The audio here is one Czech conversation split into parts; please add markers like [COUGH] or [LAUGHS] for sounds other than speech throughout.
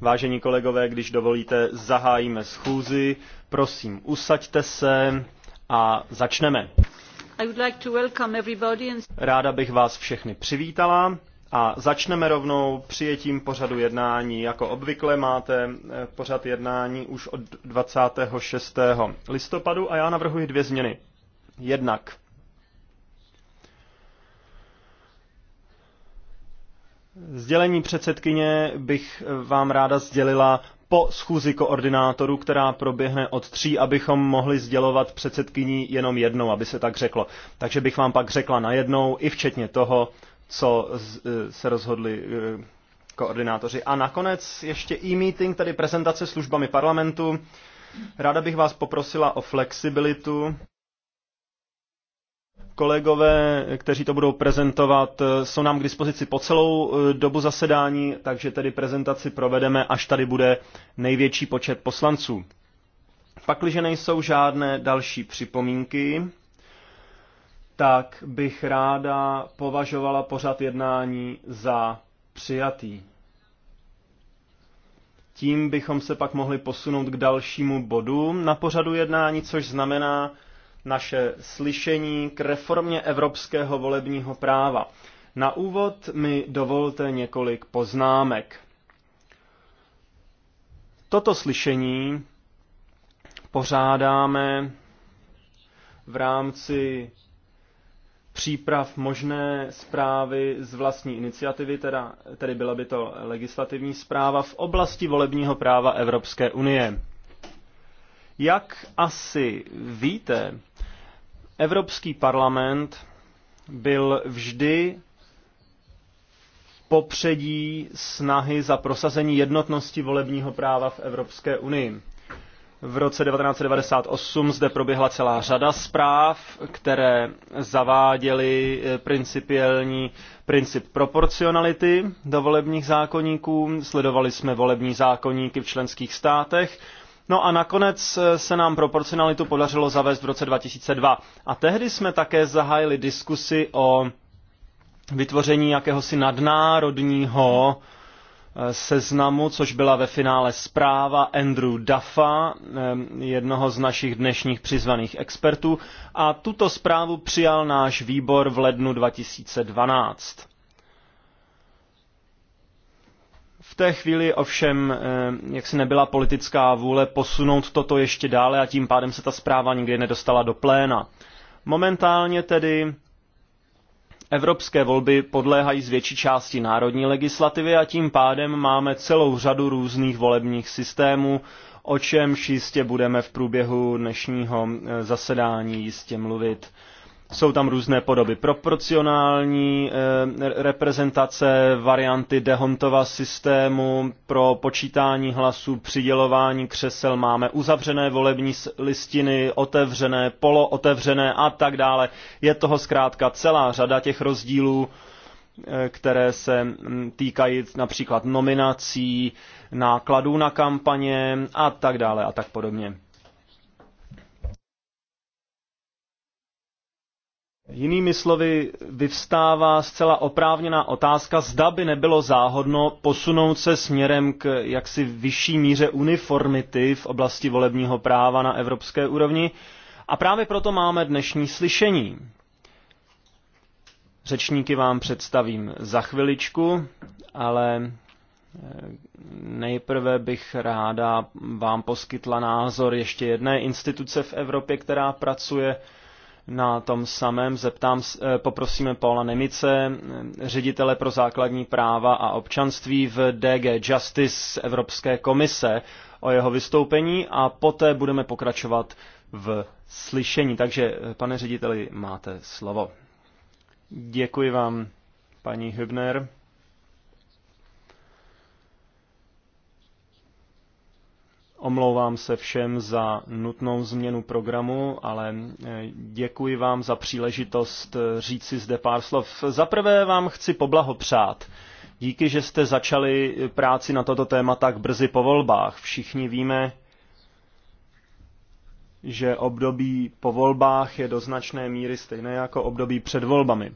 Vážení kolegové, když dovolíte, zahájíme schůzi. Prosím, usaďte se a začneme. Ráda bych vás všechny přivítala a začneme rovnou přijetím pořadu jednání. Jako obvykle máte eh, pořad jednání už od 26. listopadu a já navrhuji dvě změny. Jednak Sdělení předsedkyně bych vám ráda sdělila po schůzi koordinátorů, která proběhne od tří, abychom mohli sdělovat předsedkyní jenom jednou, aby se tak řeklo. Takže bych vám pak řekla najednou, i včetně toho, co e, se rozhodli e, koordinátoři. A nakonec ještě e-meeting, tedy prezentace službami parlamentu. Ráda bych vás poprosila o flexibilitu. Kolegové, kteří to budou prezentovat, eh, jsou nám k dispozici po celou eh, dobu zasedání, takže tedy prezentaci provedeme, až tady bude největší počet poslanců. Pakliže nejsou žádné další připomínky, tak bych ráda považovala pořad jednání za přijatý. Tím bychom se pak mohli posunout k dalšímu bodu na pořadu jednání, což znamená naše slyšení k reformě evropského volebního práva. Na úvod mi dovolte několik poznámek. Toto slyšení pořádáme v rámci příprav možné zprávy z vlastní iniciativy, teda, tedy byla by to legislativní zpráva v oblasti volebního práva Evropské unie. Jak asi víte, Evropský parlament byl vždy popředí snahy za prosazení jednotnosti volebního práva v Evropské unii. V roce 1998 zde proběhla celá řada zpráv, které zaváděly eh, principiální princip proporcionality do volebních zákonníků. Sledovali jsme volební zákonníky v členských státech No a nakonec eh, se nám proporcionalitu podařilo zavést v roce 2002. A tehdy jsme také zahájili diskusi o vytvoření jakéhosi nadnárodního eh, seznamu, což byla ve finále zpráva Andrew Duffa, eh, jednoho z našich dnešních přizvaných expertů, a tuto zprávu přijal náš výbor v lednu 2012. té chvíli ovšem eh, jak nebyla politická vůle posunout toto ještě dále a tím pádem se ta zpráva nikdy nedostala do pléna. Momentálně tedy Evropské volby podléhají z větší části národní legislativy a tím pádem máme celou řadu různých volebních systémů, o čem jistě budeme v průběhu dnešního eh, zasedání jistě mluvit. Jsou tam různé podoby proporcionální e, reprezentace, varianty Dehontova systému pro počítání hlasů, přidělování křesel. Máme uzavřené volební listiny, otevřené, polootevřené a tak dále. Je toho zkrátka celá řada těch rozdílů, e, které se mm, týkají například nominací, nákladů na kampaně a tak dále a tak podobně. Jinými slovy, vyvstává zcela oprávněná otázka, zda by nebylo záhodno posunout se směrem k jaksi vyšší míře uniformity v oblasti volebního práva na evropské úrovni. A právě proto máme dnešní slyšení. Řečníky vám představím za chviličku, ale eh, Nejprve bych ráda vám poskytla názor ještě jedné instituce v Evropě, která pracuje na tom samém. Zeptám, eh, poprosíme Paula Nemice, eh, ředitele pro základní práva a občanství v DG Justice Evropské komise o jeho vystoupení a poté budeme pokračovat v slyšení. Takže, eh, pane řediteli, máte slovo. Děkuji vám, paní Hübner. Omlouvám se všem za nutnou změnu programu, ale eh, děkuji vám za příležitost eh, říct si zde pár slov. Zaprvé vám chci poblahopřát. Díky, že jste začali eh, práci na toto téma tak brzy po volbách. Všichni víme, že období po volbách je do značné míry stejné jako období před volbami.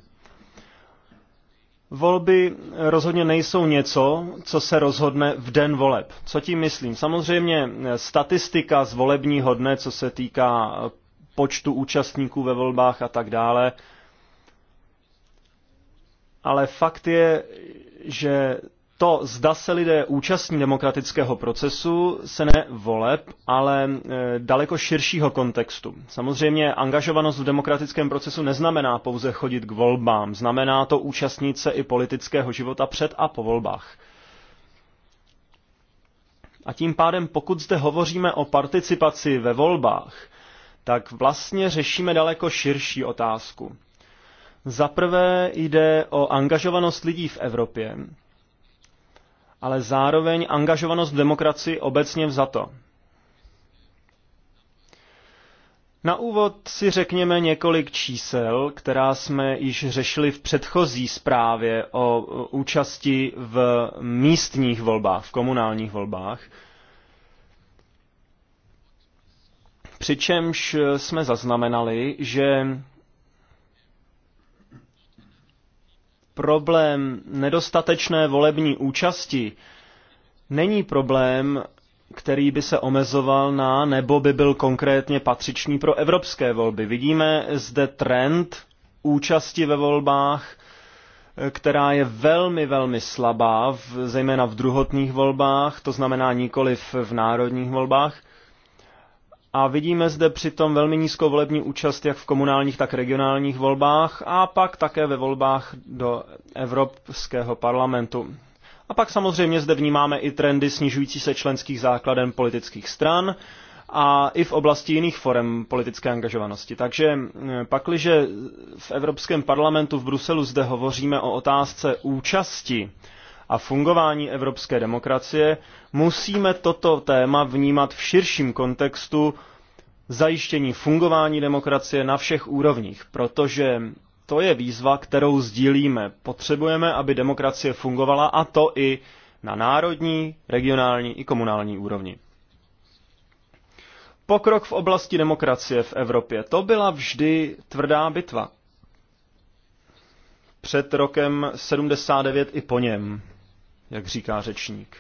Volby rozhodně nejsou něco, co se rozhodne v den voleb. Co tím myslím? Samozřejmě eh, statistika z volebního dne, co se týká eh, počtu účastníků ve volbách a tak dále. Ale fakt je, že to, zda se lidé účastní demokratického procesu, se ne voleb, ale e, daleko širšího kontextu. Samozřejmě angažovanost v demokratickém procesu neznamená pouze chodit k volbám, znamená to účastnit se i politického života před a po volbách. A tím pádem, pokud zde hovoříme o participaci ve volbách, tak vlastně řešíme daleko širší otázku. Za prvé jde o angažovanost lidí v Evropě, ale zároveň angažovanost v demokracii obecně vzato. Na úvod si řekněme několik čísel, která jsme již řešili v předchozí zprávě o účasti v místních volbách, v komunálních volbách. Přičemž jsme zaznamenali, že problém nedostatečné volební účasti není problém, který by se omezoval na nebo by byl konkrétně patřičný pro evropské volby. Vidíme zde trend účasti ve volbách, která je velmi, velmi slabá, v, zejména v druhotných volbách, to znamená nikoli v národních volbách – a vidíme zde přitom velmi nízkou volební účast jak v komunálních, tak regionálních volbách a pak také ve volbách do Evropského parlamentu. A pak samozřejmě zde vnímáme i trendy snižující se členských základen politických stran a i v oblasti jiných forem politické angažovanosti. Takže pakliže v Evropském parlamentu v Bruselu zde hovoříme o otázce účasti, a fungování evropské demokracie, musíme toto téma vnímat v širším kontextu zajištění fungování demokracie na všech úrovních, protože to je výzva, kterou sdílíme. Potřebujeme, aby demokracie fungovala a to i na národní, regionální i komunální úrovni. Pokrok v oblasti demokracie v Evropě. To byla vždy tvrdá bitva. Před rokem 79 i po něm jak říká řečník.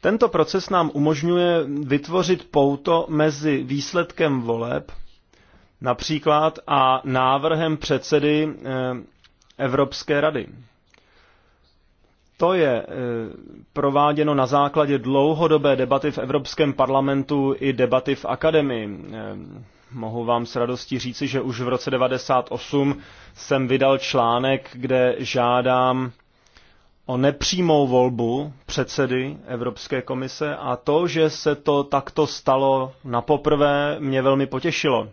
Tento proces nám umožňuje vytvořit pouto mezi výsledkem voleb například a návrhem předsedy eh, Evropské rady. To je eh, prováděno na základě dlouhodobé debaty v Evropském parlamentu i debaty v akademii. Eh, Mohu vám s radostí říci, že už v roce 1998 jsem vydal článek, kde žádám o nepřímou volbu předsedy Evropské komise a to, že se to takto stalo na poprvé, mě velmi potěšilo.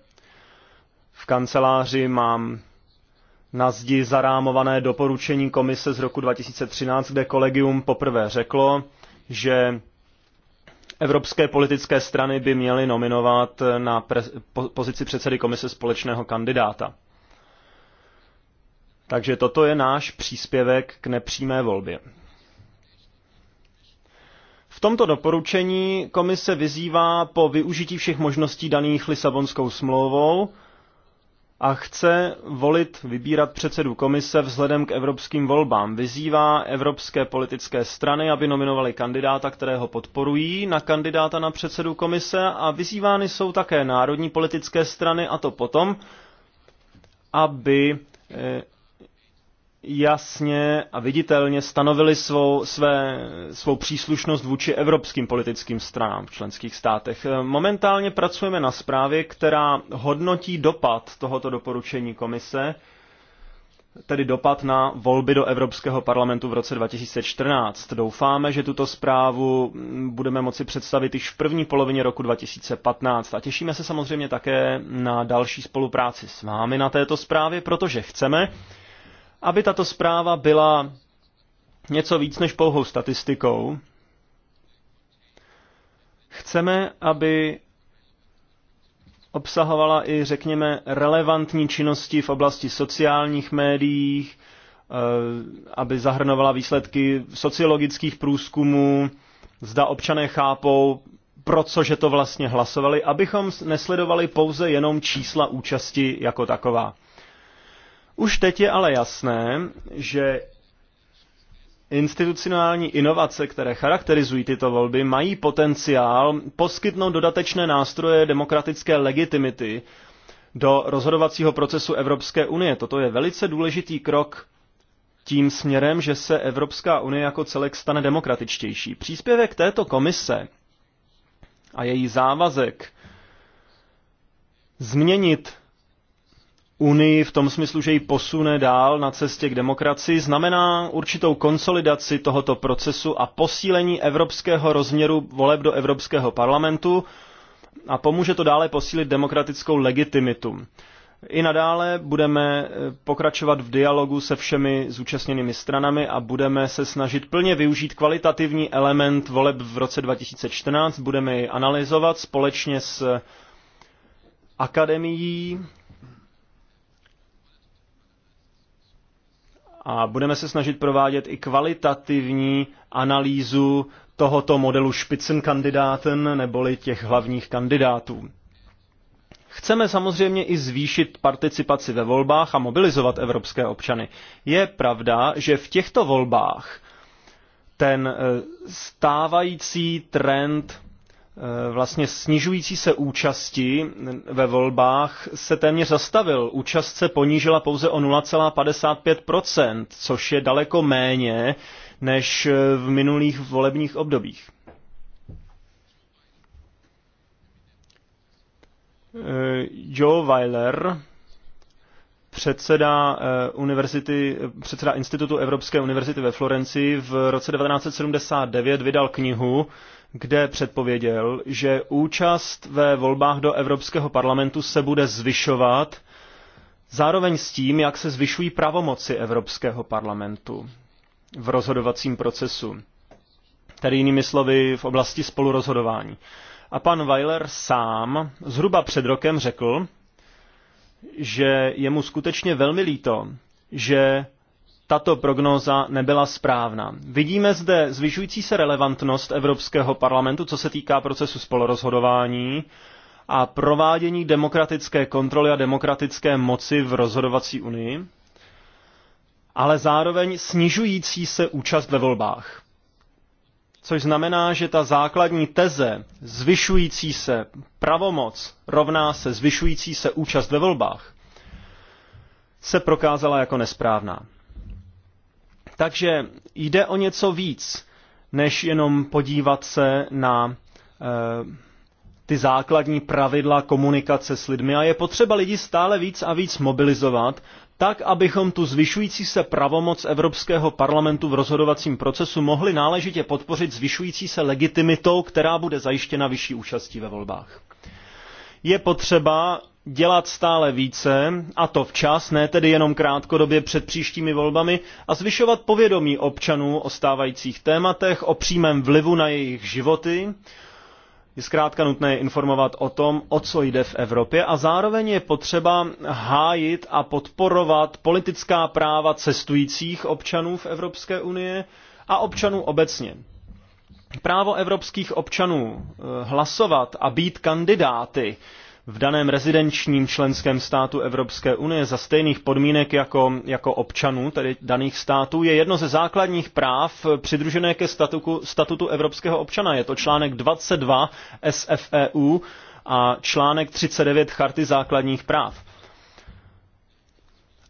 V kanceláři mám na zdi zarámované doporučení komise z roku 2013, kde kolegium poprvé řeklo, že Evropské politické strany by měly nominovat na pozici předsedy komise společného kandidáta. Takže toto je náš příspěvek k nepřímé volbě. V tomto doporučení komise vyzývá po využití všech možností daných Lisabonskou smlouvou a chce volit, vybírat předsedu komise vzhledem k evropským volbám. Vyzývá evropské politické strany, aby nominovali kandidáta, kterého podporují, na kandidáta na předsedu komise a vyzývány jsou také národní politické strany a to potom, aby eh, jasně a viditelně stanovili svou, své, svou příslušnost vůči evropským politickým stranám v členských státech. Eh, momentálně pracujeme na zprávě, která hodnotí dopad tohoto doporučení komise, tedy dopad na volby do Evropského parlamentu v roce 2014. Doufáme, že tuto zprávu budeme moci představit již v první polovině roku 2015 a těšíme se samozřejmě také na další spolupráci s vámi na této zprávě, protože chceme, aby tato zpráva byla něco víc než pouhou statistikou, chceme, aby obsahovala i, řekněme, relevantní činnosti v oblasti sociálních médií, eh, aby zahrnovala výsledky sociologických průzkumů, zda občané chápou, pro cože to vlastně hlasovali, abychom nesledovali pouze jenom čísla účasti jako taková. Už teď je ale jasné, že institucionální inovace, které charakterizují tyto volby, mají potenciál poskytnout dodatečné nástroje demokratické legitimity do rozhodovacího procesu Evropské unie. Toto je velice důležitý krok tím směrem, že se Evropská unie jako celek stane demokratičtější. Příspěvek této komise a její závazek změnit Unii v tom smyslu, že ji posune dál na cestě k demokracii, znamená určitou konsolidaci tohoto procesu a posílení evropského rozměru voleb do Evropského parlamentu a pomůže to dále posílit demokratickou legitimitu. I nadále budeme eh, pokračovat v dialogu se všemi zúčastněnými stranami a budeme se snažit plně využít kvalitativní element voleb v roce 2014. Budeme ji analyzovat společně s akademií, a budeme se snažit provádět i kvalitativní analýzu tohoto modelu Spitzenkandidaten neboli těch hlavních kandidátů. Chceme samozřejmě i zvýšit participaci ve volbách a mobilizovat evropské občany. Je pravda, že v těchto volbách ten eh, stávající trend Eh, vlastně snižující se účasti ve volbách se téměř zastavil. Účast se ponížila pouze o 0,55%, což je daleko méně než eh, v minulých volebních obdobích. Eh, Joe Weiler, předseda, univerzity, předseda Institutu Evropské univerzity ve Florenci v roce 1979 vydal knihu kde předpověděl, že účast ve volbách do Evropského parlamentu se bude zvyšovat zároveň s tím, jak se zvyšují pravomoci Evropského parlamentu v rozhodovacím procesu. Tedy jinými slovy v oblasti spolurozhodování. A pan Weiler sám zhruba před rokem řekl, že je mu skutečně velmi líto, že tato prognóza nebyla správná. Vidíme zde zvyšující se relevantnost Evropského parlamentu, co se týká procesu spolorozhodování a provádění demokratické kontroly a demokratické moci v rozhodovací unii, ale zároveň snižující se účast ve volbách. Což znamená, že ta základní teze zvyšující se pravomoc rovná se zvyšující se účast ve volbách se prokázala jako nesprávná. Takže jde o něco víc, než jenom podívat se na eh, ty základní pravidla komunikace s lidmi a je potřeba lidi stále víc a víc mobilizovat, tak, abychom tu zvyšující se pravomoc Evropského parlamentu v rozhodovacím procesu mohli náležitě podpořit zvyšující se legitimitou, která bude zajištěna vyšší účastí ve volbách. Je potřeba dělat stále více, a to včas, ne tedy jenom krátkodobě před příštími volbami, a zvyšovat povědomí občanů o stávajících tématech, o přímém vlivu na jejich životy. Je zkrátka nutné informovat o tom, o co jde v Evropě a zároveň je potřeba hájit a podporovat politická práva cestujících občanů v Evropské unie a občanů obecně. Právo evropských občanů eh, hlasovat a být kandidáty v daném rezidenčním členském státu Evropské unie za stejných podmínek jako, jako občanů tedy daných států je jedno ze základních práv přidružené ke statuku, statutu evropského občana. Je to článek 22 SFEU a článek 39 Charty základních práv.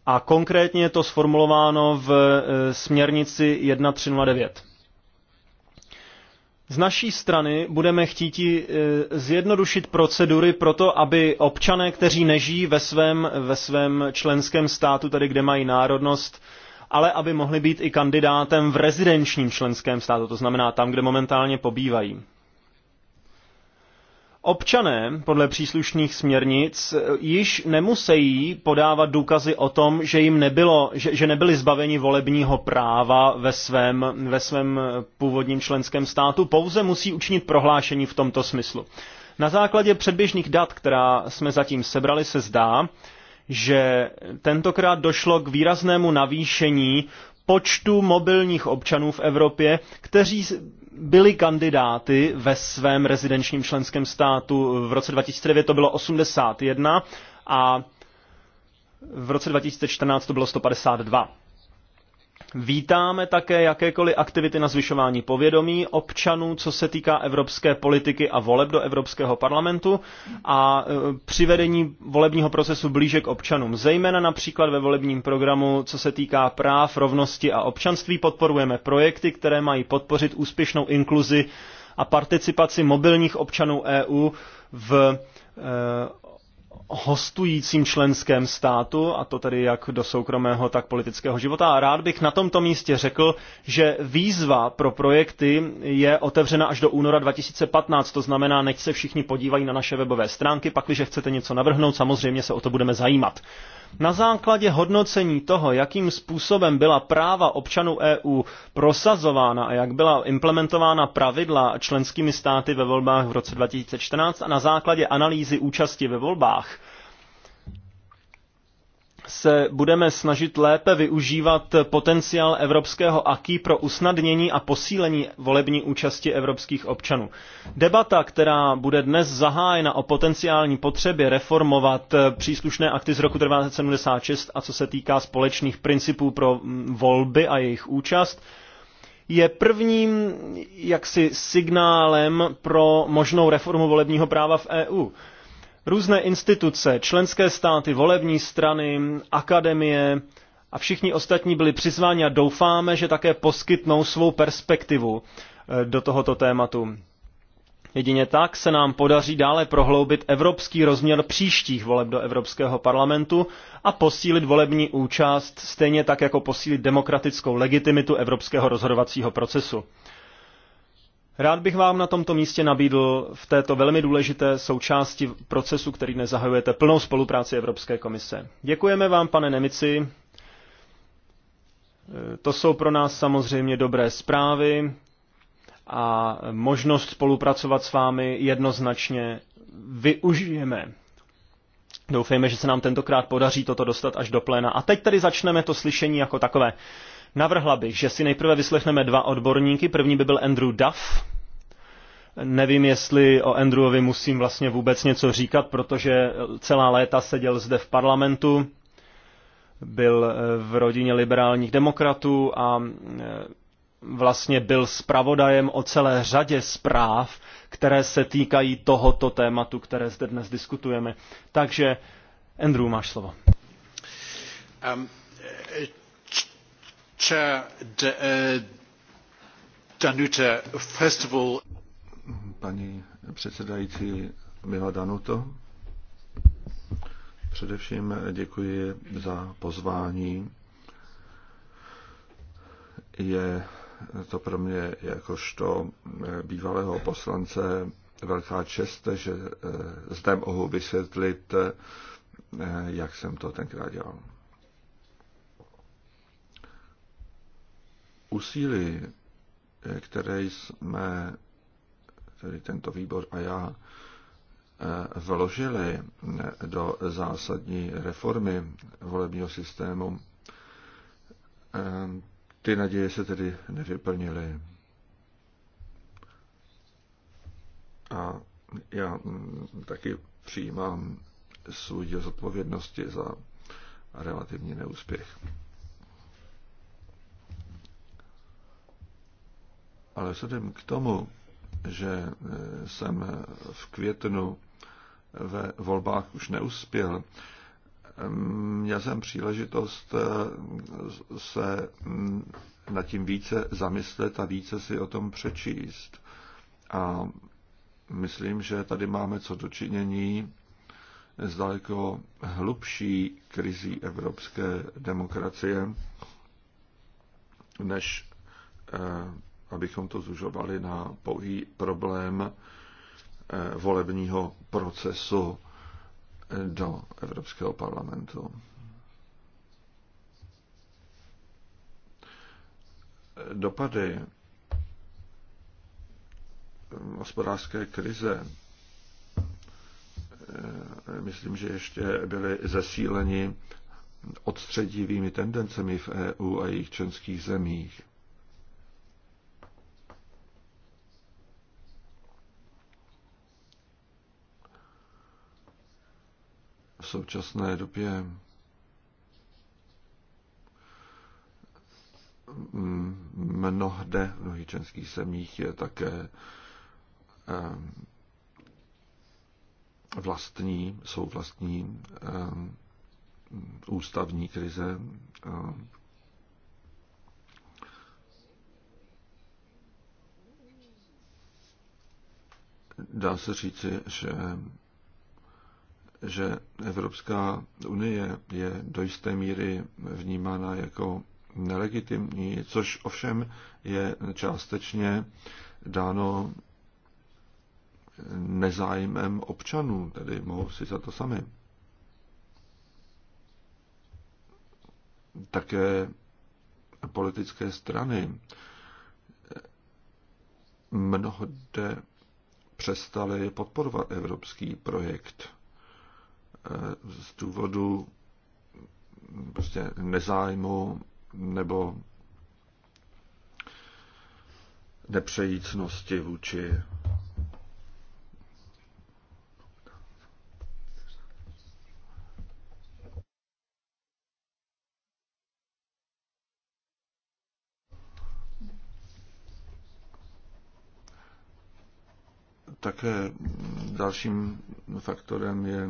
A konkrétně je to sformulováno v e, směrnici 1309. Z naší strany budeme chtít eh, zjednodušit procedury pro to, aby občané, kteří nežijí ve svém, ve svém členském státu, tedy kde mají národnost, ale aby mohli být i kandidátem v rezidenčním členském státu, to znamená tam, kde momentálně pobývají. Občané podle příslušných směrnic eh, již nemusí podávat důkazy o tom, že jim nebylo, že, že nebyli zbaveni volebního práva ve svém, ve svém eh, původním členském státu, pouze musí učinit prohlášení v tomto smyslu. Na základě předběžných dat, která jsme zatím sebrali, se zdá, že tentokrát došlo k výraznému navýšení počtu mobilních občanů v Evropě, kteří byly kandidáty ve svém rezidenčním členském státu. V roce 2009 to bylo 81 a v roce 2014 to bylo 152. Vítáme také jakékoliv aktivity na zvyšování povědomí občanů, co se týká evropské politiky a voleb do Evropského parlamentu a e, přivedení volebního procesu blíže k občanům. Zejména například ve volebním programu, co se týká práv, rovnosti a občanství, podporujeme projekty, které mají podpořit úspěšnou inkluzi a participaci mobilních občanů EU v e, hostujícím členském státu, a to tedy jak do soukromého, tak politického života. A rád bych na tomto místě řekl, že výzva pro projekty je otevřena až do února 2015, to znamená, nechť se všichni podívají na naše webové stránky, pak, když chcete něco navrhnout, samozřejmě se o to budeme zajímat. Na základě hodnocení toho, jakým způsobem byla práva občanů EU prosazována a jak byla implementována pravidla členskými státy ve volbách v roce 2014 a na základě analýzy účasti ve volbách, se budeme snažit lépe využívat potenciál evropského AKI pro usnadnění a posílení volební účasti evropských občanů. Debata, která bude dnes zahájena o potenciální potřebě reformovat příslušné akty z roku 1976 a co se týká společných principů pro mm, volby a jejich účast, je prvním jaksi signálem pro možnou reformu volebního práva v EU. Různé instituce, členské státy, volební strany, akademie a všichni ostatní byli přizváni a doufáme, že také poskytnou svou perspektivu eh, do tohoto tématu. Jedině tak se nám podaří dále prohloubit evropský rozměr příštích voleb do Evropského parlamentu a posílit volební účast, stejně tak jako posílit demokratickou legitimitu evropského rozhodovacího procesu. Rád bych vám na tomto místě nabídl v této velmi důležité součásti procesu, který dnes zahajujete, plnou spolupráci Evropské komise. Děkujeme vám, pane Nemici. E, to jsou pro nás samozřejmě dobré zprávy a možnost spolupracovat s vámi jednoznačně využijeme. Doufejme, že se nám tentokrát podaří toto dostat až do pléna. A teď tedy začneme to slyšení jako takové. Navrhla bych, že si nejprve vyslechneme dva odborníky. První by byl Andrew Duff. Nevím, jestli o Andrewovi musím vlastně vůbec něco říkat, protože celá léta seděl zde v parlamentu, byl eh, v rodině liberálních demokratů a eh, vlastně byl zpravodajem o celé řadě zpráv, které se týkají tohoto tématu, které zde dnes diskutujeme. Takže, Andrew, máš slovo. Um, Uh, Paní předsedající Mila Danuto, především děkuji za pozvání. Je to pro mě jakožto bývalého poslance velká čest, že eh, zde mohu vysvětlit, eh, jak jsem to tenkrát dělal. Úsilí, eh, které jsme, tedy tento výbor a já, eh, vložili eh, do zásadní reformy volebního systému, ty naděje se tedy nevyplnily. A já mm, taky přijímám svůj díl zodpovědnosti za relativní neúspěch. Ale vzhledem k tomu, že e, jsem v květnu ve volbách už neuspěl, měl jsem příležitost e, se nad tím více zamyslet a více si o tom přečíst. A myslím, že tady máme co dočinění s daleko hlubší krizí evropské demokracie, než e, abychom to zužovali na pouhý problém eh, volebního procesu eh, do Evropského parlamentu. Dopady eh, hospodářské krize myslím, že ještě byly zesíleni odstředivými tendencemi v EU a jejich členských zemích. současné době mnohde v mnohých českých zemích je také eh, vlastní, jsou vlastní eh, ústavní krize. Eh. Dá se říci, že že Evropská unie je do jisté míry vnímána jako nelegitimní, což ovšem je částečně dáno nezájmem občanů, tedy mohou si za to sami. Také politické strany mnohde přestaly podporovat evropský projekt Eh, z důvodu prostě nezájmu nebo nepřejícnosti vůči Také dalším faktorem je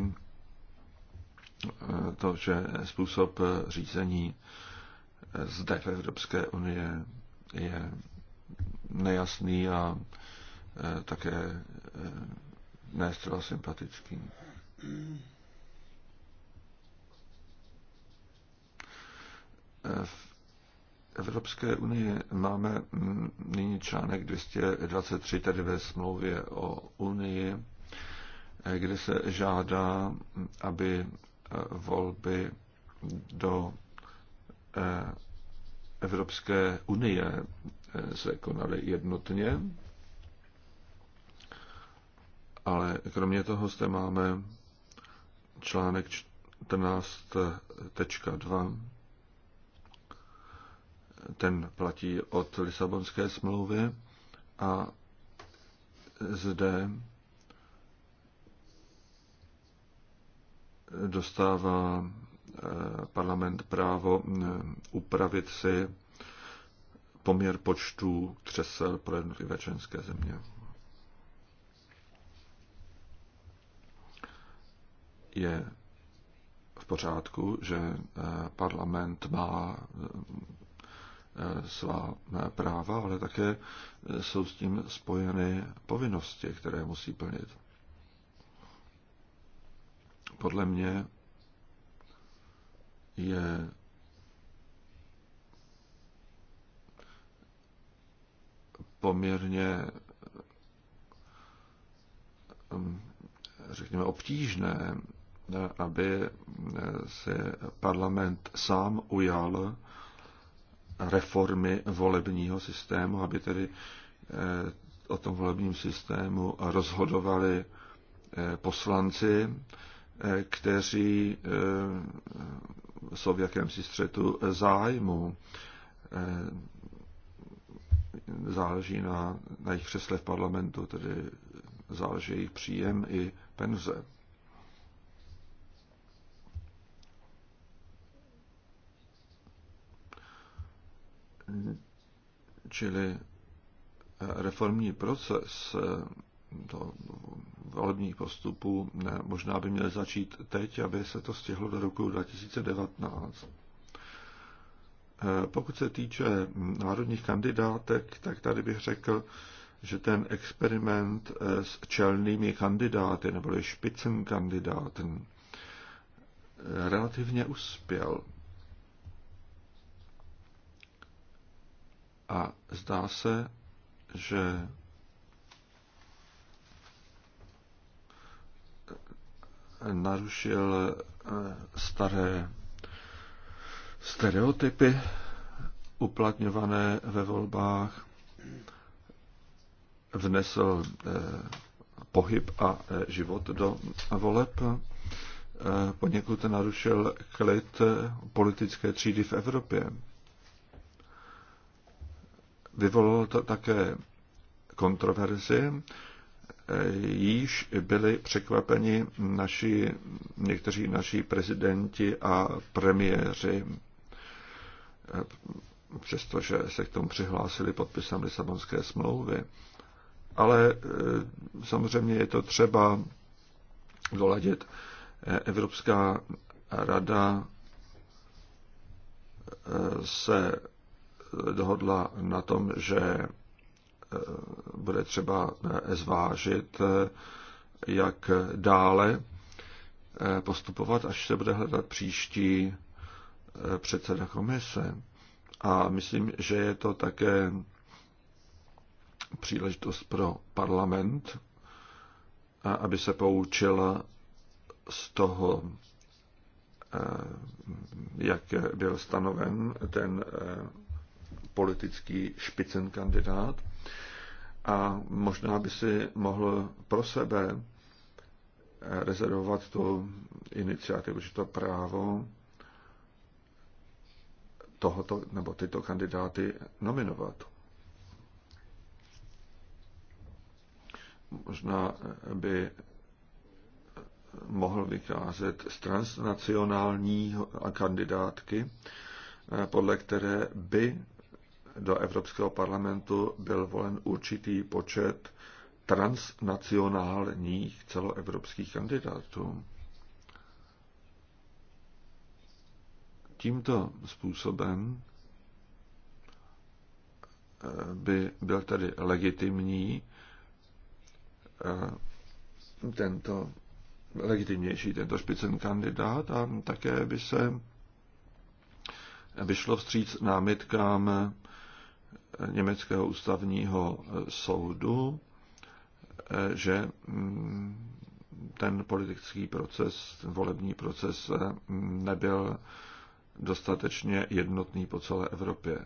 to, že způsob řízení zde v Evropské unie je nejasný a e, také e, ne zcela sympatický. E, v Evropské unii máme nyní článek 223, tedy ve smlouvě o unii, kde se žádá, aby volby do eh, Evropské unie eh, se konaly jednotně, ale kromě toho zde máme článek 14.2. Ten platí od Lisabonské smlouvy a zde dostává eh, parlament právo eh, upravit si poměr počtů třesel pro jednotlivé členské země. Je v pořádku, že eh, parlament má svá práva, ale také jsou s tím spojeny povinnosti, které musí plnit podle mě je poměrně mm, řekněme obtížné, aby se parlament sám ujal reformy volebního systému, aby tedy eh, o tom volebním systému rozhodovali eh, poslanci Eh, kteří eh, jsou v jakémsi střetu zájmu. Eh, záleží na, na jejich křesle v parlamentu, tedy záleží jejich příjem i penze. Čili reformní proces do volebních postupů ne, možná by měly začít teď, aby se to stihlo do roku 2019. Eh, pokud se týče národních kandidátek, tak tady bych řekl, že ten experiment eh, s čelnými kandidáty neboli špicen kandidátem eh, relativně uspěl. A zdá se, že narušil eh, staré stereotypy uplatňované ve volbách, vnesl eh, pohyb a eh, život do voleb, poněkud narušil klid politické třídy v Evropě. Vyvolalo to také kontroverzi již byli překvapeni naši, někteří naši prezidenti a premiéři, přestože se k tomu přihlásili podpisem Lisabonské smlouvy. Ale e, samozřejmě je to třeba doladit. E, Evropská rada e, se dohodla na tom, že bude třeba eh, zvážit, eh, jak dále eh, postupovat, až se bude hledat příští předseda komise. A myslím, že je to také příležitost pro parlament, aby se poučila z toho, jak byl stanoven ten politický špicen kandidát a možná by si mohl pro sebe eh, rezervovat tu iniciativu, že to právo tohoto nebo tyto kandidáty nominovat. Možná eh, by eh, mohl vycházet z transnacionální kandidátky, podle které by do Evropského parlamentu byl volen určitý počet transnacionálních celoevropských kandidátů. Tímto způsobem eh, by byl tedy legitimní eh, tento legitimnější tento špicen kandidát a také by se vyšlo vstříc námitkám Německého ústavního eh, soudu, eh, že mm, ten politický proces, volební proces eh, nebyl dostatečně jednotný po celé Evropě.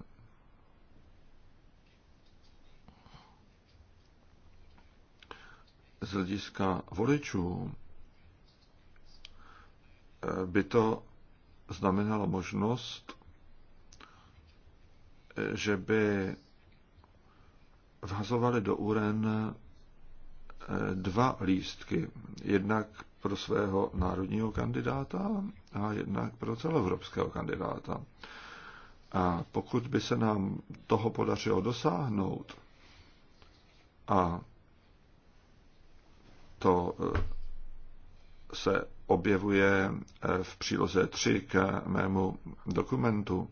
Z hlediska voličů by to znamenalo možnost že by vhazovali do úren eh, dva lístky. Jednak pro svého národního kandidáta a jednak pro celoevropského kandidáta. A pokud by se nám toho podařilo dosáhnout, a to eh, se objevuje eh, v příloze 3 k mému dokumentu,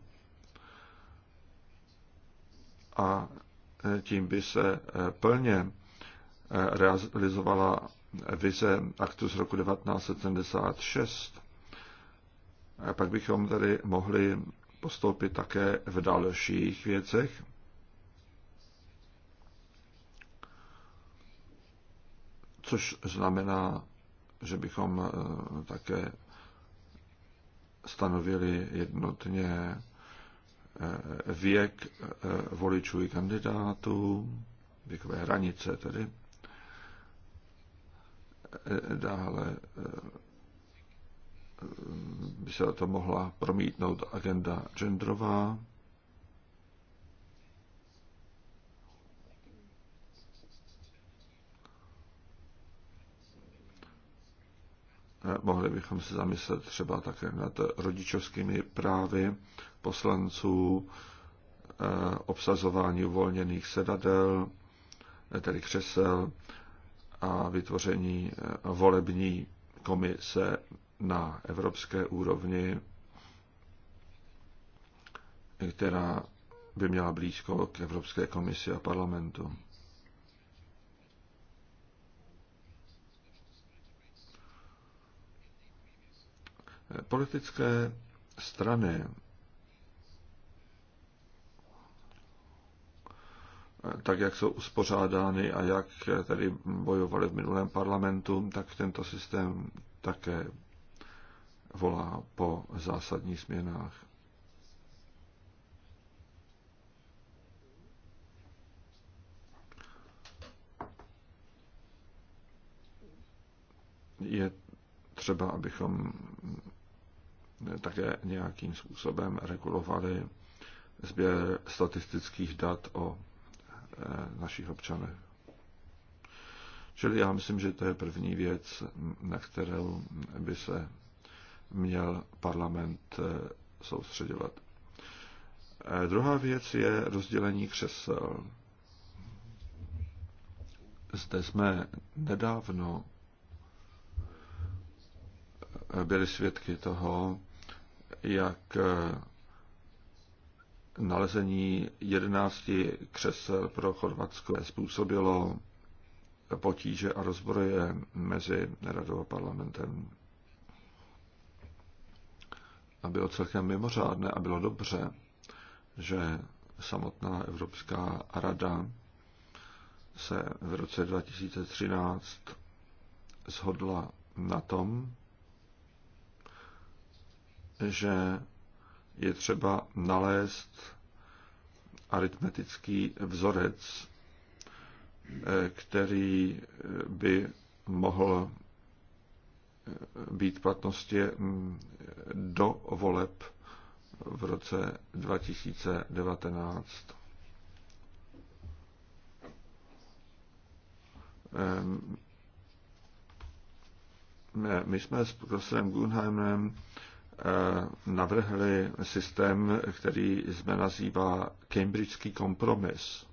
a e, tím by se e, plně e, realizovala vize aktu z roku 1976. A pak bychom tedy mohli postoupit také v dalších věcech. Což znamená, že bychom také stanovili jednotně věk eh, voličů i kandidátů, věkové hranice tedy. Eh, dále eh, by se to mohla promítnout agenda genderová. Mohli bychom se zamyslet třeba také nad rodičovskými právy poslanců, eh, obsazování uvolněných sedadel, tedy křesel a vytvoření eh, volební komise na evropské úrovni, která by měla blízko k Evropské komisi a parlamentu. Politické strany tak jak jsou uspořádány a jak tady bojovali v minulém parlamentu, tak tento systém také volá po zásadních změnách. Je třeba, abychom také nějakým způsobem regulovali sběr statistických dat o Eh, našich občanech. Čili já myslím, že to je první věc, na kterou by se měl parlament eh, soustředovat. Eh, druhá věc je rozdělení křesel. Zde jsme nedávno byli svědky toho, jak nalezení 11 křesel pro Chorvatsko způsobilo potíže a rozbroje mezi radou a parlamentem. A bylo celkem mimořádné a bylo dobře, že samotná Evropská rada se v roce 2013 shodla na tom, že je třeba nalézt aritmetický vzorec, eh, který eh, by mohl eh, být platnosti mm, do voleb v roce 2019. Ehm, my jsme s profesorem Gunheimem Eh, navrhli systém, který jsme nazývá Cambridgeský kompromis.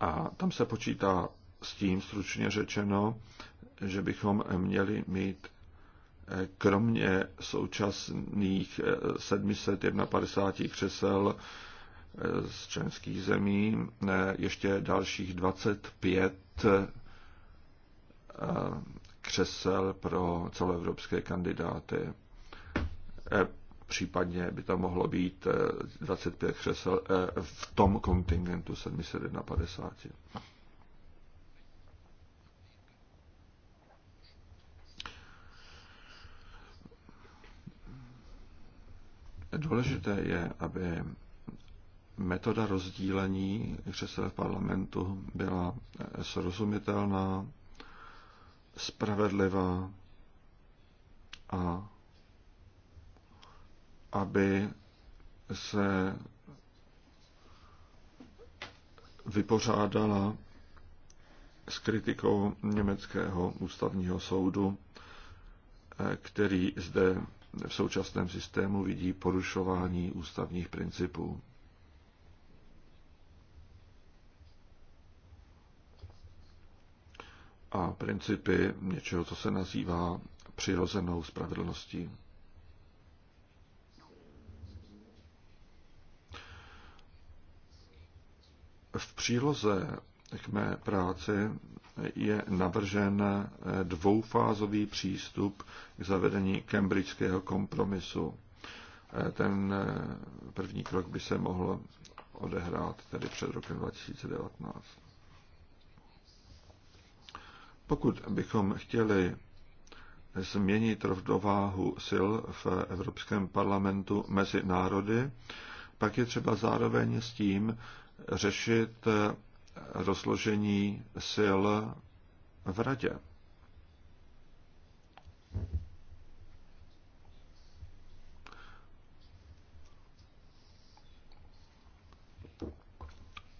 A tam se počítá s tím, stručně řečeno, že bychom měli mít eh, kromě současných 751 eh, křesel z členských zemí ještě dalších 25 křesel pro celoevropské kandidáty. E, případně by tam mohlo být 25 e, křesel e, v tom kontingentu 751. Důležité je, aby metoda rozdílení křesel v parlamentu byla srozumitelná, spravedlivá a aby se vypořádala s kritikou německého ústavního soudu, eh, který zde v současném systému vidí porušování ústavních principů. a principy něčeho, co se nazývá přirozenou spravedlností. V příloze k mé práci je navržen dvoufázový přístup k zavedení Cambridgeského kompromisu. Ten první krok by se mohl odehrát tedy před rokem 2019. Pokud bychom chtěli změnit rovnováhu sil v Evropském parlamentu mezi národy, pak je třeba zároveň s tím řešit rozložení sil v radě.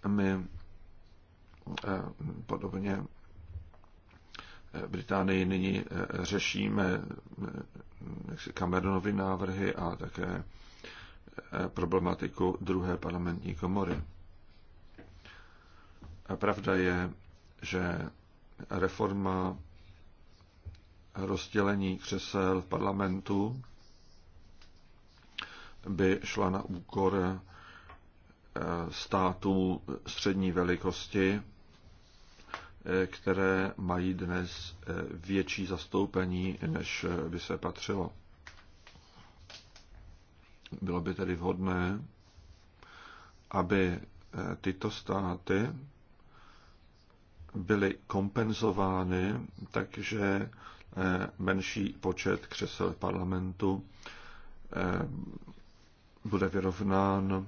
My eh, podobně Británii nyní eh, řešíme eh, Cameronovy návrhy a také eh, problematiku druhé parlamentní komory. A pravda je, že reforma rozdělení křesel v parlamentu by šla na úkor států střední velikosti, které mají dnes eh, větší zastoupení, než eh, by se patřilo. Bylo by tedy vhodné, aby eh, tyto státy byly kompenzovány, takže menší počet křesel parlamentu bude vyrovnán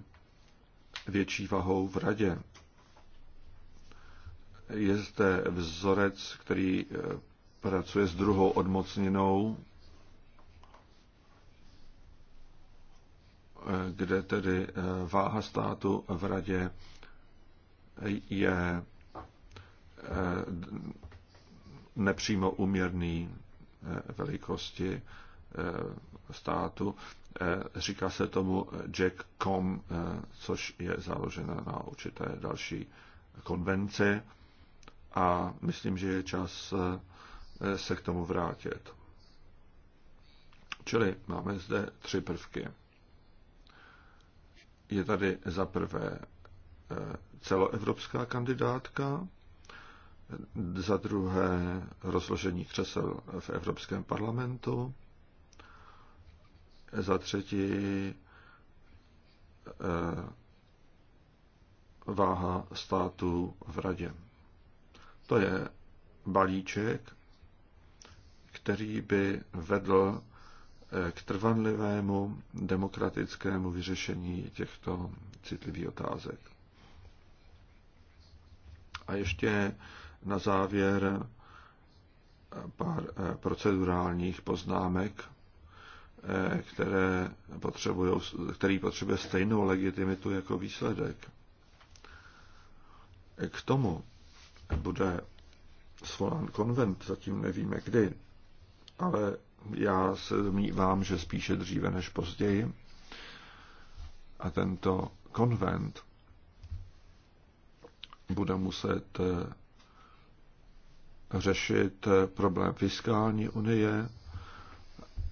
větší vahou v radě. Je zde vzorec, který eh, pracuje s druhou odmocninou, eh, kde tedy eh, váha státu v radě je nepřímo uměrný velikosti státu. Říká se tomu Jack.com, což je založena na určité další konvenci a myslím, že je čas eh, se k tomu vrátit. Čili máme zde tři prvky. Je tady za prvé eh, celoevropská kandidátka, za druhé rozložení křesel v Evropském parlamentu, za třetí eh, váha států v radě. To je balíček, který by vedl eh, k trvanlivému demokratickému vyřešení těchto citlivých otázek. A ještě na závěr eh, pár eh, procedurálních poznámek, které který potřebuje stejnou legitimitu jako výsledek. K tomu, bude svolán konvent, zatím nevíme kdy, ale já se domnívám, že spíše dříve než později. A tento konvent bude muset eh, řešit eh, problém fiskální unie,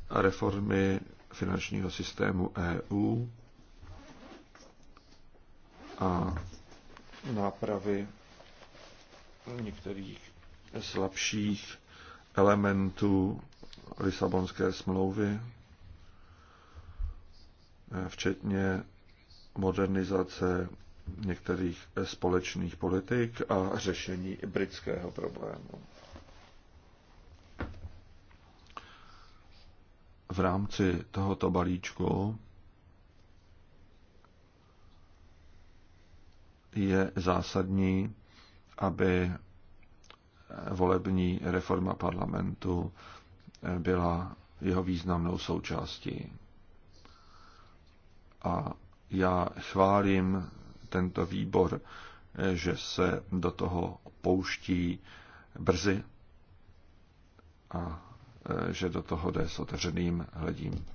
reformy finančního systému EU a nápravy některých slabších elementů Lisabonské smlouvy, eh, včetně modernizace některých společných politik a řešení britského problému. V rámci tohoto balíčku je zásadní aby volební reforma parlamentu byla jeho významnou součástí. A já chválím tento výbor, že se do toho pouští brzy a že do toho jde s otevřeným hledím.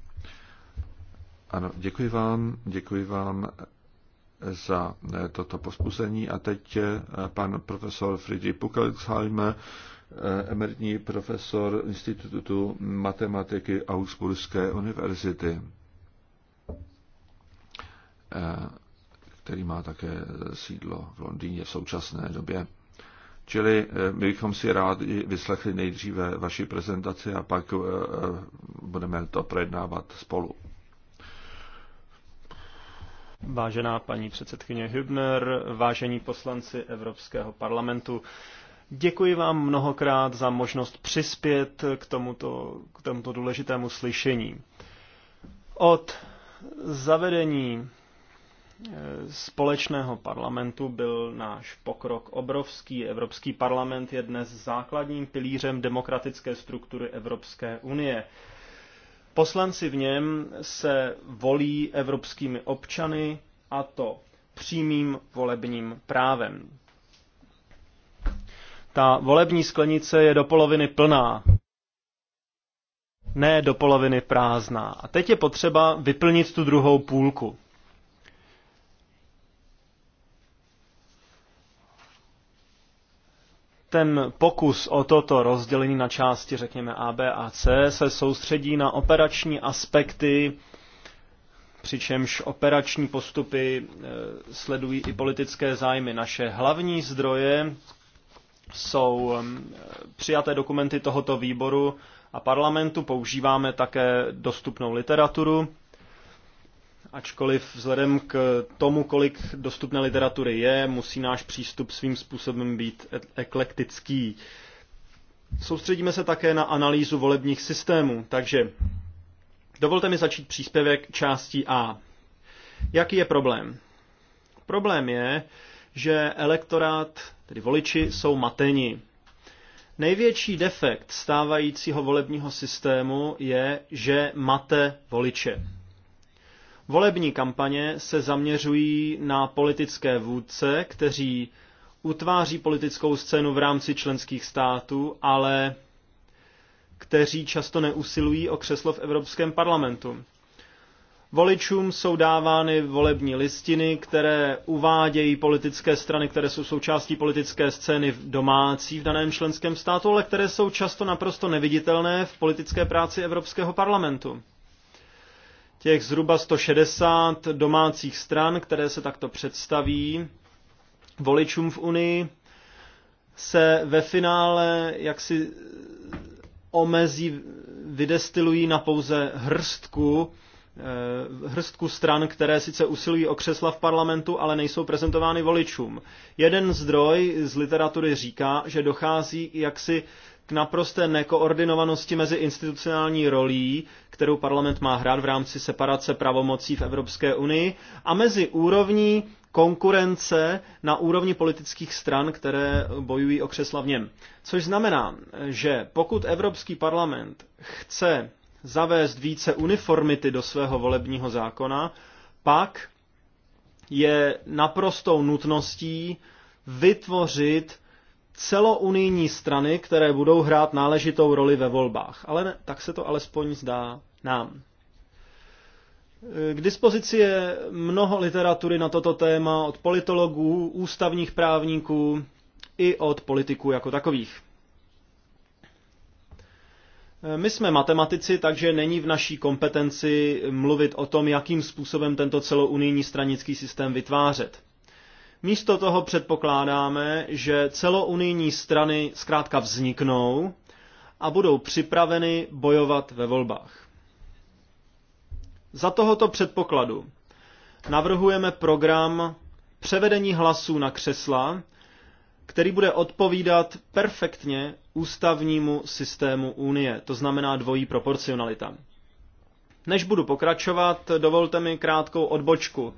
Ano, děkuji vám, děkuji vám za eh, toto pospuzení. A teď eh, pan profesor Friedrich Pukelsheim, eh, emeritní profesor Institutu matematiky Augsburské univerzity, který má také sídlo v Londýně v současné době. Čili my bychom si rádi vyslechli nejdříve vaši prezentaci a pak budeme to projednávat spolu. Vážená paní předsedkyně Hübner, vážení poslanci Evropského parlamentu, děkuji vám mnohokrát za možnost přispět k tomuto, k tomuto důležitému slyšení. Od zavedení eh, společného parlamentu byl náš pokrok obrovský. Evropský parlament je dnes základním pilířem demokratické struktury Evropské unie. Poslanci v něm se volí evropskými občany a to přímým volebním právem. Ta volební sklenice je do poloviny plná, ne do poloviny prázdná. A teď je potřeba vyplnit tu druhou půlku. ten pokus o toto rozdělení na části, řekněme A, B a C, se soustředí na operační aspekty, přičemž operační postupy e, sledují i politické zájmy. Naše hlavní zdroje jsou e, přijaté dokumenty tohoto výboru a parlamentu, používáme také dostupnou literaturu ačkoliv vzhledem k tomu, kolik dostupné literatury je, musí náš přístup svým způsobem být e- eklektický. Soustředíme se také na analýzu volebních systémů, takže dovolte mi začít příspěvek části A. Jaký je problém? Problém je, že elektorát, tedy voliči, jsou mateni. Největší defekt stávajícího volebního systému je, že mate voliče. Volební kampaně se zaměřují na politické vůdce, kteří utváří politickou scénu v rámci členských států, ale kteří často neusilují o křeslo v Evropském parlamentu. Voličům jsou dávány volební listiny, které uvádějí politické strany, které jsou součástí politické scény v domácí v daném členském státu, ale které jsou často naprosto neviditelné v politické práci Evropského parlamentu těch zhruba 160 domácích stran, které se takto představí voličům v Unii, se ve finále jaksi omezí, vydestilují na pouze hrstku, eh, hrstku stran, které sice usilují o křesla v parlamentu, ale nejsou prezentovány voličům. Jeden zdroj z literatury říká, že dochází jaksi k naprosté nekoordinovanosti mezi institucionální rolí, kterou parlament má hrát v rámci separace pravomocí v Evropské unii, a mezi úrovní konkurence na úrovni politických stran, které bojují o křesla v něm. Což znamená, že pokud Evropský parlament chce zavést více uniformity do svého volebního zákona, pak je naprostou nutností vytvořit celounijní strany, které budou hrát náležitou roli ve volbách. Ale ne, tak se to alespoň zdá nám. K dispozici je mnoho literatury na toto téma od politologů, ústavních právníků i od politiků jako takových. My jsme matematici, takže není v naší kompetenci mluvit o tom, jakým způsobem tento celounijní stranický systém vytvářet. Místo toho předpokládáme, že celounijní strany zkrátka vzniknou a budou připraveny bojovat ve volbách. Za tohoto předpokladu navrhujeme program převedení hlasů na křesla, který bude odpovídat perfektně ústavnímu systému Unie, to znamená dvojí proporcionalita. Než budu pokračovat, dovolte mi krátkou odbočku.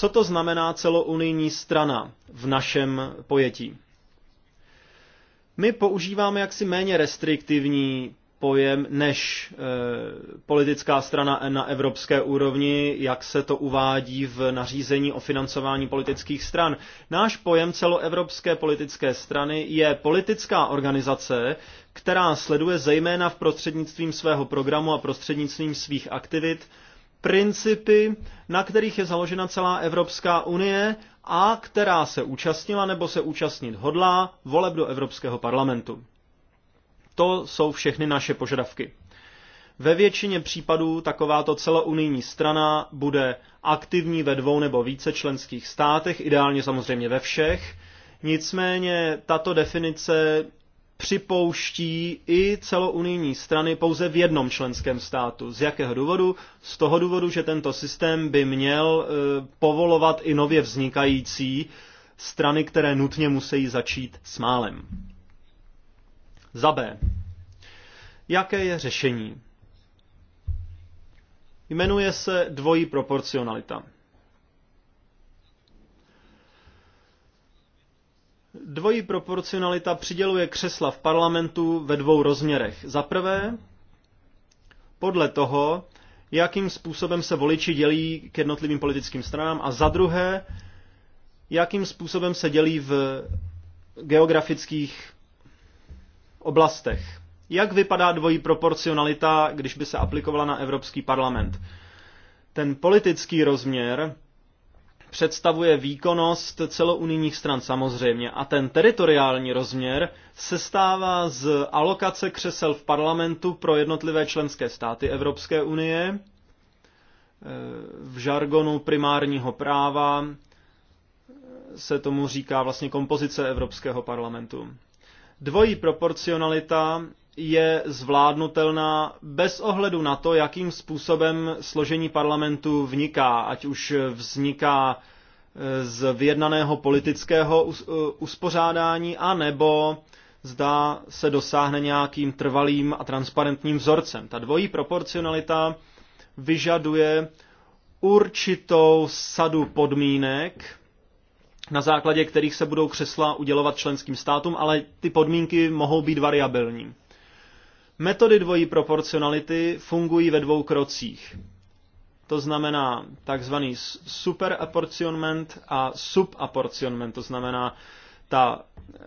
Co to znamená celounijní strana v našem pojetí? My používáme jaksi méně restriktivní pojem než e, politická strana na evropské úrovni, jak se to uvádí v nařízení o financování politických stran. Náš pojem celoevropské politické strany je politická organizace, která sleduje zejména v prostřednictvím svého programu a prostřednictvím svých aktivit principy, na kterých je založena celá Evropská unie a která se účastnila nebo se účastnit hodlá voleb do Evropského parlamentu. To jsou všechny naše požadavky. Ve většině případů takováto celounijní strana bude aktivní ve dvou nebo více členských státech, ideálně samozřejmě ve všech. Nicméně tato definice připouští i celounijní strany pouze v jednom členském státu. Z jakého důvodu? Z toho důvodu, že tento systém by měl e, povolovat i nově vznikající strany, které nutně musí začít s málem. Za B. Jaké je řešení? Jmenuje se dvojí proporcionalita. Dvojí proporcionalita přiděluje křesla v parlamentu ve dvou rozměrech. Za prvé, podle toho, jakým způsobem se voliči dělí k jednotlivým politickým stranám a za druhé, jakým způsobem se dělí v geografických oblastech. Jak vypadá dvojí proporcionalita, když by se aplikovala na Evropský parlament? Ten politický rozměr představuje výkonnost celounijních stran samozřejmě a ten teritoriální rozměr se stává z alokace křesel v parlamentu pro jednotlivé členské státy Evropské unie eh, v žargonu primárního práva eh, se tomu říká vlastně kompozice Evropského parlamentu. Dvojí proporcionalita je zvládnutelná bez ohledu na to, jakým způsobem složení parlamentu vniká, ať už vzniká e, z vyjednaného politického e, uspořádání, anebo zda se dosáhne nějakým trvalým a transparentním vzorcem. Ta dvojí proporcionalita vyžaduje určitou sadu podmínek, na základě kterých se budou křesla udělovat členským státům, ale ty podmínky mohou být variabilní. Metody dvojí proporcionality fungují ve dvou krocích. To znamená takzvaný superapportionment a subapportionment, to znamená ta eh,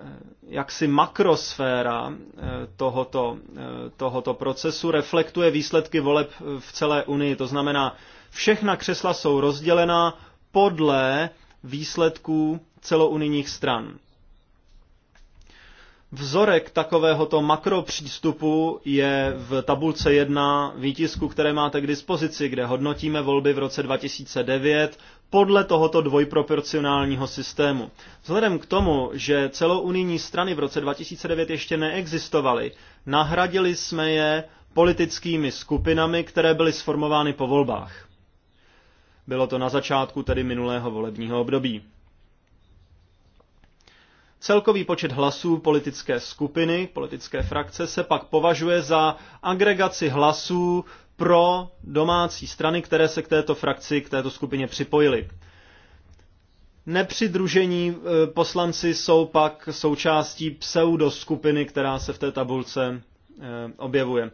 jaksi makrosféra eh, tohoto, eh, tohoto procesu reflektuje výsledky voleb v celé Unii. To znamená, všechna křesla jsou rozdělena podle výsledků celounijních stran. Vzorek takovéhoto makropřístupu je v tabulce 1 výtisku, které máte k dispozici, kde hodnotíme volby v roce 2009 podle tohoto dvojproporcionálního systému. Vzhledem k tomu, že celounijní strany v roce 2009 ještě neexistovaly, nahradili jsme je politickými skupinami, které byly sformovány po volbách. Bylo to na začátku tedy minulého volebního období. Celkový počet hlasů politické skupiny, politické frakce se pak považuje za agregaci hlasů pro domácí strany, které se k této frakci, k této skupině připojily. Nepřidružení e, poslanci jsou pak součástí pseudoskupiny, která se v té tabulce e, objevuje.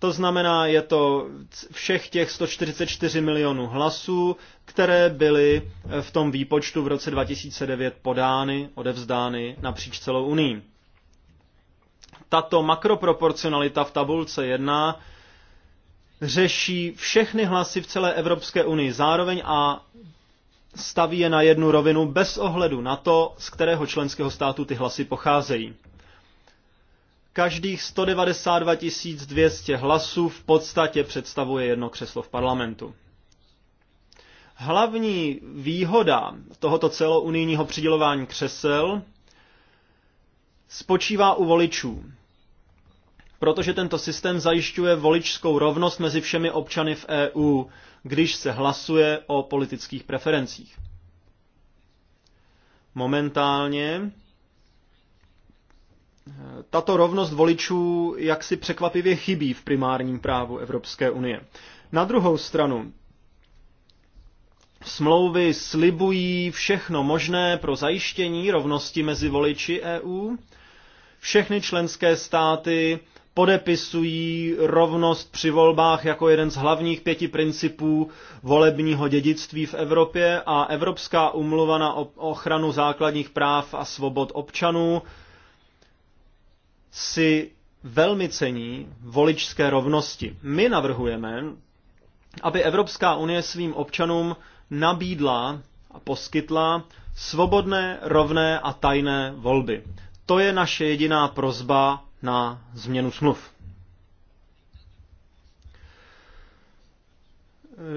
To znamená, je to všech těch 144 milionů hlasů, které byly eh, v tom výpočtu v roce 2009 podány, odevzdány napříč celou Unii. Tato makroproporcionalita v tabulce 1 řeší všechny hlasy v celé Evropské unii zároveň a staví je na jednu rovinu bez ohledu na to, z kterého členského státu ty hlasy pocházejí každých 192 200 hlasů v podstatě představuje jedno křeslo v parlamentu. Hlavní výhoda tohoto celounijního přidělování křesel spočívá u voličů, protože tento systém zajišťuje voličskou rovnost mezi všemi občany v EU, když se hlasuje o politických preferencích. Momentálně tato rovnost voličů jaksi překvapivě chybí v primárním právu Evropské unie. Na druhou stranu, smlouvy slibují všechno možné pro zajištění rovnosti mezi voliči EU. Všechny členské státy podepisují rovnost při volbách jako jeden z hlavních pěti principů volebního dědictví v Evropě a Evropská umluva na ochranu základních práv a svobod občanů si velmi cení voličské rovnosti. My navrhujeme, aby Evropská unie svým občanům nabídla a poskytla svobodné, rovné a tajné volby. To je naše jediná prozba na změnu smluv.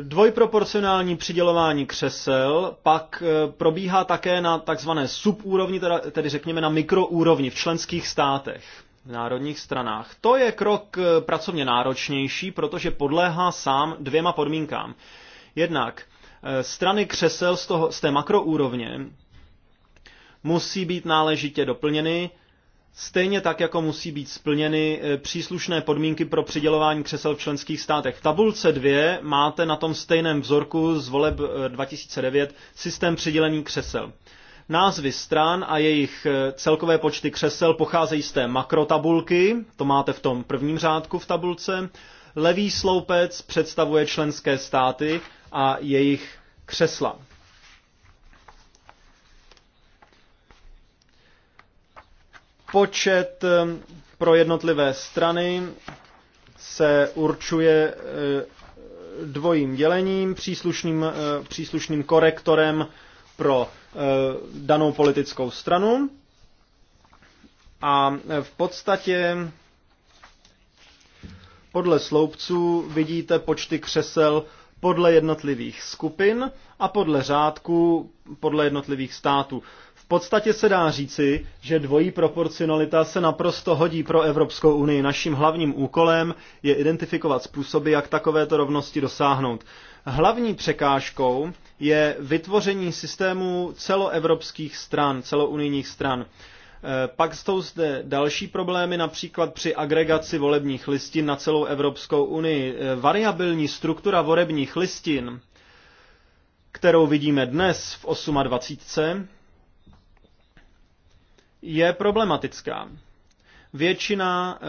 Dvojproporcionální přidělování křesel pak e, probíhá také na takzvané subúrovni, tedy řekněme na mikroúrovni v členských státech národních stranách. To je krok e, pracovně náročnější, protože podléhá sám dvěma podmínkám. Jednak e, strany křesel z, toho, z té makroúrovně musí být náležitě doplněny Stejně tak, jako musí být splněny e, příslušné podmínky pro přidělování křesel v členských státech. V tabulce 2 máte na tom stejném vzorku z voleb 2009 e, systém přidělení křesel. Názvy stran a jejich e, celkové počty křesel pocházejí z té makrotabulky, to máte v tom prvním řádku v tabulce. Levý sloupec představuje členské státy a jejich křesla. Počet eh, pro jednotlivé strany se určuje eh, dvojím dělením, příslušným, eh, příslušným korektorem pro danou politickou stranu. A v podstatě podle sloupců vidíte počty křesel podle jednotlivých skupin a podle řádků podle jednotlivých států podstatě se dá říci, že dvojí proporcionalita se naprosto hodí pro Evropskou unii. Naším hlavním úkolem je identifikovat způsoby, jak takovéto rovnosti dosáhnout. Hlavní překážkou je vytvoření systému celoevropských stran, celounijních stran. E, pak jsou zde další problémy, například při agregaci volebních listin na celou Evropskou unii. E, variabilní struktura volebních listin, kterou vidíme dnes v 28 je problematická. Většina e,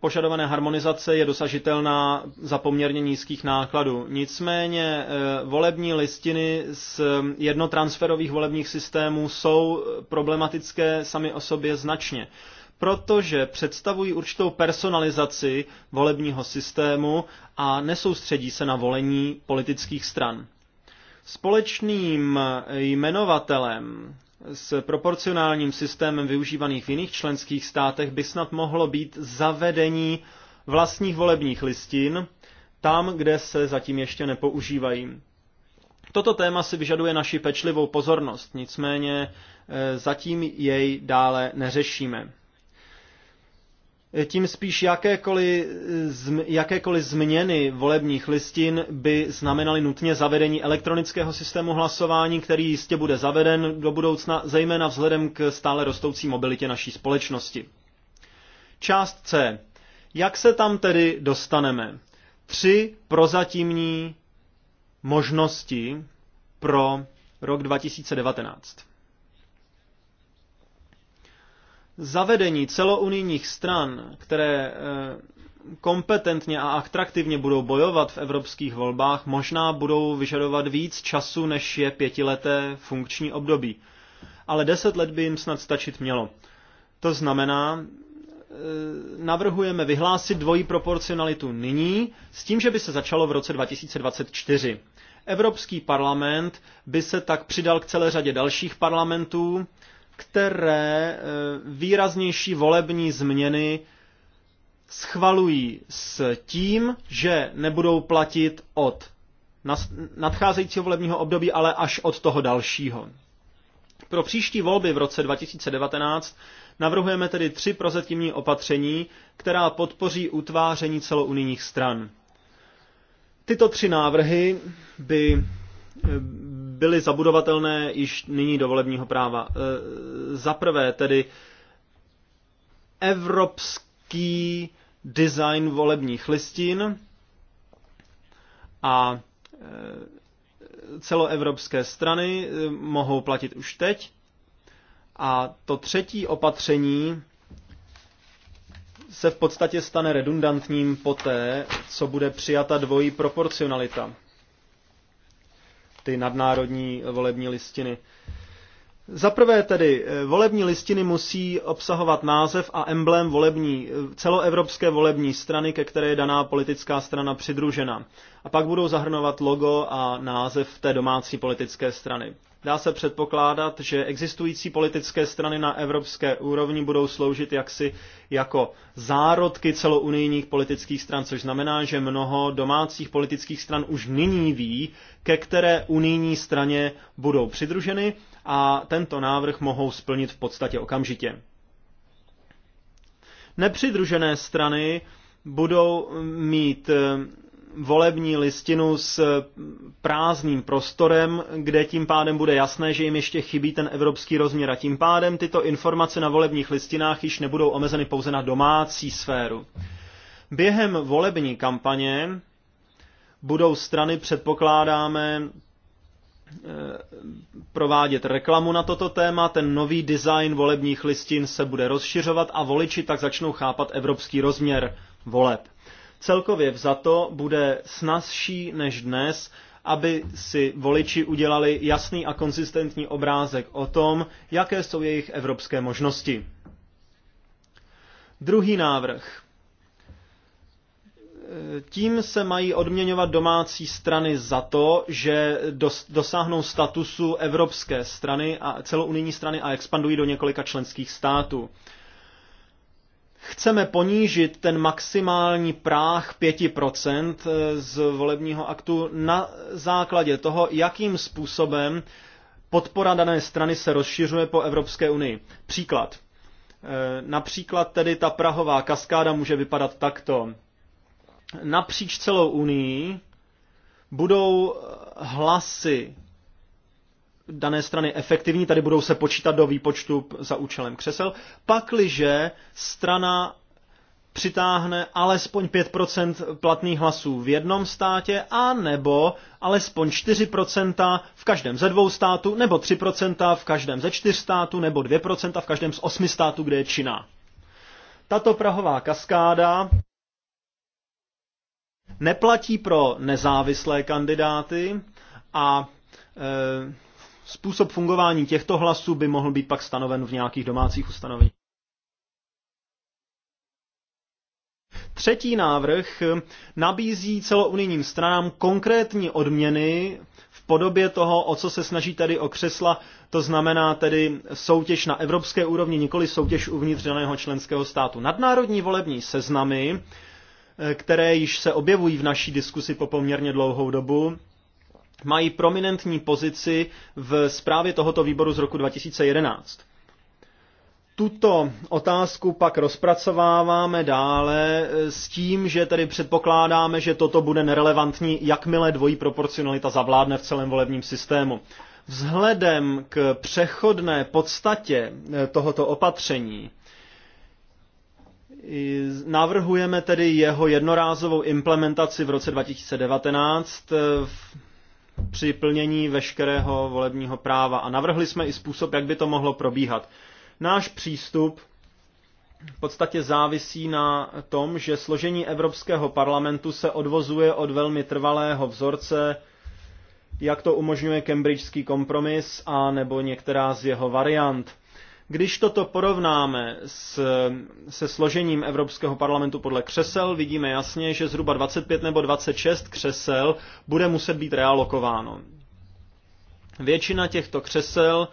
požadované harmonizace je dosažitelná za poměrně nízkých nákladů. Nicméně e, volební listiny z jednotransferových volebních systémů jsou problematické sami o sobě značně, protože představují určitou personalizaci volebního systému a nesoustředí se na volení politických stran. Společným eh, jmenovatelem s proporcionálním systémem využívaných v jiných členských státech by snad mohlo být zavedení vlastních volebních listin tam, kde se zatím ještě nepoužívají. Toto téma si vyžaduje naši pečlivou pozornost, nicméně eh, zatím jej dále neřešíme tím spíš jakékoliv, jakékoliv změny volebních listin by znamenaly nutně zavedení elektronického systému hlasování, který jistě bude zaveden do budoucna, zejména vzhledem k stále rostoucí mobilitě naší společnosti. Část C. Jak se tam tedy dostaneme? Tři prozatímní možnosti pro rok 2019 zavedení celounijních stran, které eh, kompetentně a atraktivně budou bojovat v evropských volbách, možná budou vyžadovat víc času, než je pětileté funkční období. Ale deset let by jim snad stačit mělo. To znamená, eh, navrhujeme vyhlásit dvojí proporcionalitu nyní, s tím, že by se začalo v roce 2024. Evropský parlament by se tak přidal k celé řadě dalších parlamentů, které eh, výraznější volební změny schvalují s tím, že nebudou platit od nadcházejícího volebního období, ale až od toho dalšího. Pro příští volby v roce 2019 navrhujeme tedy tři prozatímní opatření, která podpoří utváření celounijních stran. Tyto tři návrhy by eh, byly zabudovatelné již nyní do volebního práva. E, za prvé tedy evropský design volebních listin a e, celoevropské strany e, mohou platit už teď. A to třetí opatření se v podstatě stane redundantním poté, co bude přijata dvojí proporcionalita ty nadnárodní volební listiny. Za prvé tedy, eh, volební listiny musí obsahovat název a emblém volební, eh, celoevropské volební strany, ke které je daná politická strana přidružena. A pak budou zahrnovat logo a název té domácí politické strany. Dá se předpokládat, že existující politické strany na evropské úrovni budou sloužit jaksi jako zárodky celounijních politických stran, což znamená, že mnoho domácích politických stran už nyní ví, ke které unijní straně budou přidruženy a tento návrh mohou splnit v podstatě okamžitě. Nepřidružené strany budou mít volební listinu s prázdným prostorem, kde tím pádem bude jasné, že jim ještě chybí ten evropský rozměr a tím pádem tyto informace na volebních listinách již nebudou omezeny pouze na domácí sféru. Během volební kampaně budou strany, předpokládáme, eh, provádět reklamu na toto téma, ten nový design volebních listin se bude rozšiřovat a voliči tak začnou chápat evropský rozměr voleb. Celkově vzato bude snazší než dnes, aby si voliči udělali jasný a konzistentní obrázek o tom, jaké jsou jejich evropské možnosti. Druhý návrh. Tím se mají odměňovat domácí strany za to, že dosáhnou statusu evropské strany a celounijní strany a expandují do několika členských států chceme ponížit ten maximální práh 5% eh, z volebního aktu na základě toho, jakým způsobem podpora dané strany se rozšiřuje po Evropské unii. Příklad. Eh, například tedy ta prahová kaskáda může vypadat takto. Napříč celou unii budou hlasy dané strany efektivní, tady budou se počítat do výpočtu za účelem křesel, pakliže strana přitáhne alespoň 5% platných hlasů v jednom státě a nebo alespoň 4% v každém ze dvou států, nebo 3% v každém ze čtyř států, nebo 2% v každém z osmi států, kde je Čína. Tato prahová kaskáda neplatí pro nezávislé kandidáty a e, Způsob fungování těchto hlasů by mohl být pak stanoven v nějakých domácích ustanoveních. Třetí návrh nabízí celounijním stranám konkrétní odměny v podobě toho, o co se snaží tady o křesla, to znamená tedy soutěž na evropské úrovni, nikoli soutěž uvnitř daného členského státu. Nadnárodní volební seznamy, eh, které již se objevují v naší diskusi po poměrně dlouhou dobu, mají prominentní pozici v zprávě tohoto výboru z roku 2011. Tuto otázku pak rozpracováváme dále eh, s tím, že tedy předpokládáme, že toto bude nerelevantní, jakmile dvojí proporcionalita zavládne v celém volebním systému. Vzhledem k přechodné podstatě eh, tohoto opatření navrhujeme tedy jeho jednorázovou implementaci v roce 2019 při plnění veškerého volebního práva a navrhli jsme i způsob, jak by to mohlo probíhat. Náš přístup v podstatě závisí na tom, že složení Evropského parlamentu se odvozuje od velmi trvalého vzorce, jak to umožňuje Cambridgeský kompromis a nebo některá z jeho variant. Když toto porovnáme s, se složením Evropského parlamentu podle křesel, vidíme jasně, že zhruba 25 nebo 26 křesel bude muset být realokováno. Většina těchto křesel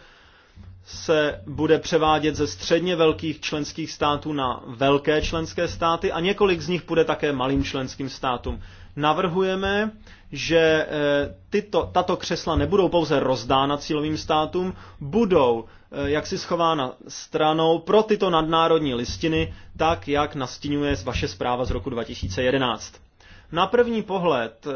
se bude převádět ze středně velkých členských států na velké členské státy a několik z nich bude také malým členským státům. Navrhujeme, že eh, tyto, tato křesla nebudou pouze rozdána cílovým státům, budou Eh, jaksi schována stranou pro tyto nadnárodní listiny, tak jak nastínuje vaše zpráva z roku 2011. Na první pohled eh,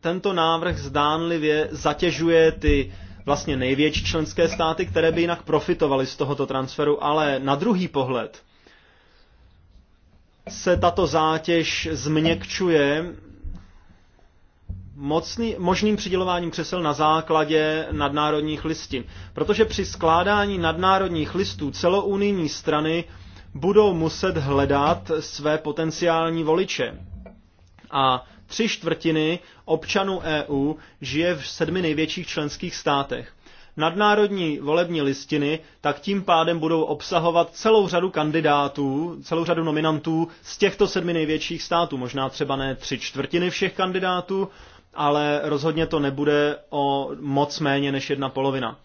tento návrh zdánlivě zatěžuje ty vlastně největší členské státy, které by jinak profitovaly z tohoto transferu, ale na druhý pohled se tato zátěž změkčuje mocný, možným přidělováním křesel na základě nadnárodních listin. Protože při skládání nadnárodních listů celounijní strany budou muset hledat své potenciální voliče. A tři čtvrtiny občanů EU žije v sedmi největších členských státech. Nadnárodní volební listiny tak tím pádem budou obsahovat celou řadu kandidátů, celou řadu nominantů z těchto sedmi největších států. Možná třeba ne tři čtvrtiny všech kandidátů, ale rozhodně to nebude o moc méně než jedna polovina.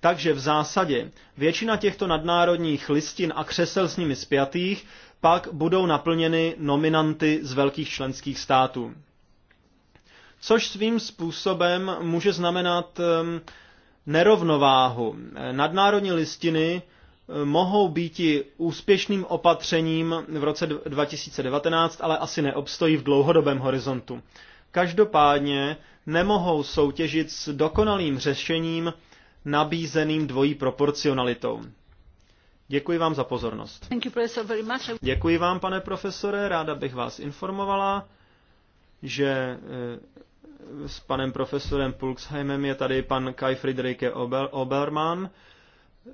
Takže v zásadě většina těchto nadnárodních listin a křesel s nimi spjatých pak budou naplněny nominanty z velkých členských států. Což svým způsobem může znamenat ehm, nerovnováhu. Nadnárodní listiny ehm, mohou být i úspěšným opatřením v roce 2019, ale asi neobstojí v dlouhodobém horizontu. Každopádně nemohou soutěžit s dokonalým řešením nabízeným dvojí proporcionalitou. Děkuji vám za pozornost. Děkuji vám, pane profesore, ráda bych vás informovala, že eh, s panem profesorem Pulksheimem je tady pan Kai Friederike Obermann eh,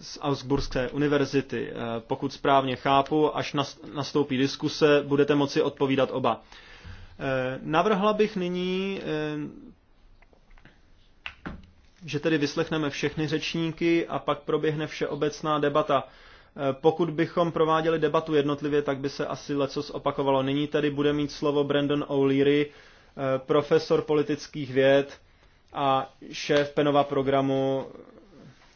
z Augsburské univerzity. Eh, pokud správně chápu, až nastoupí diskuse, budete moci odpovídat oba. Eh, navrhla bych nyní, eh, že tedy vyslechneme všechny řečníky a pak proběhne všeobecná debata. Eh, pokud bychom prováděli debatu jednotlivě, tak by se asi leco zopakovalo. Nyní tedy bude mít slovo Brandon O'Leary, profesor politických věd a šéf Penova programu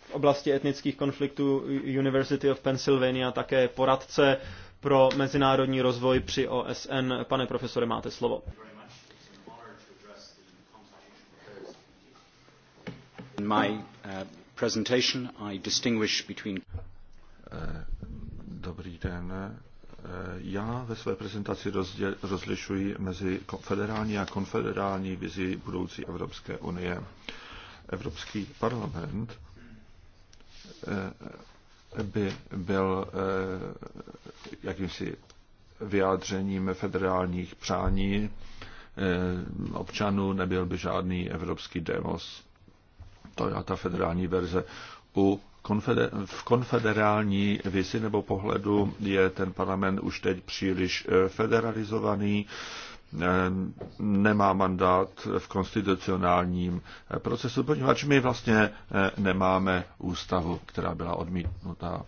v oblasti etnických konfliktů University of Pennsylvania, také poradce pro mezinárodní rozvoj při OSN. Pane profesore, máte slovo. Uh, eh, dobrý den. Eh, já ve své prezentaci rozlišuji mezi federální a konfederální vizi budoucí Evropské unie. Evropský parlament eh, by byl eh, jakýmsi vyjádřením federálních přání eh, občanů, nebyl by žádný evropský demos. To je ta federální verze. U konfeder- v konfederální vizi nebo pohledu je ten parlament už teď příliš eh, federalizovaný, E, nemá mandát v konstitucionálním e, procesu, poněvadž my vlastně e, nemáme ústavu, která byla odmítnutá.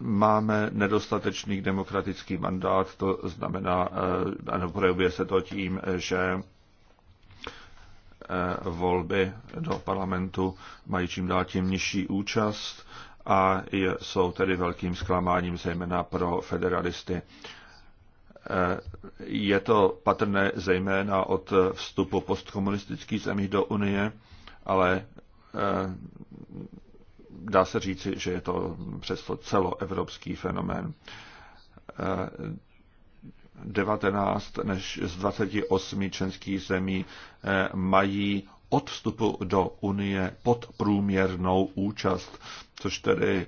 Máme nedostatečný demokratický mandát, to znamená, ano, projevuje se to tím, že volby do parlamentu mají čím dál tím nižší účast a jsou tedy velkým zklamáním, zejména pro federalisty. Je to patrné zejména od vstupu postkomunistických zemí do Unie, ale eh, dá se říci, že je to přesto celoevropský fenomén. 19 eh, než z 28 členských zemí eh, mají od vstupu do Unie podprůměrnou účast, což tedy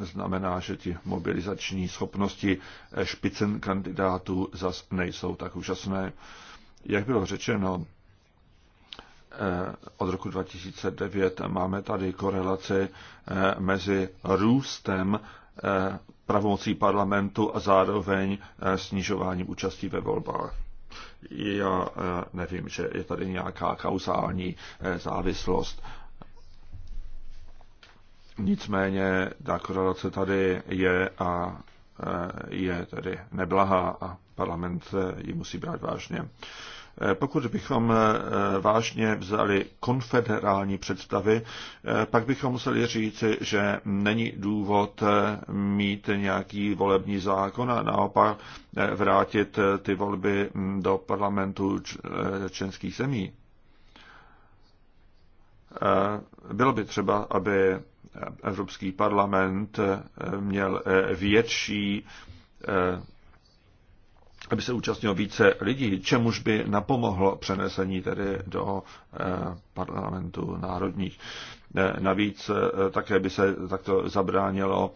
znamená, že ti mobilizační schopnosti špicen kandidátů zas nejsou tak úžasné. Jak bylo řečeno, eh, od roku 2009 máme tady korelaci eh, mezi růstem eh, pravomocí parlamentu a zároveň snižováním účastí ve volbách. Já nevím, že je tady nějaká kauzální závislost. Nicméně ta korelace tady je a e, je tedy neblahá a parlament e, ji musí brát vážně. E, pokud bychom vážně vzali konfederální představy, pak bychom museli říci, že není důvod mít nějaký volební zákon a naopak vrátit ty volby do parlamentu členských zemí. Bylo by třeba, aby Evropský parlament eh, měl eh, větší, eh, aby se účastnilo více lidí, čemuž by napomohlo přenesení tedy do parlamentu národních. Navíc také by se takto zabránilo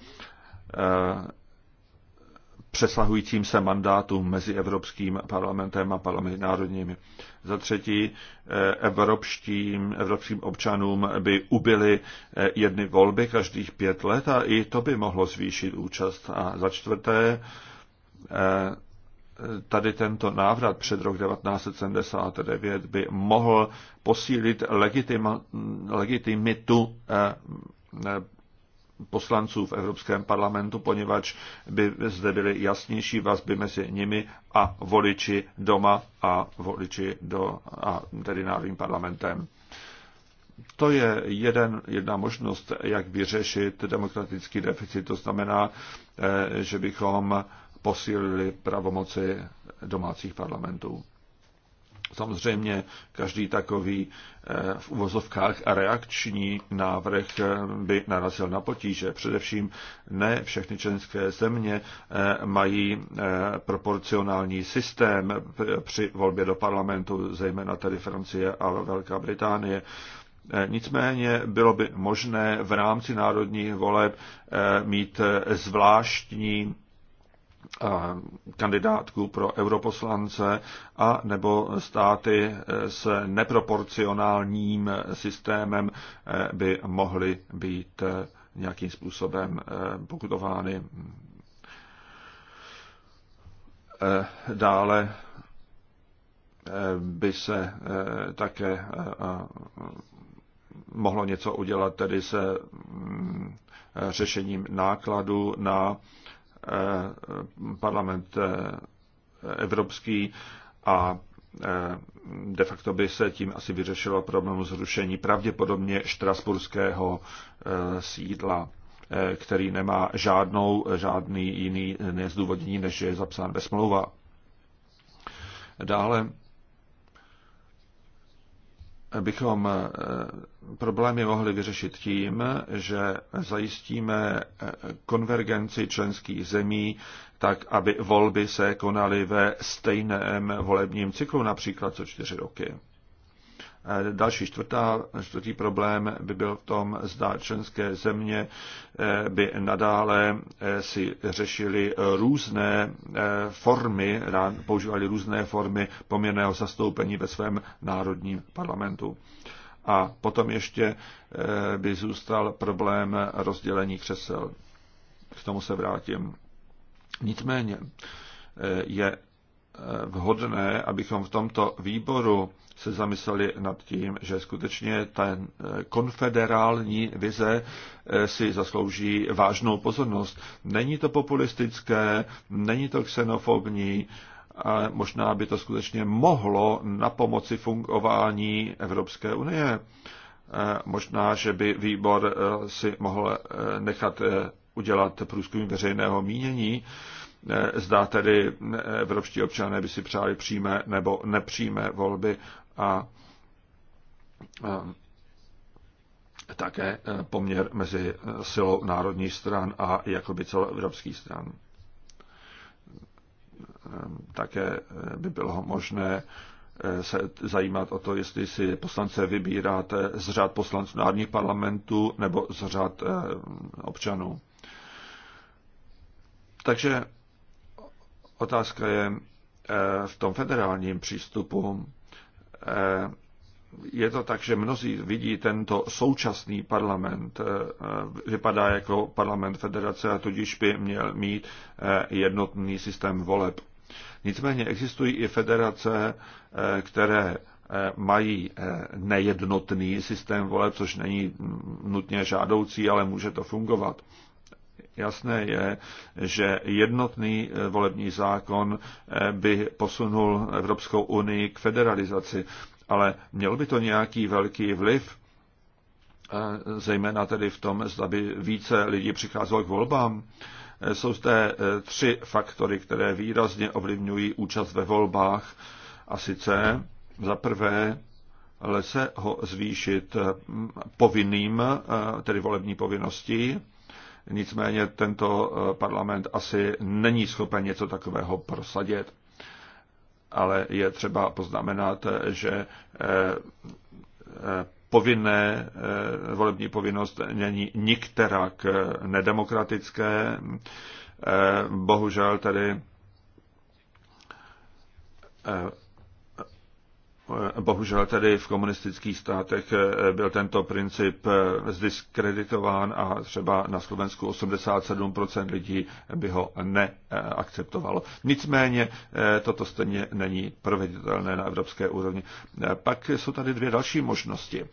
přesahujícím se mandátům mezi Evropským parlamentem a parlamenty národními. Za třetí, eh, evropským, evropským občanům by ubyly eh, jedny volby každých pět let a i to by mohlo zvýšit účast. A za čtvrté, eh, tady tento návrat před rok 1979 by mohl posílit legitima, legitimitu poslanců v Evropském parlamentu, poněvadž by zde byly jasnější vazby mezi nimi a voliči doma a voliči do, a tedy národním parlamentem. To je jeden, jedna možnost, jak vyřešit demokratický deficit. To znamená, eh, že bychom posílili pravomoci domácích parlamentů. Samozřejmě každý takový eh, v uvozovkách reakční návrh eh, by narazil na potíže. Především ne všechny členské země eh, mají proporcionální systém při volbě do parlamentu, zejména tedy Francie a Velká Británie. Nicméně bylo by možné v rámci národních voleb mít zvláštní kandidátku pro europoslance a nebo státy e, s neproporcionálním systémem e, by mohly být e, nějakým způsobem pokutovány. Dále by se také mohlo něco udělat tedy se mm, řešením nákladu na Eh, parlament eh, evropský a eh, de facto by se tím asi vyřešilo problém zrušení pravděpodobně štrasburského sídla, který nemá žádnou, žádný jiný nezdůvodnění, než je zapsán ve smlouva. Dále bychom eh, problémy mohli vyřešit tím, že zajistíme eh, konvergenci členských zemí tak, aby volby se konaly ve stejném volebním cyklu, například co čtyři roky. Další čtvrtá, čtvrtý problém by byl v tom, zda členské země eh, by nadále eh, si řešili různé eh, formy, používali různé formy poměrného zastoupení ve svém národním parlamentu. A potom ještě by zůstal problém rozdělení křesel. K tomu se vrátím. Nicméně je vhodné, abychom v tomto výboru se zamysleli nad tím, že skutečně ta eh, konfederální vize eh, si zaslouží vážnou pozornost. Není to populistické, není to xenofobní, ale možná by to skutečně mohlo na pomoci fungování Evropské unie. Eh, možná, že by výbor si mohl nechat udělat průzkum veřejného mínění, Eh, Zdá tedy eh, evropští občané by si přáli přímé nebo nepřímé volby a také eh, poměr mezi silou národních stran a jakoby celoevropských stran. Také by bylo možné se zajímat o to, jestli si poslance vybíráte z řad poslanců národních parlamentů nebo z řad občanů. Takže Otázka je eh, v tom federálním přístupu. Eh, je to tak, že mnozí vidí tento současný parlament, eh, vypadá jako parlament federace a tudíž by měl mít jednotný systém voleb. Nicméně existují i federace, které mají nejednotný systém voleb, což není mm, nutně žádoucí, ale může to fungovat. Jasné je, že jednotný eh, volební zákon eh, by posunul Evropskou unii k federalizaci, ale měl by to nějaký velký vliv, eh, zejména tedy v tom, zda by více lidí přicházelo k volbám. Jsou zde tři faktory, které výrazně ovlivňují účast ve volbách, a sice za prvé lze ho zvýšit povinným, tedy volební povinností, Nicméně tento eh, parlament asi není schopen něco takového prosadit. Ale je třeba poznamenat, že eh, eh, povinné, volební povinnost není nikterak nedemokratické. Bohužel tedy Bohužel tedy v komunistických státech eh, byl tento princip eh, zdiskreditován a třeba na Slovensku 87% lidí by ho neakceptovalo. Nicméně eh, toto stejně není proveditelné na evropské úrovni. Pak jsou tady dvě další možnosti.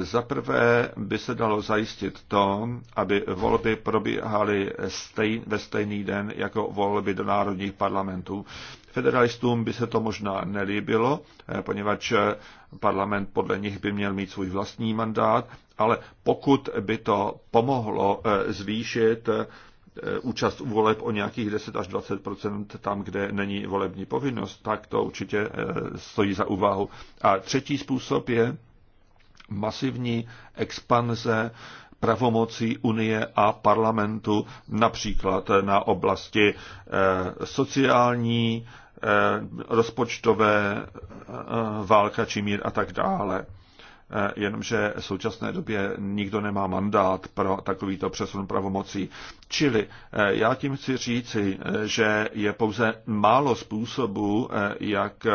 Za prvé by se dalo zajistit to, aby volby probíhaly stejn, ve stejný den jako volby do národních parlamentů. Federalistům by se to možná nelíbilo, eh, poněvadž eh, parlament podle nich by měl mít svůj vlastní mandát, ale pokud by to pomohlo eh, zvýšit účast u voleb o nějakých 10 až 20 tam, kde není volební povinnost, tak to určitě stojí za úvahu. A třetí způsob je masivní expanze pravomocí Unie a parlamentu, například na oblasti sociální, Eh, rozpočtové eh, válka či mír a tak dále. Eh, jenomže v současné době nikdo nemá mandát pro takovýto přesun pravomocí. Čili já tím chci říci, že je pouze málo způsobů, jak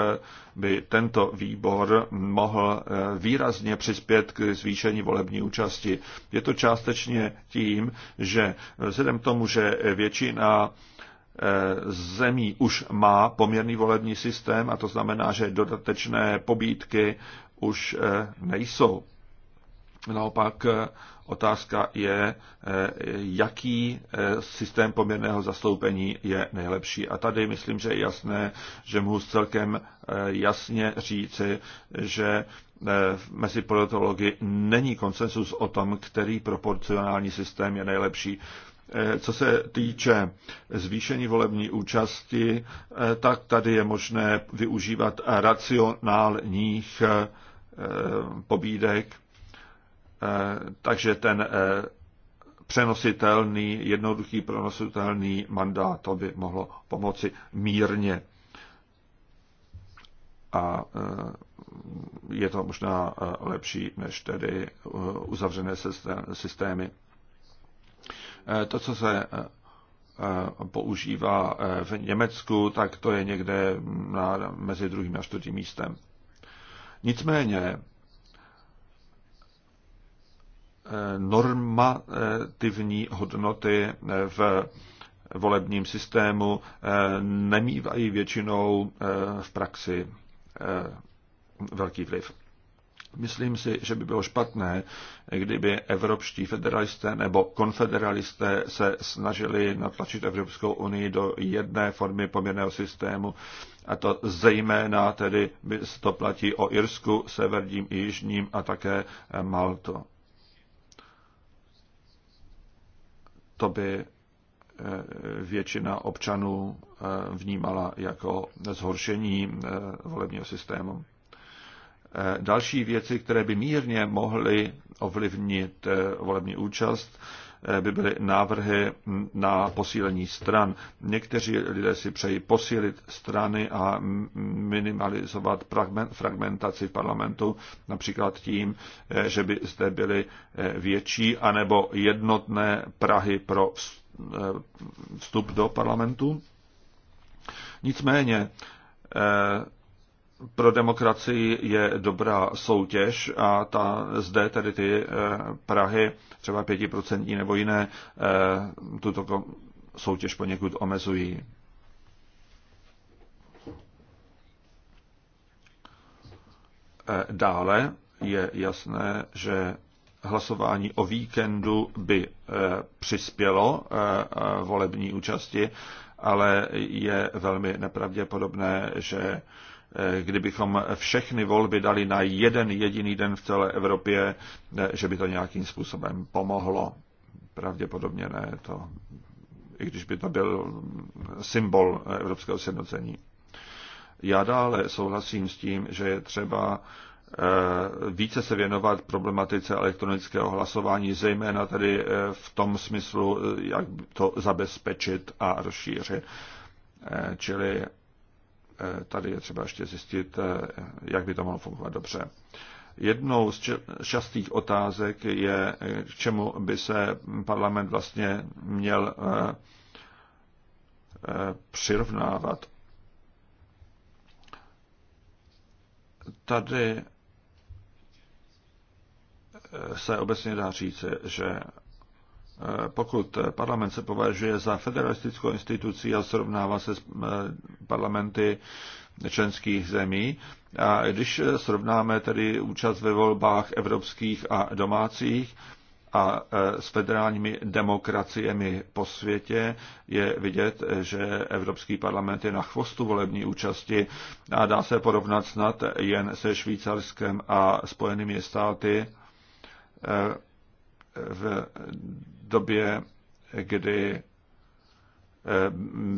by tento výbor mohl výrazně přispět k zvýšení volební účasti. Je to částečně tím, že vzhledem k tomu, že většina zemí už má poměrný volební systém a to znamená, že dodatečné pobídky už eh, nejsou. Naopak eh, otázka je, eh, jaký systém poměrného zastoupení je nejlepší. A tady myslím, že je jasné, že mohu celkem jasně říci, že mezi politologi není konsensus o tom, který proporcionální systém je nejlepší. Eh, co se týče zvýšení volební účasti, eh, tak tady je možné využívat racionálních eh, pobídek, takže ten přenositelný, jednoduchý přenositelný mandát, to by mohlo pomoci mírně. A je to možná lepší než tedy uzavřené systémy. Eh, to, co se eh, eh, používá v Německu, tak to je někde na, mezi druhým a čtvrtým místem. Nicméně normativní hodnoty v volebním systému nemývají většinou v praxi velký vliv. Myslím si, že by bylo špatné, kdyby evropští federalisté nebo konfederalisté se snažili natlačit Evropskou unii do jedné formy poměrného systému, a to zejména tedy to platí o Irsku, severním i jižním a také Malto. To by eh, většina občanů eh, vnímala jako zhoršení eh, volebního systému. Eh, další věci, které by mírně mohly ovlivnit eh, volební účast, eh, by byly návrhy na posílení stran. Někteří lidé si přejí posílit strany a minimalizovat fragmentaci v parlamentu, například tím, že by zde byly větší anebo jednotné Prahy pro vstup do parlamentu. Nicméně pro demokracii je dobrá soutěž a ta zde tedy ty eh, Prahy, třeba pětiprocentní nebo jiné, eh, tuto soutěž poněkud omezují. Eh, dále je jasné, že hlasování o víkendu by přispělo volební účasti, ale je velmi nepravděpodobné, že Eh, kdybychom všechny volby dali na jeden jediný den v celé Evropě, eh, že by to nějakým způsobem pomohlo. Pravděpodobně ne, to, i když by to byl symbol evropského sjednocení. Já dále souhlasím s tím, že je třeba eh, více se věnovat problematice elektronického hlasování, zejména tedy v tom smyslu, jak to zabezpečit a rozšířit. Čili Eh, tady je třeba ještě zjistit, eh, jak by to mohlo fungovat dobře. Jednou z častých otázek je, eh, k čemu by se parlament vlastně měl přirovnávat. Tady se obecně dá říci, že pokud parlament se považuje za federalistickou instituci a srovnává se s eh, parlamenty členských zemí, a když srovnáme tedy účast ve volbách evropských a domácích a eh, s federálními demokraciemi po světě, je vidět, že Evropský parlament je na chvostu volební účasti a dá se porovnat snad jen se Švýcarskem a Spojenými státy eh, v době, kdy eh,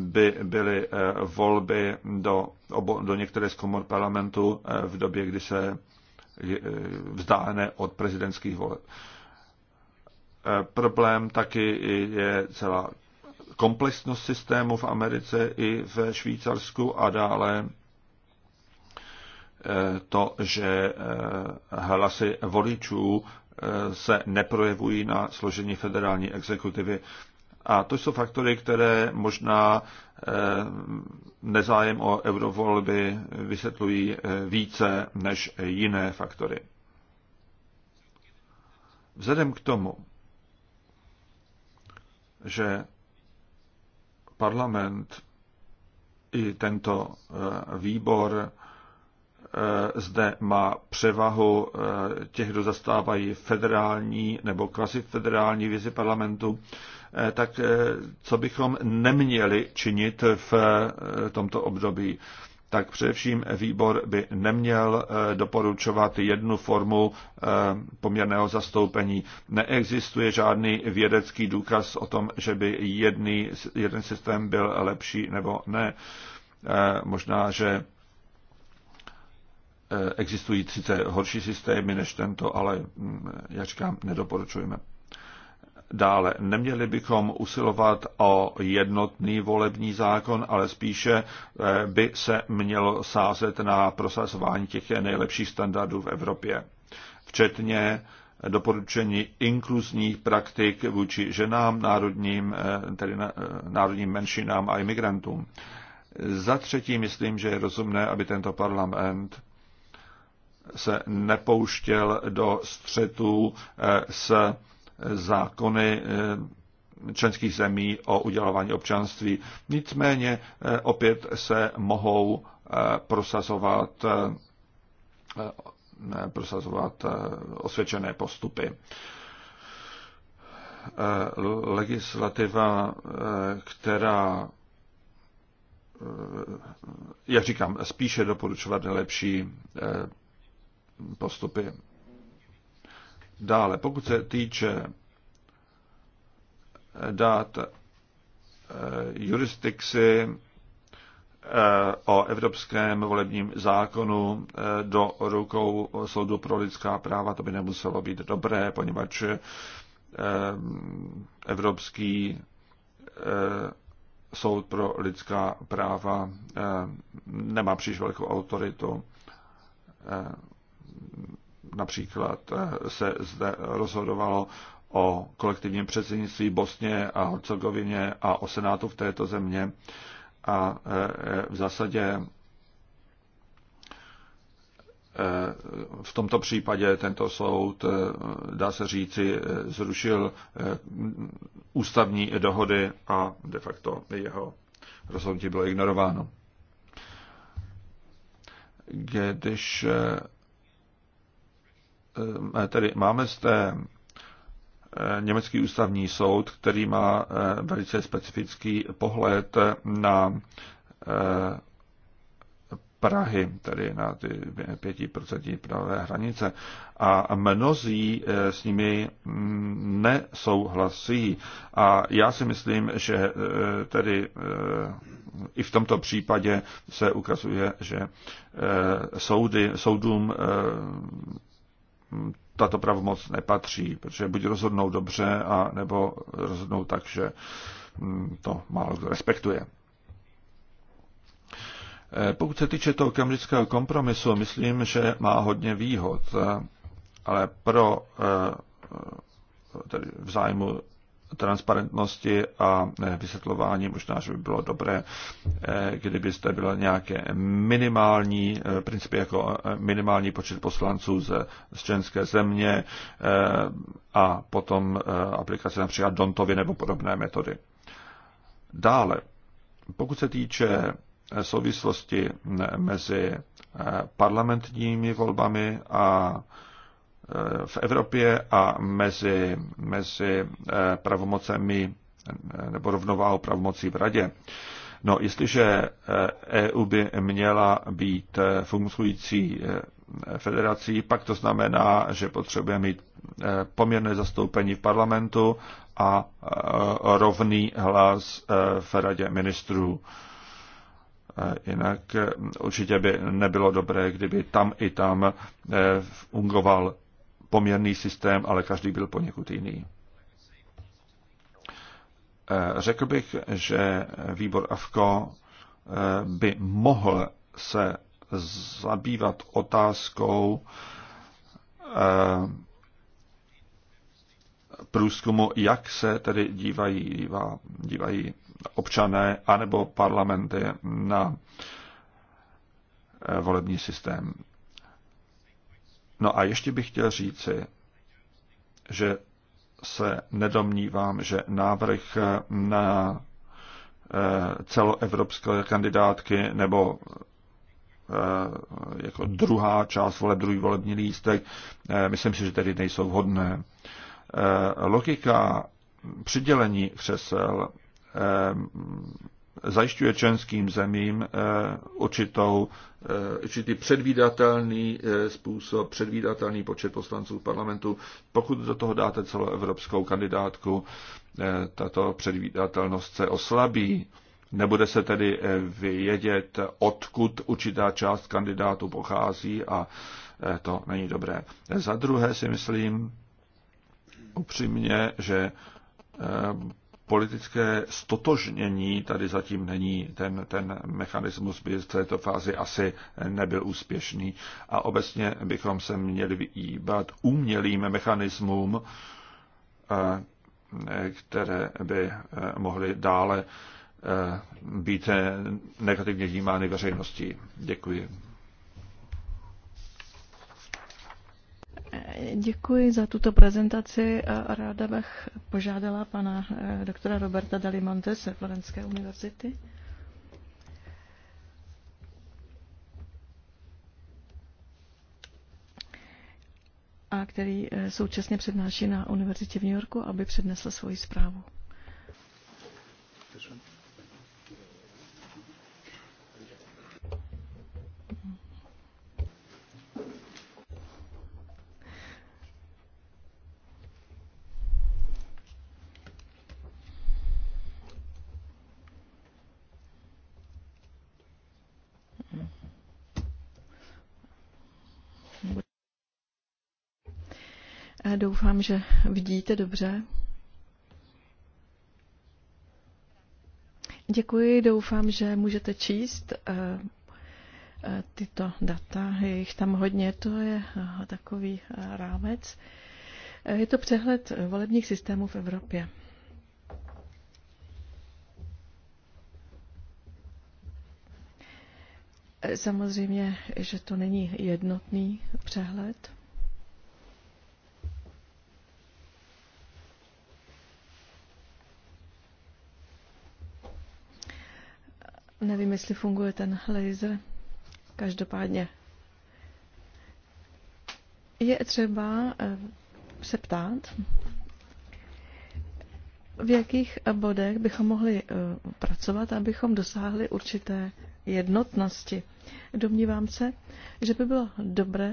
by byly eh, volby do, obo, do některé z komor parlamentu eh, v době, kdy se vzdálené od prezidentských voleb. Problém taky je celá komplexnost systému v Americe i v Švýcarsku a dále to, že hlasy voličů Eh, se neprojevují na složení federální exekutivy. A to jsou faktory, které možná eh, nezájem o eurovolby vysvětlují eh, více než jiné faktory. Vzhledem k tomu, že parlament i tento výbor Eh, zde má převahu eh, těch, kdo zastávají federální nebo kvasi federální vizi parlamentu, eh, tak co bychom neměli činit v tomto období? Tak především výbor by neměl doporučovat jednu formu poměrného zastoupení. Neexistuje žádný vědecký důkaz o tom, že by jedný, jeden systém byl lepší nebo ne. Možná, že Eh, existují sice horší systémy než tento, ale, mm, jak říkám, nedoporučujeme. Dále, neměli bychom usilovat o jednotný volební zákon, ale spíše eh, by se mělo sázet na prosazování těch nejlepších standardů v Evropě, včetně doporučení inkluzních praktik vůči ženám, národním, eh, tedy národním menšinám a imigrantům. Za třetí myslím, že je rozumné, aby tento parlament se nepouštěl do střetů eh, s zákony eh, členských zemí o udělování občanství. Nicméně eh, opět se mohou prosazovat, prosazovat osvědčené postupy. Legislativa, která, jak říkám, spíše doporučovat nejlepší postupy. Dále, pokud se týče eh, dát eh, jurisdikci eh, o evropském volebním zákonu do rukou soudu pro lidská práva, to by nemuselo být dobré, poněvadž Evropský soud pro lidská práva nemá příliš velkou autoritu například eh, se zde rozhodovalo o kolektivním předsednictví Bosně a Hercegovině a o Senátu v této země. A eh, eh, v zásadě v tomto případě tento soud, dá se říci, zrušil ústavní dohody a de facto jeho rozhodnutí bylo ignorováno. Když Eh, eh, tedy máme zde eh, Německý ústavní soud, který má velice specifický pohled na Prahy, tedy na ty 5% pravé hranice. A mnozí s nimi mm, nesouhlasí. A já si myslím, že tedy i v tomto případě se ukazuje, že soudy, soudům tato pravomoc nepatří, protože buď rozhodnou dobře, a nebo rozhodnou tak, že mm, to málo kdo respektuje. Eh, pokud se týče toho kamerického kompromisu, myslím, že má hodně výhod, eh, ale pro eh, tedy v zájmu transparentnosti a eh, vysvětlování možná, že by bylo dobré, eh, kdybyste byla nějaké minimální, eh, principy jako minimální počet poslanců z, z členské země a potom aplikace například Dontovi nebo podobné metody. Dále, pokud se týče souvislosti mezi parlamentními volbami a v Evropě a mezi, mezi eh, pravomocemi eh, nebo rovnováhou pravomocí v Radě. No, jestliže EU eh, e by měla být fungující federací, pak to znamená, že potřebuje mít poměrné zastoupení v parlamentu a rovný hlas v radě ministrů. Jinak určitě by nebylo dobré, kdyby tam i tam fungoval poměrný systém, ale každý byl poněkud jiný. Eh, řekl bych, že výbor AFKO eh, by mohl se zabývat otázkou eh, průzkumu, jak se tedy dívají, dívají občané anebo parlamenty na volební systém. No a ještě bych chtěl říci, že se nedomnívám, že návrh na eh, celoevropské kandidátky nebo eh, jako druhá část voleb, druhý volební lístek, eh, myslím si, že tedy nejsou vhodné. Logika přidělení křesel zajišťuje členským zemím eh, určitou, eh, určitý předvídatelný eh, způsob, předvídatelný počet poslanců v parlamentu. Pokud do toho dáte celoevropskou kandidátku, tato předvídatelnost se oslabí. Nebude se tedy vědět, odkud určitá část kandidátů pochází a to není dobré. Za druhé si myslím upřímně, že politické stotožnění tady zatím není. Ten, ten mechanismus by v této fázi asi nebyl úspěšný. A obecně bychom se měli vyjíbat umělým mechanismům, eh, které by eh, mohly dále eh, být negativně vnímány veřejností. Děkuji. Děkuji za tuto prezentaci a ráda bych požádala pana eh, doktora Roberta Dalimonte z Florenské univerzity. a který eh, současně přednáší na univerzitě v New Yorku, aby přednesl svoji zprávu. Děkujeme. Doufám, že vidíte dobře. Děkuji, doufám, že můžete číst eh, eh, tyto data, je jich tam hodně, to je eh, takový rámec. Je to přehled volebních systémů v Evropě. Samozřejmě, že to není jednotný přehled. Nevím, jestli funguje ten laser. Každopádně je třeba eh, se ptát, v jakých bodech bychom mohli eh, pracovat, abychom dosáhli určité jednotnosti. Domnívám se, že by bylo dobré,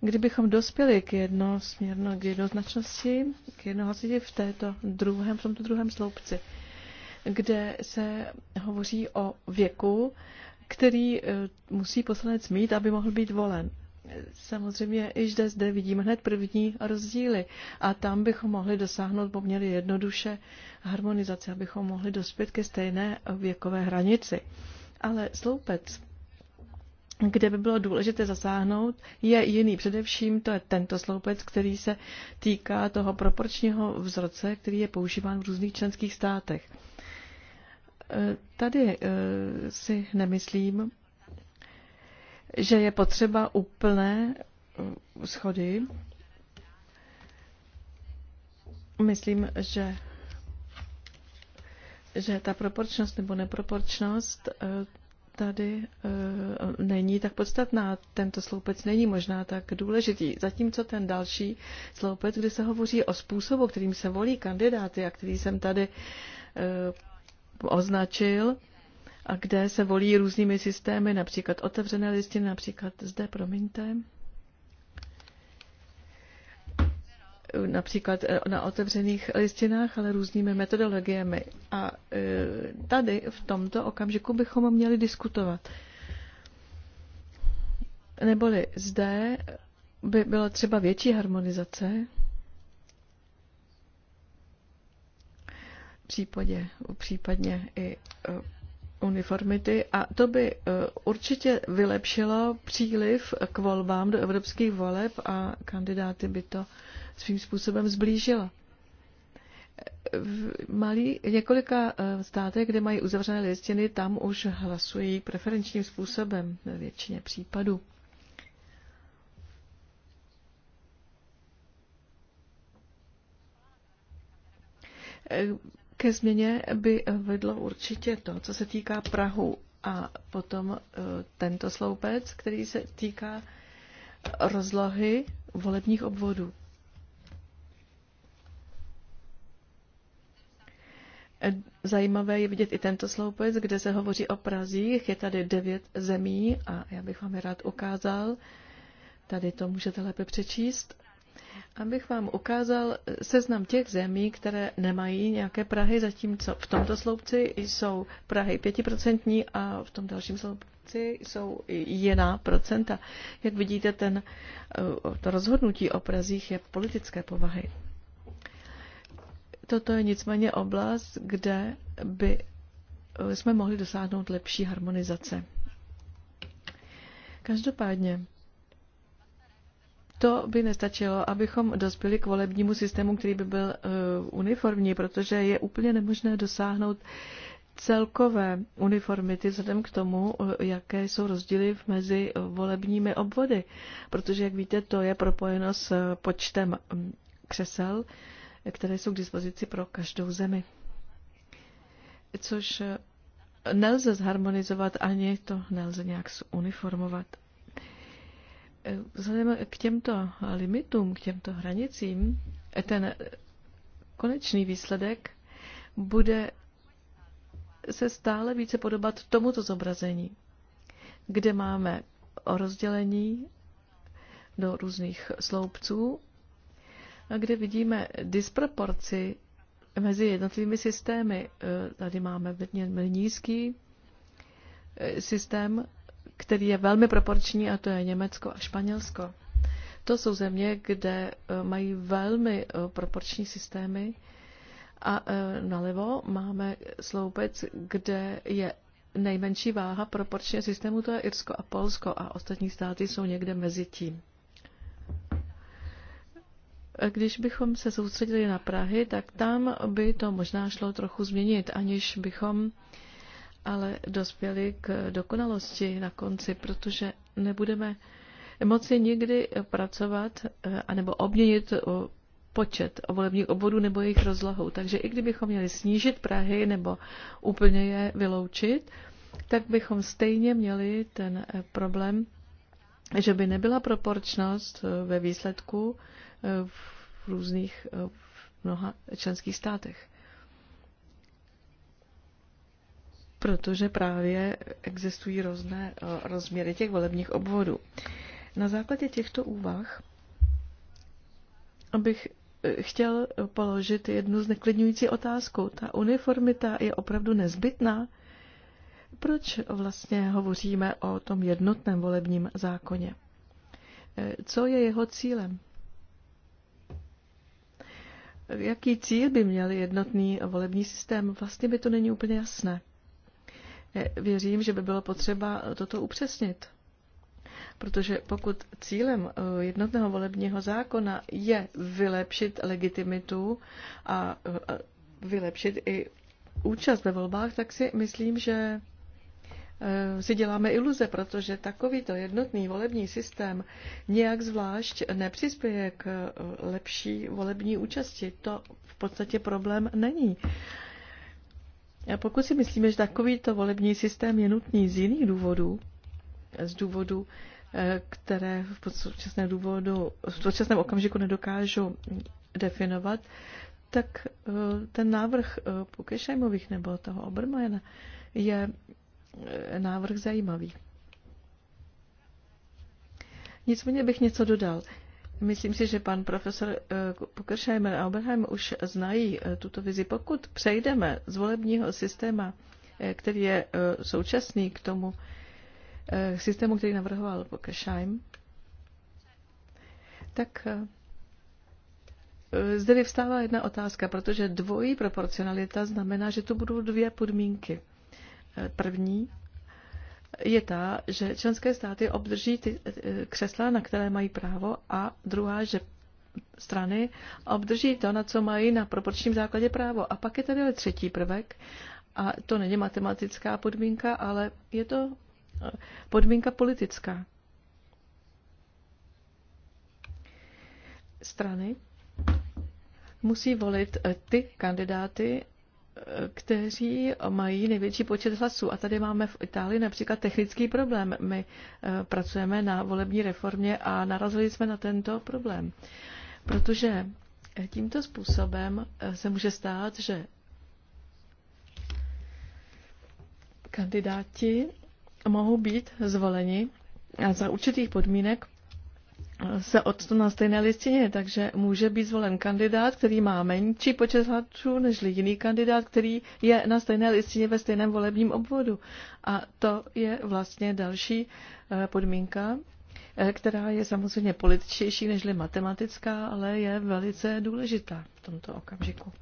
kdybychom dospěli k jednosměrnosti, k jednoznačnosti, k jednohlasitě v, této druhém, v tomto druhém sloupci kde se hovoří o věku, který eh, musí poslanec mít, aby mohl být volen. Samozřejmě i zde, zde vidíme hned první rozdíly a tam bychom mohli dosáhnout poměrně jednoduše harmonizace, abychom mohli dospět ke stejné věkové hranici. Ale sloupec, kde by bylo důležité zasáhnout, je jiný. Především to je tento sloupec, který se týká toho proporčního vzorce, který je používán v různých členských státech. Tady eh, si nemyslím, že je potřeba úplné eh, schody. Myslím, že že ta proporčnost nebo neproporčnost eh, tady není tak podstatná. Tento sloupec není možná tak důležitý. Zatímco ten další sloupec, kde se hovoří o způsobu, kterým se volí kandidáty a který jsem tady označil a kde se volí různými systémy, například otevřené listiny, například zde, promiňte, například eh, na otevřených listinách, ale různými metodologiemi. A eh, tady v tomto okamžiku bychom měli diskutovat. Neboli zde by byla třeba větší harmonizace případě, případně i e, uniformity a to by e, určitě vylepšilo příliv k volbám do evropských voleb a kandidáty by to svým způsobem zblížilo. V malý, několika e, státech, kde mají uzavřené listiny, tam už hlasují preferenčním způsobem ve většině případů. Ke změně by vedlo určitě to, co se týká Prahu a potom e, tento sloupec, který se týká rozlohy volebních obvodů. E, zajímavé je vidět i tento sloupec, kde se hovoří o Prazích. Je tady devět zemí a já bych vám je rád ukázal. Tady to můžete lépe přečíst abych vám ukázal eh, seznam těch zemí, které nemají nějaké Prahy, zatímco v tomto sloupci jsou Prahy pětiprocentní a v tom dalším sloupci jsou jiná procenta. Jak vidíte, ten, eh, to rozhodnutí o Prazích je politické povahy. Toto je nicméně oblast, kde by eh, jsme mohli dosáhnout lepší harmonizace. Každopádně, to by nestačilo, abychom dospěli k volebnímu systému, který by byl eh, uniformní, protože je úplně nemožné dosáhnout celkové uniformity vzhledem k tomu, eh, jaké jsou rozdíly mezi volebními obvody. Protože, jak víte, to je propojeno s eh, počtem mm, křesel, které jsou k dispozici pro každou zemi. Což nelze zharmonizovat, ani to nelze nějak uniformovat vzhledem k těmto limitům, k těmto hranicím, ten konečný výsledek bude se stále více podobat tomuto zobrazení, kde máme rozdělení do různých sloupců, kde vidíme disproporci mezi jednotlivými systémy. E, tady máme velmi nízký e, systém který je velmi proporční, a to je Německo a Španělsko. To jsou země, kde e, mají velmi e, proporční systémy a e, nalevo máme sloupec, kde je nejmenší váha proporčně systému, to je Irsko a Polsko a ostatní státy jsou někde mezi tím. Když bychom se soustředili na Prahy, tak tam by to možná šlo trochu změnit, aniž bychom uh, ale dospěli k dokonalosti na konci, protože nebudeme moci nikdy pracovat eh, anebo obměnit eh, počet volebních obvodů nebo jejich rozlohou. Takže i kdybychom měli snížit Prahy nebo úplně je vyloučit, tak bychom stejně měli ten eh, problém, že by nebyla proporčnost ve výsledku v různých v mnoha členských státech. protože právě existují různé eh, rozměry těch volebních obvodů. Na základě těchto úvah bych eh, chtěl položit jednu zneklidňující otázku. Ta uniformita je opravdu nezbytná? Proč vlastně hovoříme o tom jednotném volebním zákoně? Eh, co je jeho cílem? Jaký cíl by měl jednotný volební systém? Vlastně by to není úplně jasné. Eh, věřím, že by bylo potřeba eh, toto upřesnit. Protože pokud cílem eh, jednotného volebního zákona je vylepšit legitimitu a vylepšit i účast ve volbách, tak si myslím, že si děláme iluze, protože takovýto jednotný volební systém nějak zvlášť nepřispěje k lepší volební účasti. To v podstatě problém není. A pokud si myslíme, že takovýto volební systém je nutný z jiných důvodů, z důvodu, eh, které v současném, důvodu, v současném okamžiku nedokážu definovat, tak eh, ten návrh eh, Pukešajmových nebo toho Obermajena je návrh zajímavý. Nicméně bych něco dodal. Myslím si, že pan profesor eh, Pukersheimer a Oberheim už znají eh, tuto vizi. Pokud přejdeme z volebního systému, eh, který je současný k tomu systému, který navrhoval Pukersheim, tak zde vyvstává jedna otázka, protože dvojí proporcionalita znamená, že tu budou dvě podmínky. První je ta, že členské státy obdrží ty eh, křesla, na které mají právo, a druhá, že strany obdrží to, na co mají na proporčním základě právo. A pak je tady třetí prvek, a to není matematická podmínka, ale je to eh, podmínka politická. Strany musí volit eh, ty kandidáty, kteří mají největší počet hlasů. A tady máme v Itálii například technický problém. My eh, pracujeme na volební reformě a narazili jsme na tento problém. Protože eh, tímto způsobem eh, se může stát, že kandidáti mohou být zvoleni za určitých podmínek se odstup na stejné listině, takže může být zvolen kandidát, který má menší počet hlasů než jiný kandidát, který je na stejné listině ve stejném volebním obvodu. A to je vlastně další eh, podmínka, eh, která je samozřejmě političtější než matematická, ale je velice důležitá v tomto okamžiku.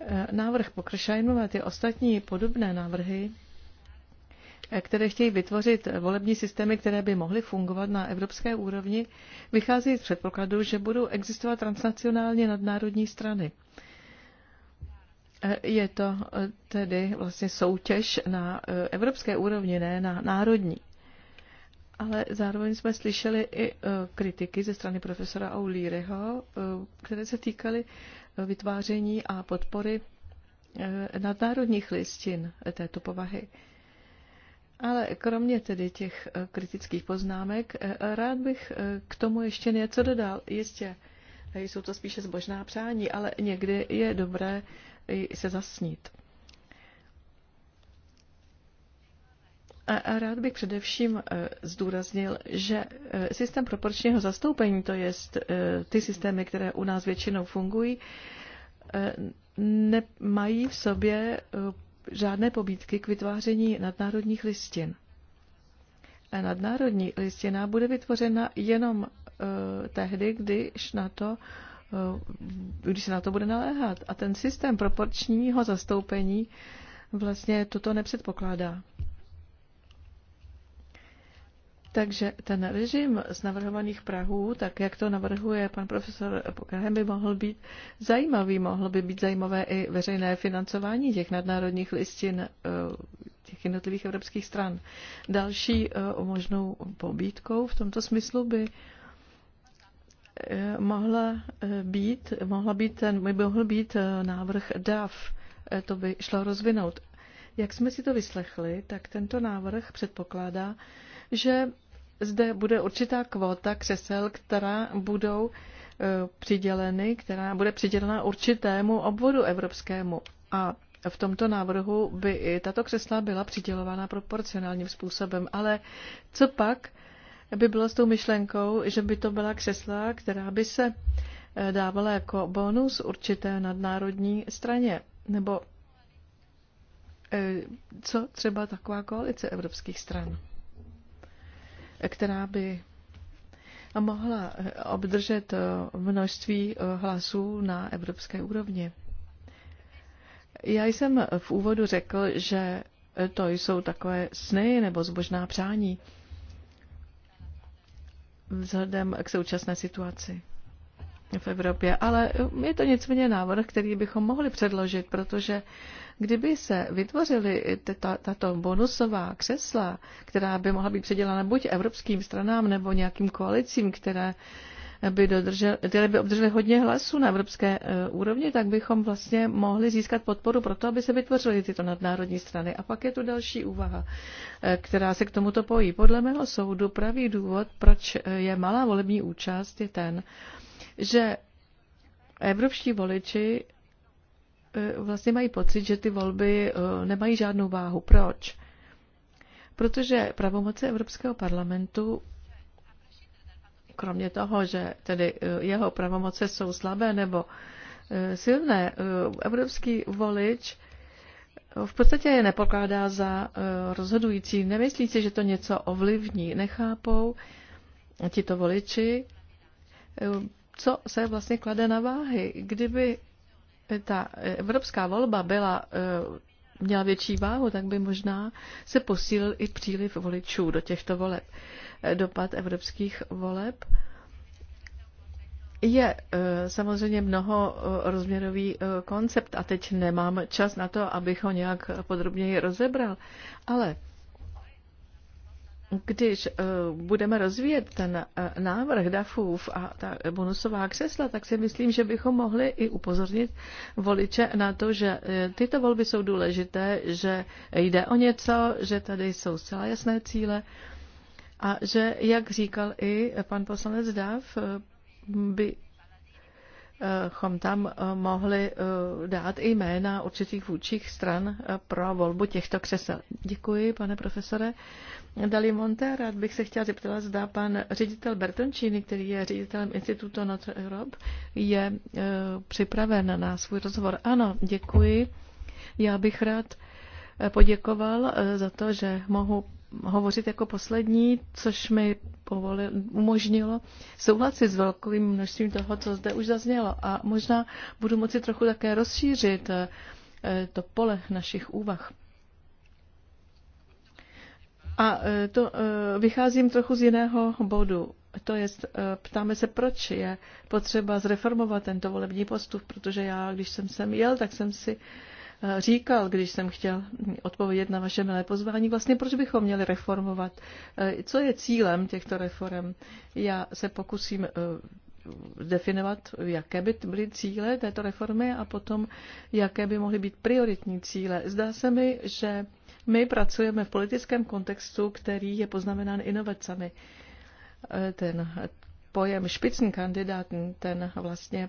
Eh, návrh Pokršajnové, je ostatní podobné návrhy které chtějí vytvořit volební systémy, které by mohly fungovat na evropské úrovni, vychází z předpokladu, že budou existovat transnacionálně nadnárodní strany. E, je to e, tedy vlastně soutěž na e, evropské úrovni, ne na národní. Ale zároveň jsme slyšeli i kritiky ze strany profesora Aulíreho, které se týkaly vytváření a podpory nadnárodních listin této povahy. Ale kromě tedy těch eh, kritických poznámek, eh, rád bych eh, k tomu ještě něco dodal. Jistě, jsou to spíše zbožná přání, ale někdy je dobré se zasnít. A rád bych především zdůraznil, že systém proporčního zastoupení, to je ty systémy, které u nás většinou fungují, nemají v sobě žádné pobídky k vytváření nadnárodních listin. A nadnárodní listina bude vytvořena jenom eh, tehdy, když na to eh, když se na to bude naléhat. A ten systém proporčního zastoupení vlastně toto nepředpokládá. Takže ten režim z navrhovaných Prahů, tak jak to navrhuje pan profesor Pokrahem, by mohl být zajímavý. Mohlo by být zajímavé i veřejné financování těch nadnárodních listin eh, těch jednotlivých evropských stran. Další eh, možnou pobídkou v tomto smyslu by eh, mohla být, mohla být ten, by mohl být návrh DAF. To by šlo rozvinout. Jak jsme si to vyslechli, tak tento návrh předpokládá, že zde bude určitá kvota křesel, která budou e, přiděleny, která bude přidělena určitému obvodu evropskému. A v tomto návrhu by i tato křesla byla přidělována proporcionálním způsobem. Ale co pak by bylo s tou myšlenkou, že by to byla křesla, která by se e, dávala jako bonus určité nadnárodní straně? Nebo e, co třeba taková koalice evropských stran? která by mohla eh, obdržet eh, množství eh, hlasů na evropské úrovni. Já jsem v úvodu řekl, že to jsou takové sny nebo zbožná přání vzhledem k současné situaci v Evropě, ale um, je to nicméně návrh, který bychom mohli předložit, protože kdyby se vytvořily tato bonusová křesla, která by mohla být předělána buď evropským stranám nebo nějakým koalicím, které by, dodržel, které by obdržely hodně hlasů na evropské e, úrovni, tak bychom vlastně mohli získat podporu pro to, aby se vytvořily tyto nadnárodní strany. A pak je tu další úvaha, e, která se k tomuto pojí. Podle mého soudu pravý důvod, proč e, je malá volební účast, je ten, že evropští voliči eh, vlastně mají pocit, že ty volby eh, nemají žádnou váhu. Proč? Protože pravomoce Evropského parlamentu, kromě toho, že tedy eh, jeho pravomoce jsou slabé nebo silné, evropský volič v podstatě je nepokládá za rozhodující. Nemyslí si, že to něco ovlivní. Nechápou tito voliči co se vlastně klade na váhy. Kdyby ta evropská volba byla, e, měla větší váhu, tak by možná se posílil i příliv voličů do těchto voleb. E, dopad evropských voleb je e, samozřejmě mnoho rozměrový koncept a teď nemám čas na to, abych ho nějak podrobněji rozebral, ale když uh, budeme rozvíjet ten uh, návrh DAFův a ta bonusová křesla, tak si myslím, že bychom mohli i upozornit voliče na to, že uh, tyto volby jsou důležité, že jde o něco, že tady jsou zcela jasné cíle a že, jak říkal i pan poslanec uh, by chom tam mohli dát i jména určitých vůdčích stran pro volbu těchto křesel. Děkuji, pane profesore. Dali Monte, rád bych se chtěla zeptat, zda pan ředitel Bertoncini, který je ředitelem Institutu Notre Europe, je e, připraven na svůj rozhovor. Ano, děkuji. Já bych rád e, poděkoval e, za to, že mohu hovořit jako poslední, což mi povolil, umožnilo souhlasit s velkým množstvím toho, co zde už zaznělo. A možná budu moci trochu také rozšířit e, to pole našich úvah. A e, to e, vycházím trochu z jiného bodu. To je, e, ptáme se, proč je potřeba zreformovat tento volební postup, protože já, když jsem sem jel, tak jsem si říkal, když jsem chtěl odpovědět na vaše milé pozvání, vlastně proč bychom měli reformovat. Co je cílem těchto reform? Já se pokusím definovat, jaké by byly cíle této reformy a potom, jaké by mohly být prioritní cíle. Zdá se mi, že my pracujeme v politickém kontextu, který je poznamenán inovacemi. Eh, ten pojem špicný kandidát, ten vlastně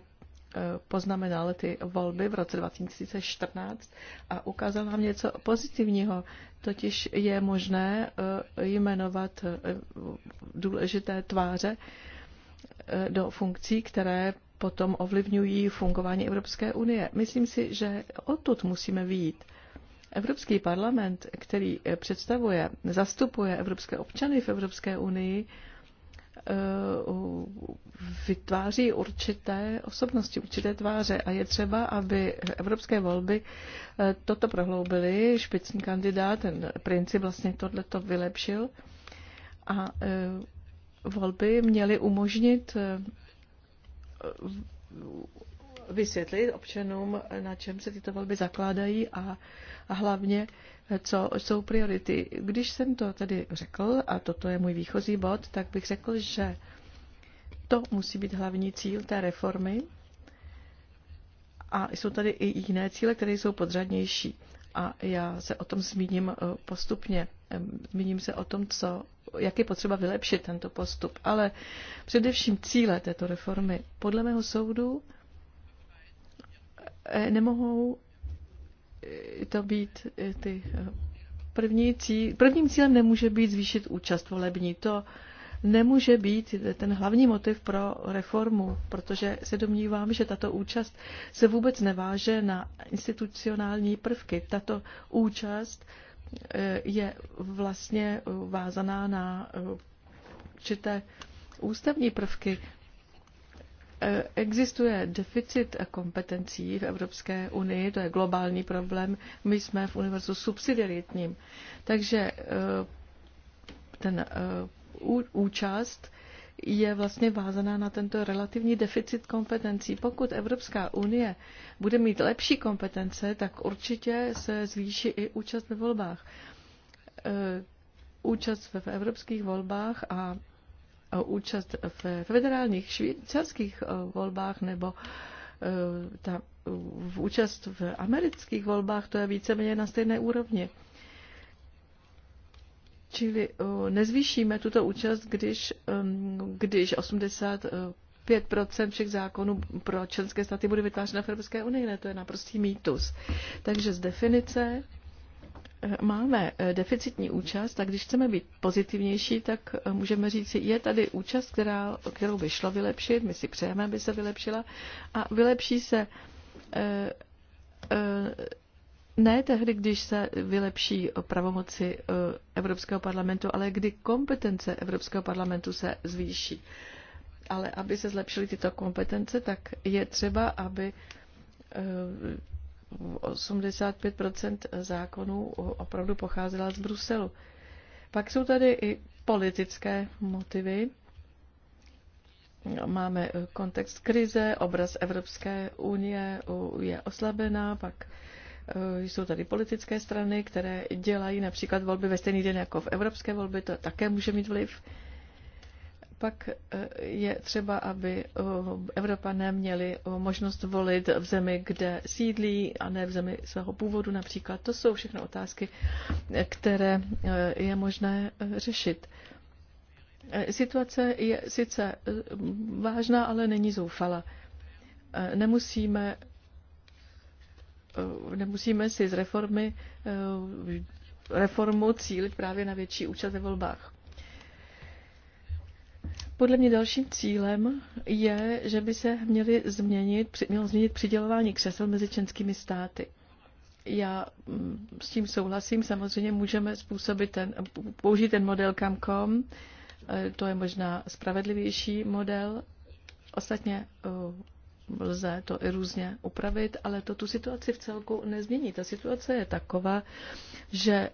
eh, poznamenal ty volby v roce 2014 a ukázal nám něco pozitivního. Totiž je možné eh, jmenovat důležité tváře do funkcí, které potom ovlivňují fungování Evropské unie. Myslím si, že odtud musíme výjít. Evropský parlament, který eh, představuje, zastupuje evropské občany v Evropské unii, eh, vytváří určité osobnosti, určité tváře a je třeba, aby evropské volby eh, toto prohloubily, špicný kandidát, ten princip vlastně tohleto vylepšil a volby měly umožnit vysvětlit občanům, na čem se tyto volby zakládají a, a hlavně, co jsou priority. Když jsem to tedy řekl, a toto je můj výchozí bod, tak bych řekl, že to musí být hlavní cíl té reformy a jsou tady i jiné cíle, které jsou podřadnější. A já se o tom zmíním eh, postupně. Zmíním se o tom, co, jak je potřeba vylepšit tento postup. Ale především cíle této reformy, podle mého soudu, Eh, nemohou eh, to být eh, ty první cíl, prvním cílem nemůže být zvýšit účast volební. To nemůže být ten hlavní motiv pro reformu, protože se domnívám, že tato účast se vůbec neváže na institucionální prvky. Tato účast je vlastně vázaná na určité ústavní prvky. Eh, existuje deficit kompetencí v Evropské unii, to je globální problém. My jsme v univerzu subsidiaritním, takže eh, ten eh, účast je vlastně vázaná na tento relativní deficit kompetencí. Pokud Evropská unie bude mít lepší kompetence, tak určitě se zvýší i účast ve volbách. Účast ve evropských volbách a účast v federálních švýcarských eh, volbách nebo eh, ta v účast v amerických volbách, to je víceméně na stejné úrovni. Čili eh, nezvýšíme tuto účast, když, když 85 všech zákonů pro členské státy bude vytvářeno v Evropské unii. Ne, to je naprostý mýtus. Takže z definice máme eh, deficitní účast, tak když chceme být pozitivnější, tak eh, můžeme říct, je tady účast, která, kterou by šlo vylepšit, my si přejeme, aby se vylepšila a vylepší se eh, ne tehdy, když se vylepší pravomoci Evropského parlamentu, ale kdy kompetence Evropského parlamentu se zvýší. Ale aby se zlepšily tyto kompetence, tak je třeba, aby 85 zákonů opravdu pocházela z Bruselu. Pak jsou tady i politické motivy. Máme kontext krize, obraz Evropské unie je oslabená, pak eh, jsou tady politické strany, které dělají například volby ve stejný den jako v evropské volby, to také může mít vliv. Pak eh, je třeba, aby eh, Evropané měli eh, možnost volit v zemi, kde sídlí, a ne v zemi svého původu například. To jsou všechno otázky, které je možné řešit. Situace je sice vážná, ale není zoufala. Nemusíme, nemusíme si z reformy reformu cílit právě na větší účast ve volbách. Podle mě dalším cílem je, že by se měly změnit, mělo změnit přidělování křesel mezi členskými státy. Já mm, s tím souhlasím, samozřejmě můžeme způsobit ten, použít ten model Kamkom. Eh, to je možná spravedlivější model. Ostatně eh, lze to i různě upravit, ale to tu situaci v celku nezmění. Ta situace je taková, že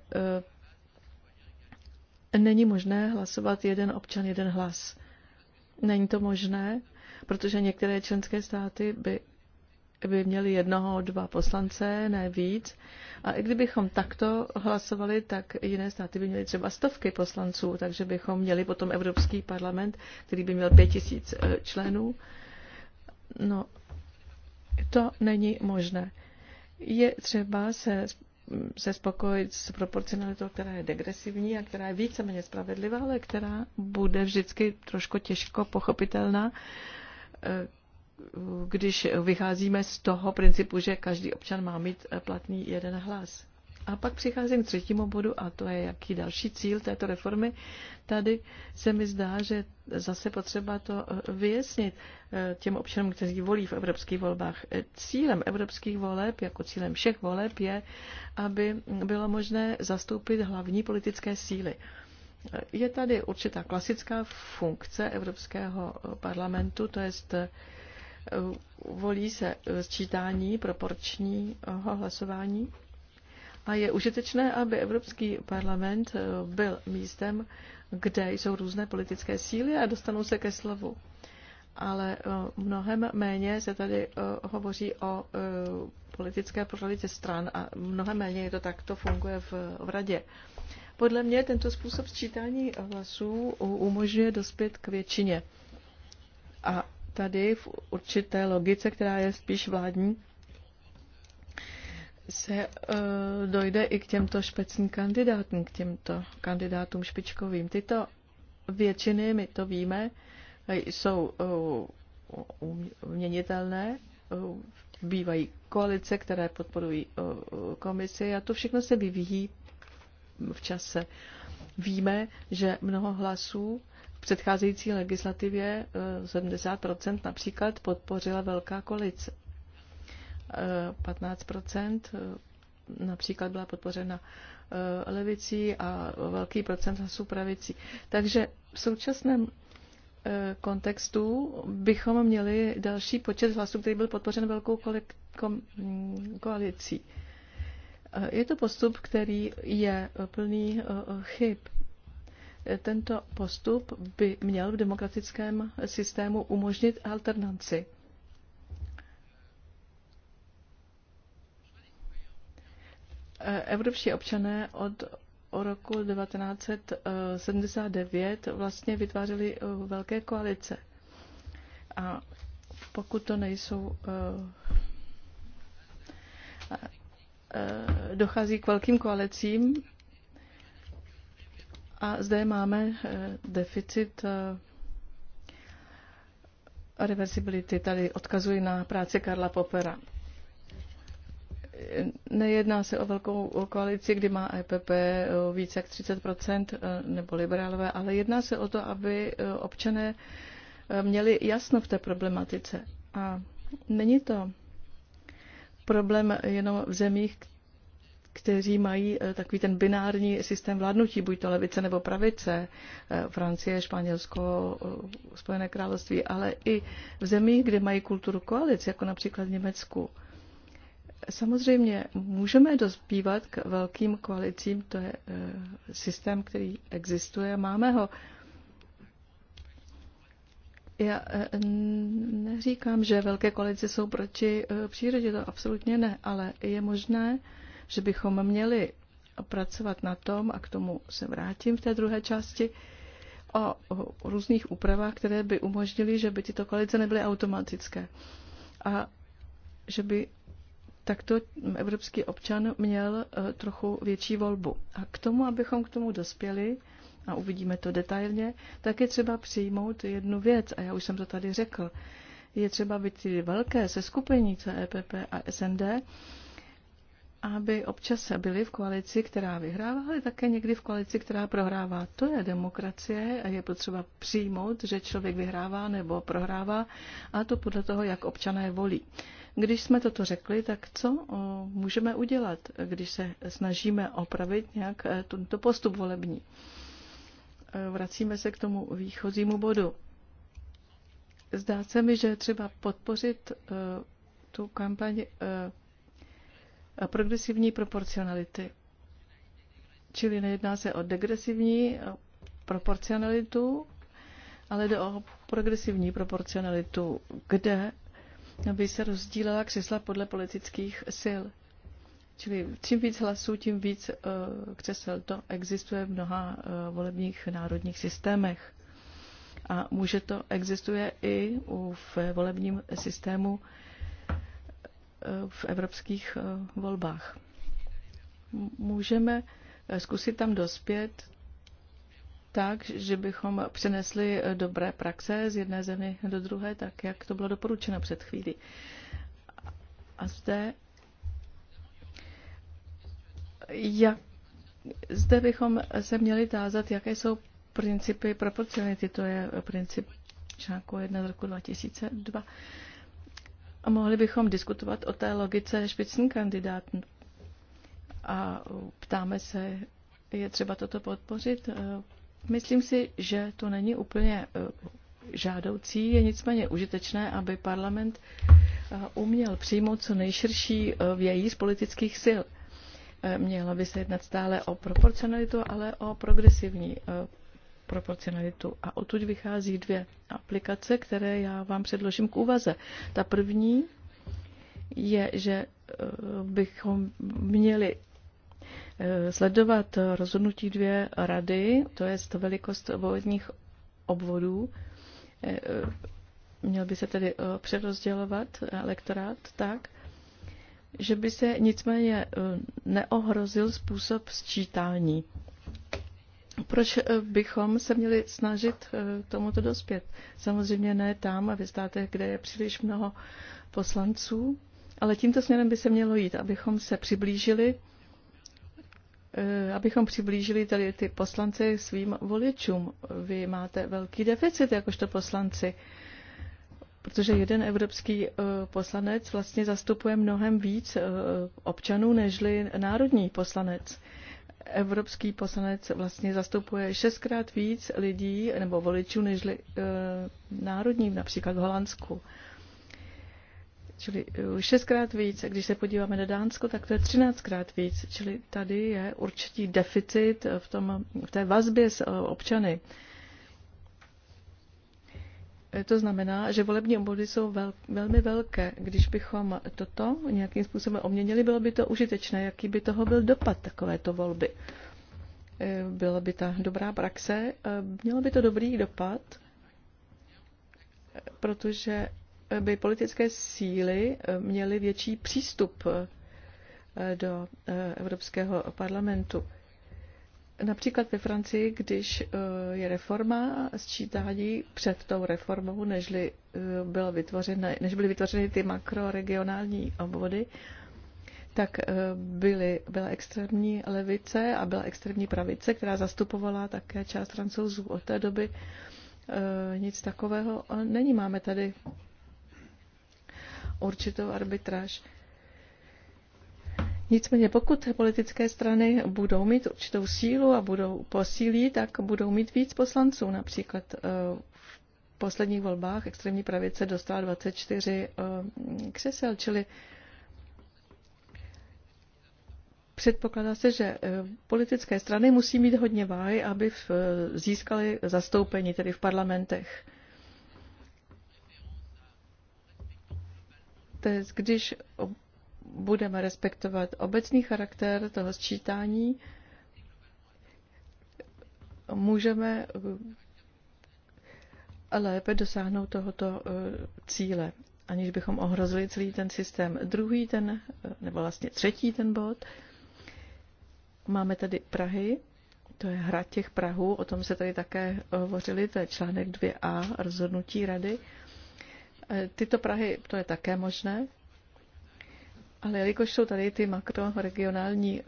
eh, není možné hlasovat jeden občan, jeden hlas. Není to možné, protože některé členské státy by, by měly jednoho, dva poslance, ne víc. A i kdybychom takto hlasovali, tak jiné státy by měly třeba stovky poslanců, takže bychom měli potom Evropský parlament, který by měl pět tisíc eh, členů. No, to není možné. Je třeba se se spokojit s proporcionalitou, která je degresivní a která je víceméně spravedlivá, ale která bude vždycky trošku těžko pochopitelná, eh, když vycházíme z toho principu, že každý občan má mít eh, platný jeden hlas. A pak přicházím k třetímu bodu a to je, jaký další cíl této reformy. Tady se mi zdá, že zase potřeba to eh, vyjasnit eh, těm občanům, kteří volí v evropských volbách. Eh, cílem evropských voleb, jako cílem všech voleb, je, aby bylo možné zastoupit hlavní politické síly. Je tady určitá klasická funkce Evropského parlamentu, to jest volí se sčítání proporčního hlasování a je užitečné, aby Evropský parlament eh, byl místem, kde jsou různé politické síly a dostanou se ke slovu. Ale eh, mnohem méně se tady eh, hovoří o politické pluralitě stran a mnohem méně je to takto funguje v, v radě. Podle mě tento způsob sčítání hlasů umožňuje dospět k většině. A tady v určité logice, která je spíš vládní, se uh, dojde i k těmto špecným kandidátům, k těmto kandidátům špičkovým. Tyto většiny, my to víme, eh, jsou uh, eh, měnitelné, uh, bývají koalice, které podporují uh, komisi a to všechno se vyvíjí v čase. Víme, že mnoho hlasů v předcházející legislativě 70% například podpořila velká koalice. 15 eh, například byla podpořena eh, levicí a velký procent hlasů pravicí. Takže v současném eh, kontextu bychom měli další počet hlasů, který byl podpořen velkou koalicí. Je to postup, který je plný chyb. Tento postup by měl v demokratickém systému umožnit alternanci. Evropští občané od o roku 1979 vlastně vytvářeli eh, velké koalice. A pokud to nejsou, eh, eh, dochází k velkým koalicím a zde máme deficit reversibility. Tady odkazuji na práci Karla Popera nejedná se o velkou koalici, kdy má EPP více jak 30% eh, nebo liberálové, ale jedná se o to, aby eh, občané eh, měli jasno v té problematice. A není to problém jenom v zemích, kteří mají takový ten binární systém vládnutí, buď to levice nebo pravice, Francie, Španělsko, Spojené království, ale i v zemích, kde mají kulturu koalic, jako například v Německu. Samozřejmě můžeme dospívat k velkým koalicím, to je eh, systém, který existuje, máme ho. Já eh, neříkám, že velké koalice jsou proti eh, přírodě, to absolutně ne, ale je možné, že bychom měli pracovat na tom, a k tomu se vrátím v té druhé části, o různých úpravách, které by umožnily, že by tyto koalice nebyly automatické a že by takto evropský občan měl eh, trochu větší volbu. A k tomu, abychom k tomu dospěli, a uvidíme to detailně, tak je třeba přijmout jednu věc, a já už jsem to tady řekl. Je třeba, být ty velké seskupení CEPP a SND, aby občas byli v koalici, která vyhrává, ale také někdy v koalici, která prohrává. To je demokracie a je potřeba přijmout, že člověk vyhrává nebo prohrává, a to podle toho, jak občané volí. Když jsme toto řekli, tak co eh, můžeme udělat, když se snažíme opravit nějak eh, tento postup volební? Eh, vracíme se k tomu výchozímu bodu. Zdá se mi, že třeba podpořit tu kampaň progresivní proporcionality. Čili nejedná se o degresivní proporcionalitu, ale jde o progresivní proporcionalitu, kde aby se rozdílela křesla podle politických sil. Čili čím víc hlasů, tím víc uh, křesel. To existuje v mnoha uh, volebních národních systémech. A může to existuje i u, v volebním systému eh, v evropských volbách. Můžeme zkusit tam dospět tak, že bychom přenesli eh, dobré praxe z jedné země do druhé, tak jak to bylo doporučeno před chvíli. A zde, jak, zde bychom se měli tázat, jaké jsou principy proporcionality. To je eh, princip článku 1 z roku 2002. A mohli bychom diskutovat o té logice kandidát. A ptáme se, je třeba toto podpořit, eh, Myslím si, že to není úplně eh, žádoucí, je nicméně užitečné, aby parlament eh, uměl přijmout co nejširší z eh, politických sil. Měla by se jednat stále o proporcionalitu, ale o progresivní proporcionalitu. A odtud vychází dvě aplikace, které já vám předložím k úvaze. Ta první je, že bychom měli Eh, sledovat rozhodnutí dvě rady, to je to velikost volebních obvodů, eh, eh, měl by se tedy přerozdělovat elektorát tak, že by se nicméně neohrozil způsob sčítání. Proč bychom se měli snažit k tomuto dospět? Samozřejmě ne tam, ve státech, kde je příliš mnoho poslanců, ale tímto směrem by se mělo jít, abychom se přiblížili Eh, abychom přiblížili tady ty poslance svým voličům. Vy máte velký deficit jakožto poslanci, protože jeden evropský eh, poslanec vlastně zastupuje mnohem víc eh, občanů nežli národní poslanec. Evropský poslanec vlastně zastupuje šestkrát víc lidí nebo voličů nežli národní, například v Holandsku čili eh, šestkrát víc. A když se podíváme na Dánsko, tak to je třináctkrát víc. Čili tady je určitý deficit v, tom, v té vazbě s eh, občany. Eh, to znamená, že volební obvody jsou vel, velmi velké. Když bychom toto nějakým způsobem oměnili, bylo by to užitečné. Jaký by toho byl dopad takovéto volby? Byla by ta dobrá praxe? Mělo by to dobrý dopad, protože by politické síly eh, měly větší přístup eh, do eh, Evropského parlamentu. Například ve Francii, když je reforma, sčítání před tou reformou, nežli byla vytvořena, než byly vytvořeny ty makroregionální obvody, tak byly, byla extrémní levice a byla extrémní pravice, která zastupovala také část francouzů. Od té doby nic takového není. Máme tady určitou arbitráž. Nicméně pokud politické strany budou mít určitou sílu a budou posílí, tak budou mít víc poslanců. Například eh, v posledních volbách extrémní pravice dostala 24 eh, křesel, čili předpokládá se, že eh, politické strany musí mít hodně váhy, aby získaly zastoupení, tedy v parlamentech. to když budeme respektovat obecný charakter toho sčítání, můžeme eh, lépe dosáhnout tohoto eh, cíle, aniž bychom ohrozili celý ten systém. Druhý ten, eh, nebo vlastně třetí ten bod, máme tady Prahy, to je hra těch Prahů, o tom se tady také hovořili, to je článek 2a rozhodnutí rady. E, tyto Prahy, to je také možné, ale jelikož jsou tady ty makroregionální e,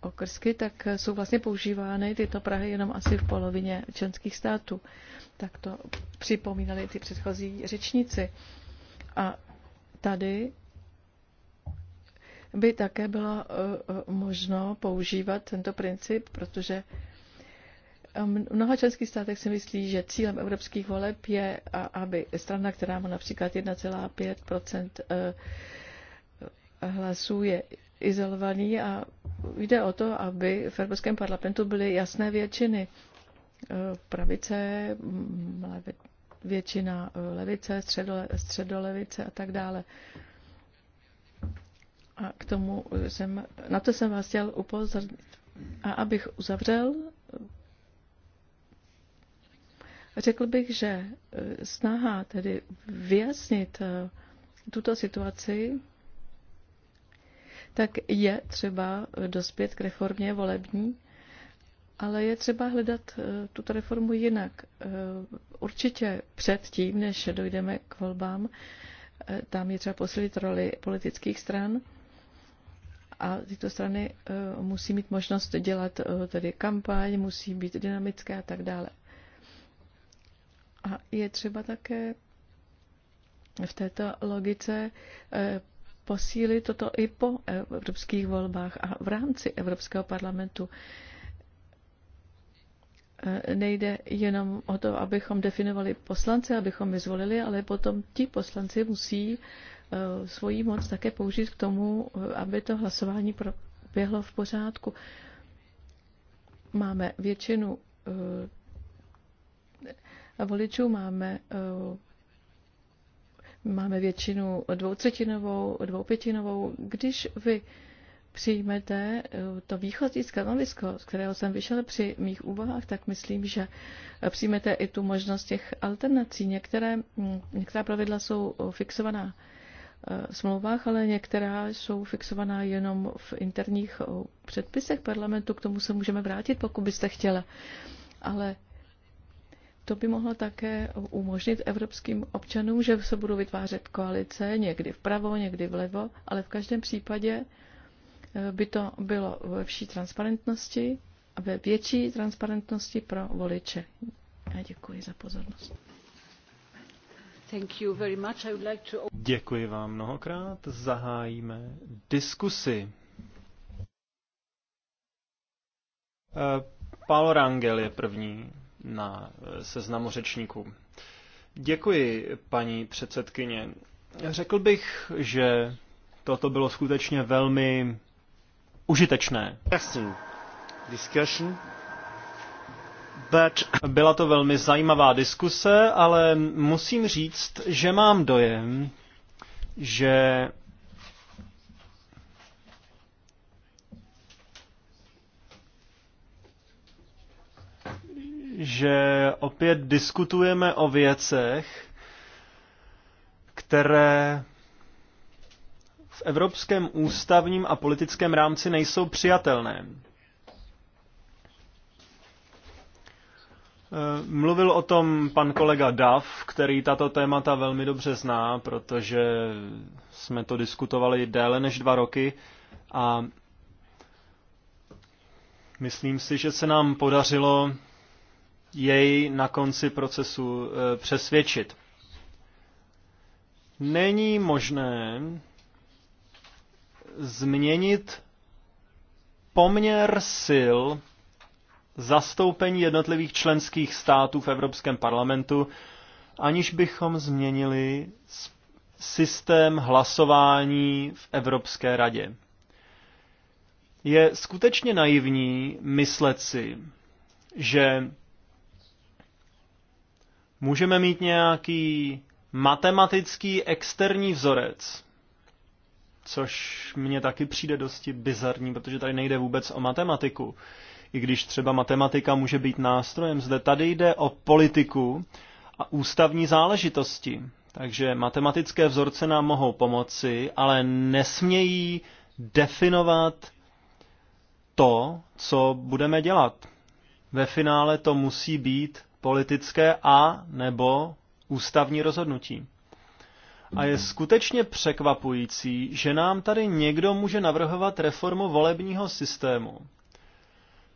okrsky, tak jsou vlastně používány tyto Prahy jenom asi v polovině členských států. Tak to připomínali ty předchozí řečníci. A tady by také bylo e, možno používat tento princip, protože mnoha členských státech si myslí, že cílem evropských voleb je, aby strana, která má například 1,5 e, hlasů, je izolovaný a jde o to, aby v Evropském parlamentu byly jasné většiny. E, pravice, většina e, levice, středolevice a tak dále. A k tomu jsem, na to jsem vás chtěl upozornit. A abych uzavřel Řekl bych, že eh, snaha tedy vyjasnit eh, tuto situaci, tak je třeba eh, dospět k reformě volební, ale je třeba hledat tuto reformu jinak. Určitě před tím, než dojdeme k volbám, tam je třeba posilit roli politických stran a tyto strany musí mít možnost dělat tedy kampaň, musí být dynamické a tak dále. A je třeba také v této logice eh, posílit toto i po evropských volbách a v rámci Evropského parlamentu. Eh, nejde jenom o to, abychom definovali poslance, abychom je zvolili, ale potom ti poslanci musí eh, svoji moc také použít k tomu, aby to hlasování proběhlo v pořádku. Máme většinu voličů. Máme eh, máme většinu dvoutřetinovou, dvoupětinovou. Když vy přijmete eh, to výchozí stanovisko, z kterého jsem vyšel při mých úvahách, tak myslím, že přijmete i tu možnost těch alternací. Některé, hm, některá pravidla jsou fixovaná v eh, smlouvách, ale některá jsou fixovaná jenom v interních předpisech parlamentu. K tomu se můžeme vrátit, pokud byste chtěla. Ale to by mohlo také umožnit evropským občanům, že se budou vytvářet koalice někdy vpravo, někdy vlevo, ale v každém případě eh, by to bylo ve vší transparentnosti a ve větší transparentnosti pro voliče. Já děkuji za pozornost. Thank you very much. I would like to... Děkuji vám mnohokrát. Zahájíme diskusi. Eh, Paolo Rangel je první na eh, seznamu řečníků. Děkuji, paní předsedkyně. Řekl bych, že toto bylo skutečně velmi užitečné. Byla to velmi zajímavá diskuse, ale musím říct, že mám dojem, že že opět diskutujeme o věcech, které v evropském ústavním a politickém rámci nejsou přijatelné. Eh, mluvil o tom pan kolega Duff, který tato témata velmi dobře zná, protože jsme to diskutovali déle než dva roky a myslím si, že se nám podařilo jej na konci procesu eh, přesvědčit. Není možné změnit poměr sil zastoupení jednotlivých členských států v Evropském parlamentu, aniž bychom změnili systém hlasování v Evropské radě. Je skutečně naivní myslet si, že Můžeme mít nějaký matematický externí vzorec, což mně taky přijde dosti bizarní, protože tady nejde vůbec o matematiku. I když třeba matematika může být nástrojem, zde tady jde o politiku a ústavní záležitosti. Takže matematické vzorce nám mohou pomoci, ale nesmějí definovat to, co budeme dělat. Ve finále to musí být politické a nebo ústavní rozhodnutí. A je skutečně překvapující, že nám tady někdo může navrhovat reformu volebního systému,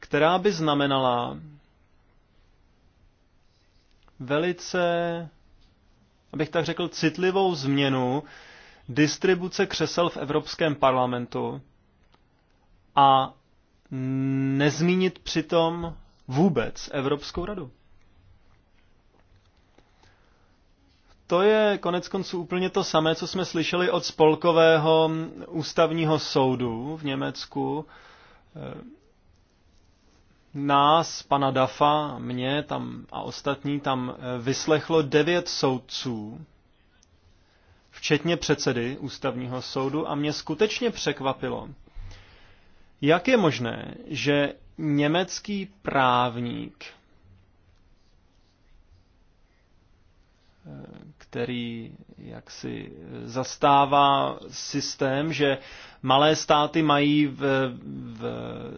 která by znamenala velice, abych tak řekl, citlivou změnu distribuce křesel v Evropském parlamentu a nezmínit přitom vůbec Evropskou radu. To je konec konců úplně to samé, co jsme slyšeli od spolkového ústavního soudu v Německu. Eh, nás, pana Dafa, mě tam a ostatní tam eh, vyslechlo devět soudců, včetně předsedy ústavního soudu, a mě skutečně překvapilo, jak je možné, že německý právník, eh, který jaksi zastává systém, že malé státy mají v, v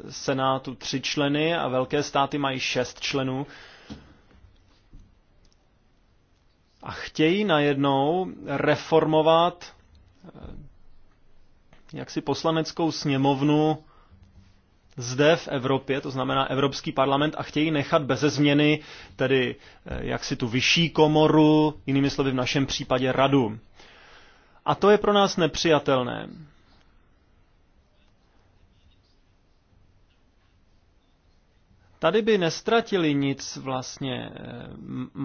Senátu tři členy a velké státy mají šest členů. A chtějí najednou reformovat eh, jaksi poslaneckou sněmovnu zde v Evropě, to znamená Evropský parlament, a chtějí nechat beze změny tedy eh, jaksi tu vyšší komoru, jinými slovy v našem případě radu. A to je pro nás nepřijatelné. Tady by nestratili nic vlastně eh,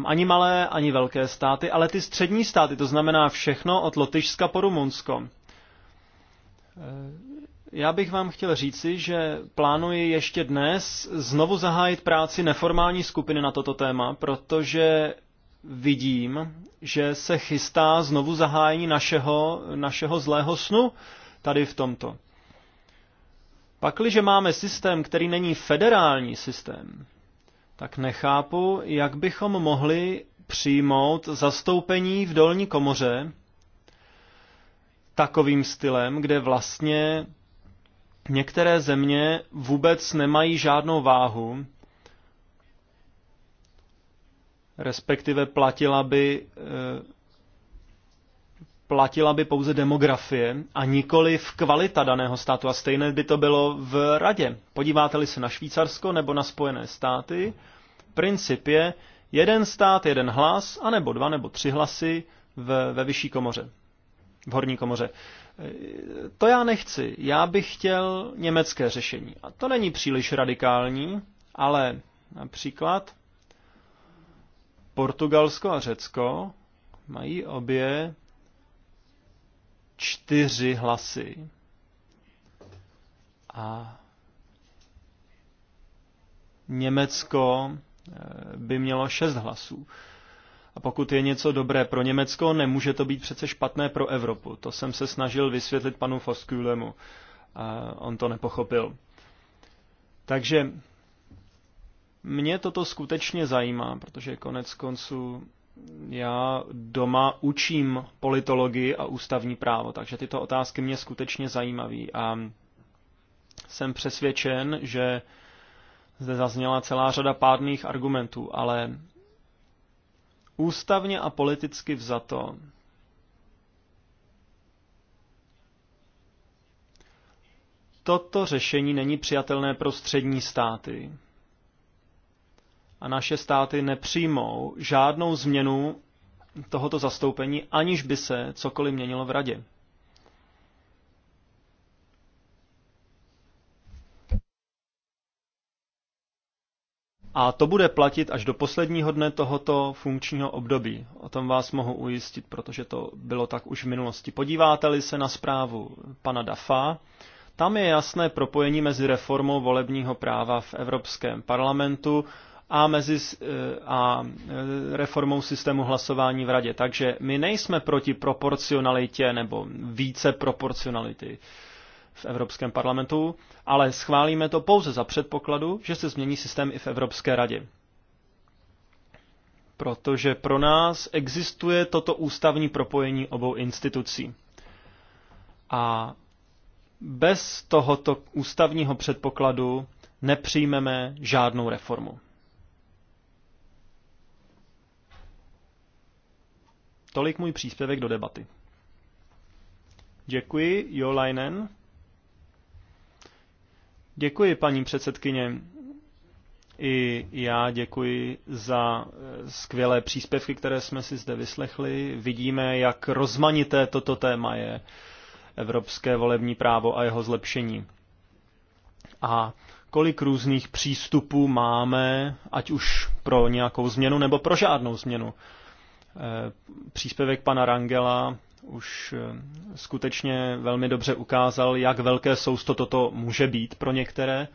ani malé, ani velké státy, ale ty střední státy, to znamená všechno od Lotyšska po Rumunsko eh, já bych vám chtěl říci, že plánuji ještě dnes znovu zahájit práci neformální skupiny na toto téma, protože vidím, že se chystá znovu zahájení našeho, našeho zlého snu tady v tomto. Pakliže máme systém, který není federální systém, tak nechápu, jak bychom mohli přijmout zastoupení v dolní komoře takovým stylem, kde vlastně některé země vůbec nemají žádnou váhu, respektive platila by, eh, platila by pouze demografie a nikoli v kvalita daného státu. A stejné by to bylo v radě. Podíváte-li se na Švýcarsko nebo na Spojené státy, princip je jeden stát, jeden hlas, anebo dva nebo tři hlasy v, ve vyšší komoře v horní komoře. E, to já nechci. Já bych chtěl německé řešení. A to není příliš radikální, ale například Portugalsko a Řecko mají obě čtyři hlasy. A Německo e, by mělo šest hlasů. A pokud je něco dobré pro Německo, nemůže to být přece špatné pro Evropu. To jsem se snažil vysvětlit panu Foskulemu. A on to nepochopil. Takže mě toto skutečně zajímá, protože konec konců já doma učím politologii a ústavní právo, takže tyto otázky mě skutečně zajímaví a jsem přesvědčen, že zde zazněla celá řada pádných argumentů, ale Ústavně a politicky vzato toto řešení není přijatelné pro střední státy. A naše státy nepřijmou žádnou změnu tohoto zastoupení, aniž by se cokoliv měnilo v radě. A to bude platit až do posledního dne tohoto funkčního období. O tom vás mohu ujistit, protože to bylo tak už v minulosti. Podíváte-li se na zprávu pana Dafa, tam je jasné propojení mezi reformou volebního práva v Evropském parlamentu a, mezi, e, a e, reformou systému hlasování v radě. Takže my nejsme proti proporcionalitě nebo více proporcionality v Evropském parlamentu, ale schválíme to pouze za předpokladu, že se změní systém i v Evropské radě. Protože pro nás existuje toto ústavní propojení obou institucí. A bez tohoto ústavního předpokladu nepřijmeme žádnou reformu. Tolik můj příspěvek do debaty. Děkuji, Leinen. Děkuji, paní předsedkyně. I já děkuji za eh, skvělé příspěvky, které jsme si zde vyslechli. Vidíme, jak rozmanité toto téma je evropské volební právo a jeho zlepšení. A kolik různých přístupů máme, ať už pro nějakou změnu nebo pro žádnou změnu. Eh, příspěvek pana Rangela už eh, skutečně velmi dobře ukázal, jak velké sousto toto může být pro některé.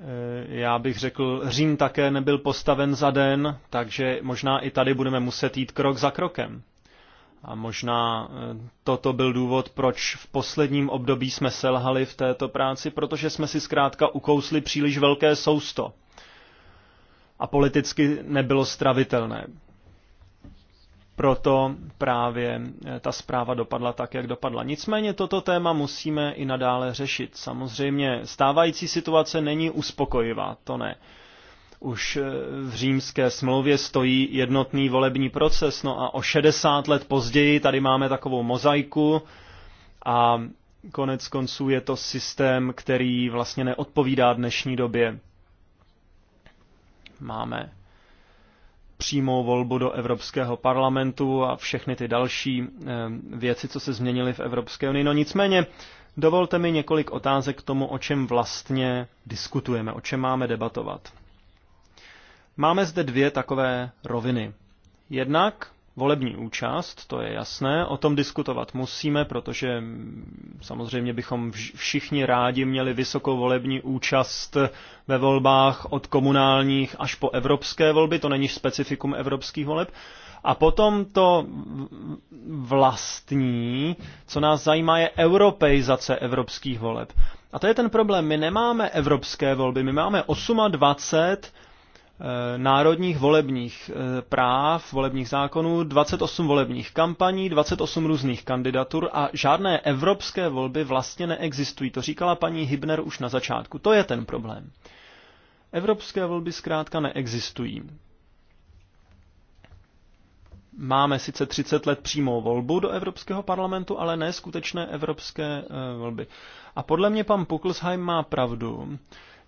Eh, já bych řekl, Řím také nebyl postaven za den, takže možná i tady budeme muset jít krok za krokem. A možná eh, toto byl důvod, proč v posledním období jsme selhali v této práci, protože jsme si zkrátka ukousli příliš velké sousto. A politicky nebylo stravitelné proto právě eh, ta zpráva dopadla tak, jak dopadla. Nicméně toto téma musíme i nadále řešit. Samozřejmě stávající situace není uspokojivá, to ne. Už eh, v římské smlouvě stojí jednotný volební proces, no a o 60 let později tady máme takovou mozaiku a konec konců je to systém, který vlastně neodpovídá dnešní době. Máme přímou volbu do Evropského parlamentu a všechny ty další eh, věci, co se změnily v Evropské unii. No nicméně, dovolte mi několik otázek k tomu, o čem vlastně diskutujeme, o čem máme debatovat. Máme zde dvě takové roviny. Jednak volební účast, to je jasné, o tom diskutovat musíme, protože mm, samozřejmě bychom všichni rádi měli vysokou volební účast ve volbách od komunálních až po evropské volby, to není specifikum evropských voleb. A potom to vlastní, co nás zajímá, je europeizace evropských voleb. A to je ten problém. My nemáme evropské volby, my máme 28 Eh, národních volebních eh, práv, volebních zákonů, 28 volebních kampaní, 28 různých kandidatur a žádné evropské volby vlastně neexistují. To říkala paní Hibner už na začátku. To je ten problém. Evropské volby zkrátka neexistují. Máme sice 30 let přímou volbu do Evropského parlamentu, ale ne skutečné evropské eh, volby. A podle mě pan Puklsheim má pravdu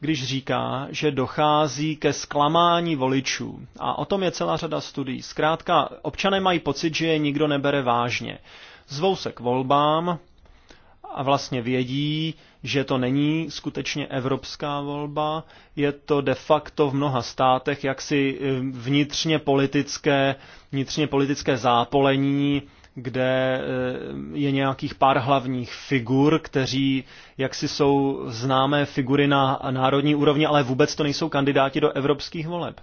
když říká, že dochází ke zklamání voličů. A o tom je celá řada studií. Zkrátka, občané mají pocit, že je nikdo nebere vážně. Zvou se k volbám a vlastně vědí, že to není skutečně evropská volba, je to de facto v mnoha státech jaksi eh, vnitřně politické, vnitřně politické zápolení kde eh, je nějakých pár hlavních figur, kteří jaksi jsou známé figury na národní úrovni, ale vůbec to nejsou kandidáti do evropských voleb.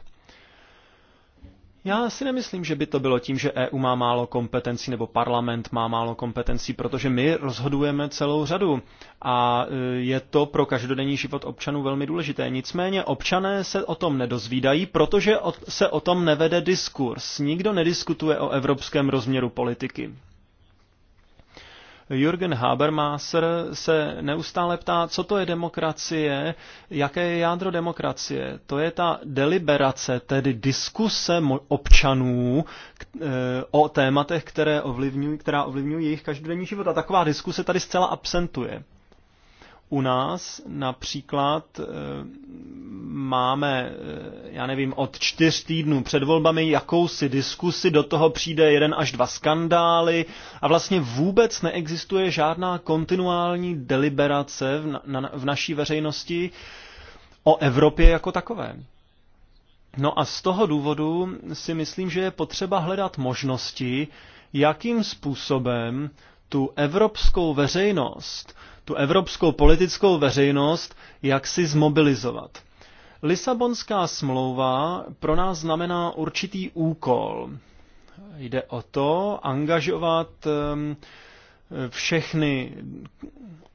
Já si nemyslím, že by to bylo tím, že EU má málo kompetencí nebo parlament má málo kompetencí, protože my rozhodujeme celou řadu a e, je to pro každodenní život občanů velmi důležité. Nicméně občané se o tom nedozvídají, protože se o tom nevede diskurs. Nikdo nediskutuje o evropském rozměru politiky. Jürgen Habermaser se neustále ptá, co to je demokracie, jaké je jádro demokracie. To je ta deliberace, tedy diskuse občanů eh, o tématech, které ovlivňují, která ovlivňují jejich každodenní život. A taková diskuse tady zcela absentuje. U nás například eh, máme, eh, já nevím, od čtyř týdnů před volbami jakousi diskusi, do toho přijde jeden až dva skandály a vlastně vůbec neexistuje žádná kontinuální deliberace v, na, v naší veřejnosti o Evropě jako takové. No a z toho důvodu si myslím, že je potřeba hledat možnosti, jakým způsobem tu evropskou veřejnost tu evropskou politickou veřejnost jak si zmobilizovat. Lisabonská smlouva pro nás znamená určitý úkol. Jde o to angažovat ehm, všechny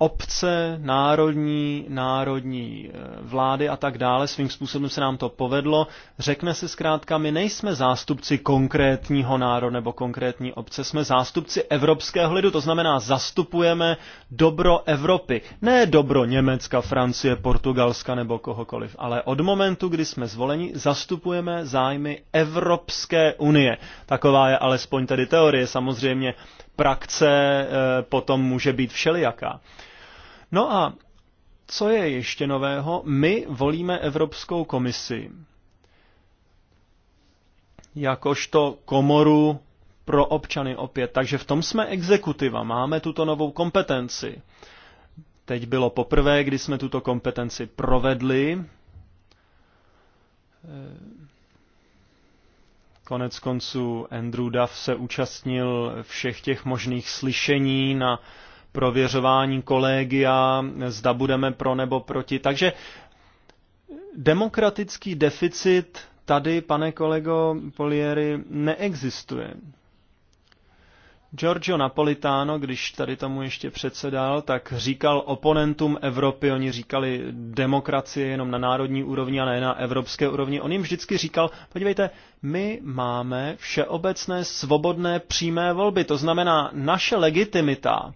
obce, národní, národní eh, vlády a tak dále. Svým způsobem se nám to povedlo. Řekne se zkrátka, my nejsme zástupci konkrétního národa nebo konkrétní obce, jsme zástupci evropského lidu, to znamená zastupujeme dobro Evropy. Ne dobro Německa, Francie, Portugalska nebo kohokoliv, ale od momentu, kdy jsme zvoleni, zastupujeme zájmy Evropské unie. Taková je alespoň tedy teorie. Samozřejmě praxe eh, potom může být všelijaká. No a co je ještě nového? My volíme Evropskou komisi jakožto komoru pro občany opět. Takže v tom jsme exekutiva, máme tuto novou kompetenci. Teď bylo poprvé, kdy jsme tuto kompetenci provedli. Eh, Konec konců Andrew Duff se účastnil všech těch možných slyšení na prověřování kolegia, zda budeme pro nebo proti. Takže demokratický deficit tady, pane kolego Polieri, neexistuje. Giorgio Napolitano, když tady tomu ještě předsedal, tak říkal oponentům Evropy, oni říkali demokracie jenom na národní úrovni a ne na evropské úrovni. On jim vždycky říkal, podívejte, my máme všeobecné svobodné přímé volby, to znamená naše legitimita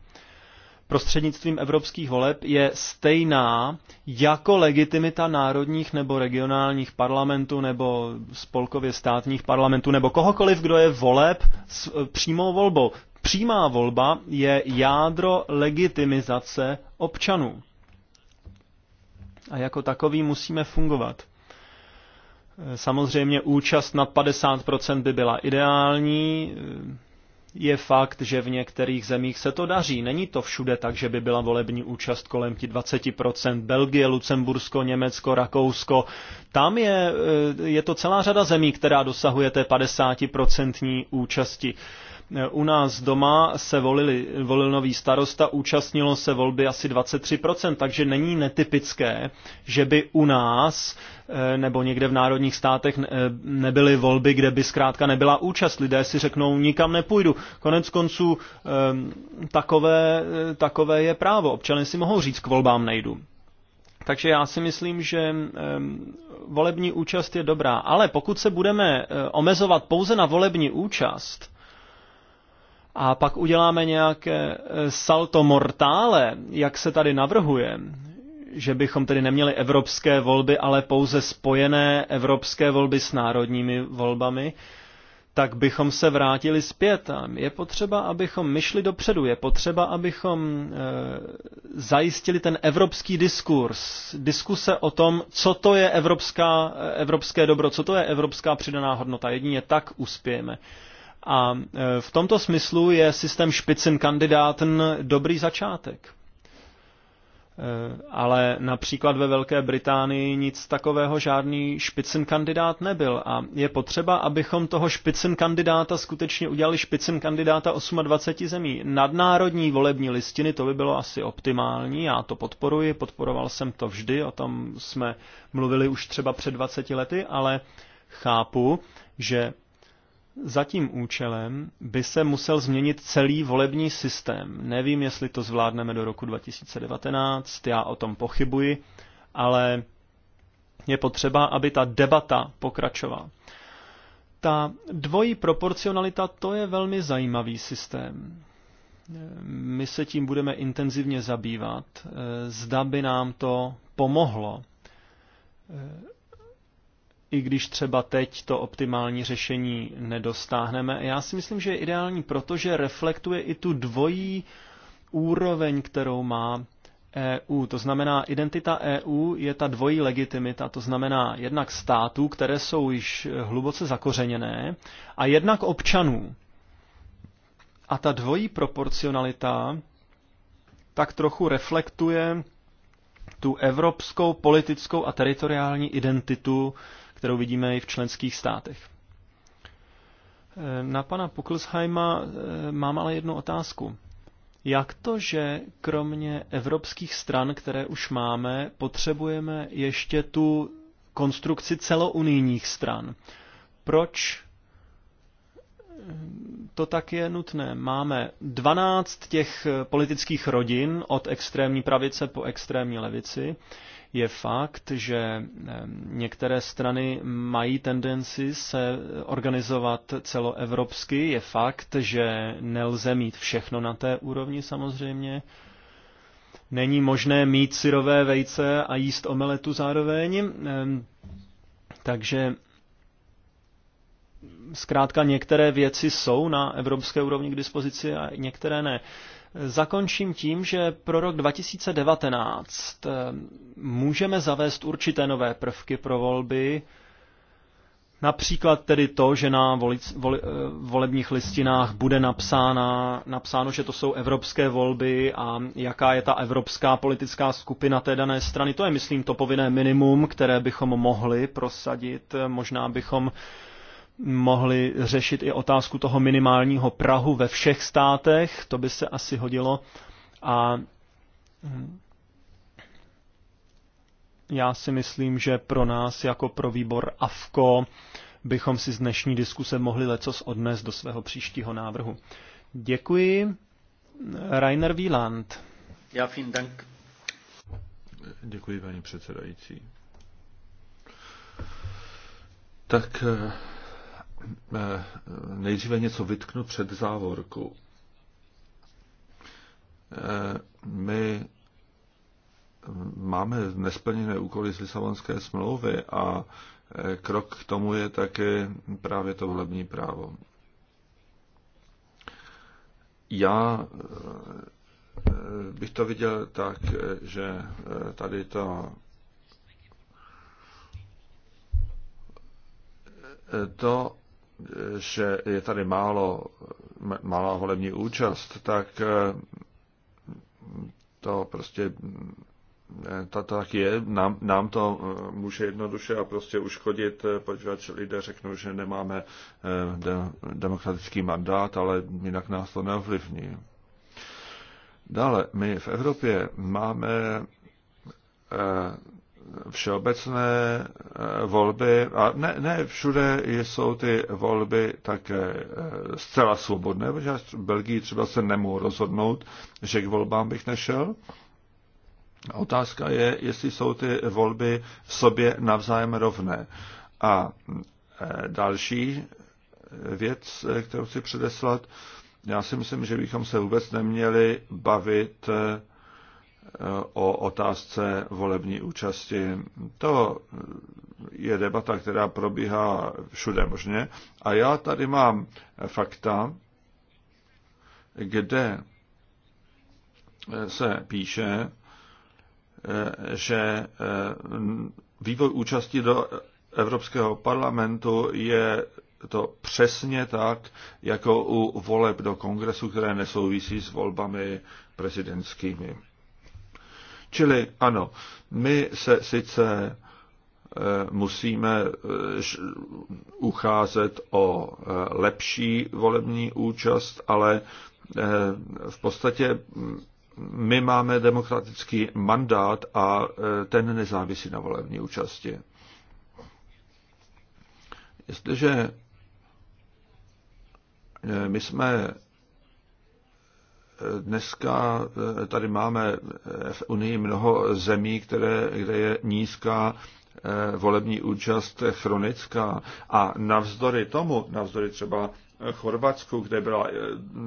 prostřednictvím evropských voleb je stejná jako legitimita národních nebo regionálních parlamentů nebo spolkově státních parlamentů nebo kohokoliv, kdo je voleb s e, přímou volbou. Přímá volba je jádro legitimizace občanů. A jako takový musíme fungovat. E, samozřejmě účast nad 50% by byla ideální, e, je fakt, že v některých zemích se to daří. Není to všude tak, že by byla volební účast kolem ti 20%. Belgie, Lucembursko, Německo, Rakousko. Tam je, e, je to celá řada zemí, která dosahuje té 50% účasti. U nás doma se volili, volil nový starosta, účastnilo se volby asi 23%, takže není netypické, že by u nás eh, nebo někde v národních státech eh, nebyly volby, kde by zkrátka nebyla účast. Lidé si řeknou, nikam nepůjdu. Konec konců eh, takové, takové je právo. Občany si mohou říct, k volbám nejdu. Takže já si myslím, že volební účast je dobrá. Ale pokud se budeme omezovat pouze na volební účast, a pak uděláme nějaké eh, salto mortále, jak se tady navrhuje, že bychom tedy neměli evropské volby, ale pouze spojené evropské volby s národními volbami, tak bychom se vrátili zpět. Je potřeba, abychom myšli dopředu, je potřeba, abychom e, zajistili ten evropský diskurs, diskuse o tom, co to je evropská, eh, evropské dobro, co to je evropská přidaná hodnota. Jedině tak uspějeme. A e, v tomto smyslu je systém Spitzenkandidaten dobrý začátek. E, ale například ve Velké Británii nic takového žádný špicenkandidát nebyl a je potřeba, abychom toho špicenkandidáta skutečně udělali špicenkandidáta 28 zemí. Nadnárodní volební listiny, to by bylo asi optimální, já to podporuji, podporoval jsem to vždy, o tom jsme mluvili už třeba před 20 lety, ale chápu, že za tím účelem by se musel změnit celý volební systém. Nevím, jestli to zvládneme do roku 2019, já o tom pochybuji, ale je potřeba, aby ta debata pokračovala. Ta dvojí proporcionalita, to je velmi zajímavý systém. My se tím budeme intenzivně zabývat. Eh, zda by nám to pomohlo eh, i když třeba teď to optimální řešení nedostáhneme. Já si myslím, že je ideální, protože reflektuje i tu dvojí úroveň, kterou má EU. To znamená, identita EU je ta dvojí legitimita, to znamená jednak států, které jsou již hluboce zakořeněné, a jednak občanů. A ta dvojí proporcionalita tak trochu reflektuje tu evropskou politickou a teritoriální identitu kterou vidíme i v členských státech. Na pana Pukelsheima eh, mám ale jednu otázku. Jak to, že kromě evropských stran, které už máme, potřebujeme ještě tu konstrukci celounijních stran? Proč eh, to tak je nutné. Máme 12 těch eh, politických rodin od extrémní pravice po extrémní levici je fakt, že eh, některé strany mají tendenci se organizovat celoevropsky. Je fakt, že nelze mít všechno na té úrovni samozřejmě. Není možné mít syrové vejce a jíst omeletu zároveň. Ehm, takže zkrátka některé věci jsou na evropské úrovni k dispozici a některé ne. Zakončím tím, že pro rok 2019 eh, můžeme zavést určité nové prvky pro volby, Například tedy to, že na volic, voli, eh, volebních listinách bude napsána, napsáno, že to jsou evropské volby a jaká je ta evropská politická skupina té dané strany. To je, myslím, to povinné minimum, které bychom mohli prosadit. Možná bychom mohli řešit i otázku toho minimálního Prahu ve všech státech, to by se asi hodilo. A hm, já si myslím, že pro nás jako pro výbor AFKO bychom si z dnešní diskuse mohli lecos odnést do svého příštího návrhu. Děkuji. Rainer Wieland. Já vielen Dank. Děkuji, paní předsedající. Tak eh, Eh, nejdříve něco vytknu před závorku. Eh, my máme nesplněné úkoly z Lisabonské smlouvy a eh, krok k tomu je také právě to volební právo. Já bych to viděl tak, že tady to to, že je tady málo, malá volební účast, tak eh, to prostě eh, to tak je, nám, nám to eh, může jednoduše a prostě uškodit, protože lidé řeknou, že nemáme de, demokratický mandát, ale jinak nás to neovlivní. Dále, my v Evropě máme všeobecné eh, volby, a ne, ne všude jsou ty volby také eh, zcela svobodné, protože já v Belgii třeba se nemohu rozhodnout, že k volbám bych nešel. A otázka je, jestli jsou ty volby v sobě navzájem rovné. A eh, další věc, kterou chci předeslat, já si myslím, že bychom se vůbec neměli bavit o otázce volební účasti. To je debata, která probíhá všude možně. A já tady mám fakta, kde se píše, že vývoj účasti do Evropského parlamentu je to přesně tak, jako u voleb do kongresu, které nesouvisí s volbami prezidentskými. Čili ano, my se sice eh, musíme eh, ucházet o eh, lepší volební účast, ale v podstatě mm, my máme demokratický mandát a ten nezávisí na volební účasti. Jestliže my jsme Dneska eh, tady máme eh, v Unii mnoho zemí, které, kde je nízká eh, volební účast chronická. A navzdory tomu, navzdory třeba Chorvatsku, kde byla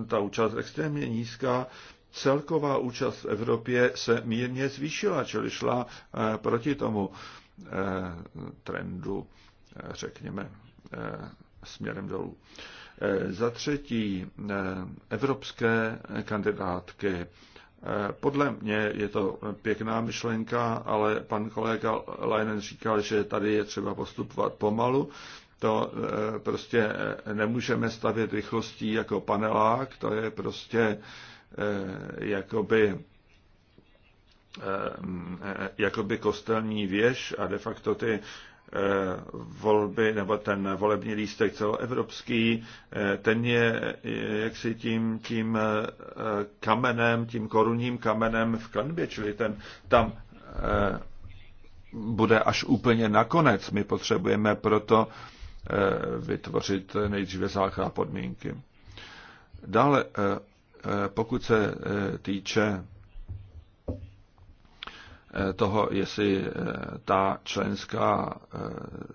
ta účast extrémně nízká, celková účast v Evropě se mírně zvýšila, čili šla proti tomu trendu, řekněme, směrem dolů. Eh, za třetí, eh, evropské kandidátky. Eh, podle mě je to pěkná myšlenka, ale pan kolega Leinen říkal, že tady je třeba postupovat pomalu. To prostě nemůžeme stavět rychlostí jako panelák, to je prostě jakoby jakoby kostelní věž a de facto ty Eh, volby nebo ten volební lístek celoevropský, eh, ten je eh, jaksi tím, tím kamenem, tím korunním kamenem v klenbě, čili ten tam bude až úplně nakonec. My potřebujeme proto vytvořit nejdříve základ podmínky. Dále, pokud se týče Eh, toho, jestli eh, ta členská eh,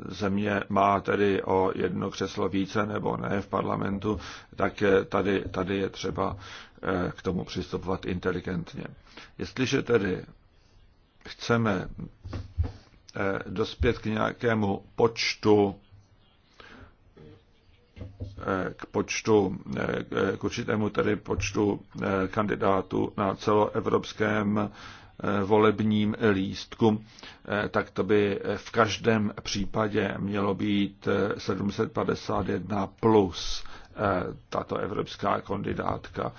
země má tedy o jedno křeslo více nebo ne v parlamentu, tak tady, tady je třeba k tomu přistupovat inteligentně. Jestliže tedy chceme dospět k nějakému počtu k počtu, k určitému tedy počtu kandidátů na celoevropském volebním lístku, eh, tak to by v každém případě mělo být 751 eh, plus eh, tato evropská kandidátka,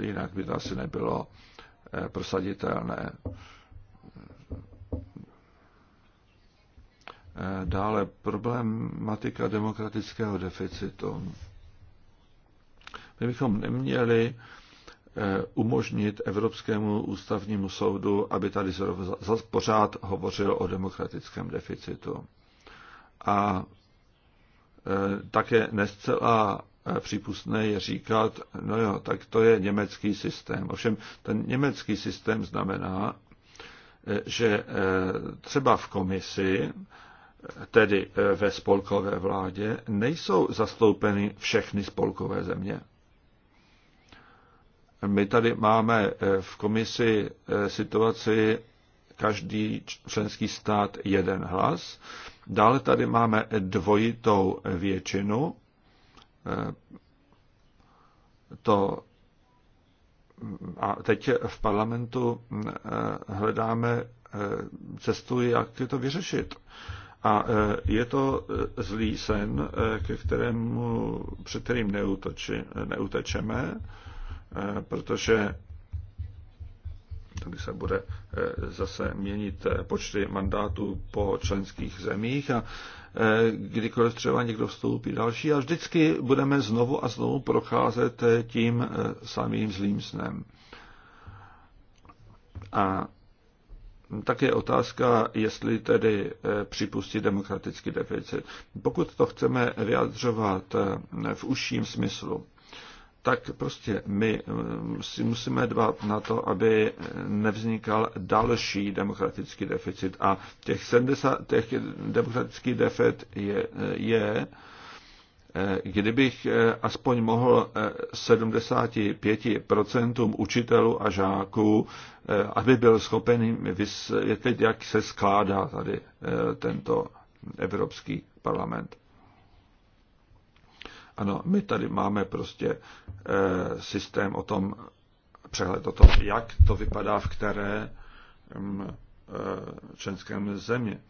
jinak by to asi nebylo prosaditelné. Dále problematika demokratického deficitu. My bychom neměli Eh, umožnit Evropskému ústavnímu soudu, aby tady pořád hovořil o demokratickém deficitu. A eh, také nescela eh, přípustné je říkat, no jo, tak to je německý systém. Ovšem, ten německý systém znamená, že třeba v komisi, tedy ve spolkové vládě, nejsou zastoupeny všechny spolkové země. My tady máme eh, v komisi eh, situaci každý členský stát jeden hlas. Dále tady máme dvojitou většinu. Eh, to a teď v parlamentu hledáme cestu, jak to vyřešit. A je to zlý sen, ke kterému, před kterým neutoči, neutečeme. Eh, protože tady se bude eh, zase měnit eh, počty mandátů po členských zemích a kdykoliv třeba někdo vstoupí další a vždycky budeme znovu a znovu procházet tím samým zlým snem. A tak je otázka, jestli tedy připustit demokratický deficit. Pokud to chceme vyjadřovat v užším smyslu, tak prostě my eh, si musíme dbát na to, aby eh, nevznikal další demokratický deficit. A těch, 70, těch demokratický deficit je, eh, je, kdybych aspoň mohl 75% učitelů a žáků, aby byl schopen vysvětlit, jak se skládá tady tento Evropský parlament. Ano, my tady máme prostě e, systém o tom, přehled o tom, jak to vypadá v které m, mm, e, eh, členském země.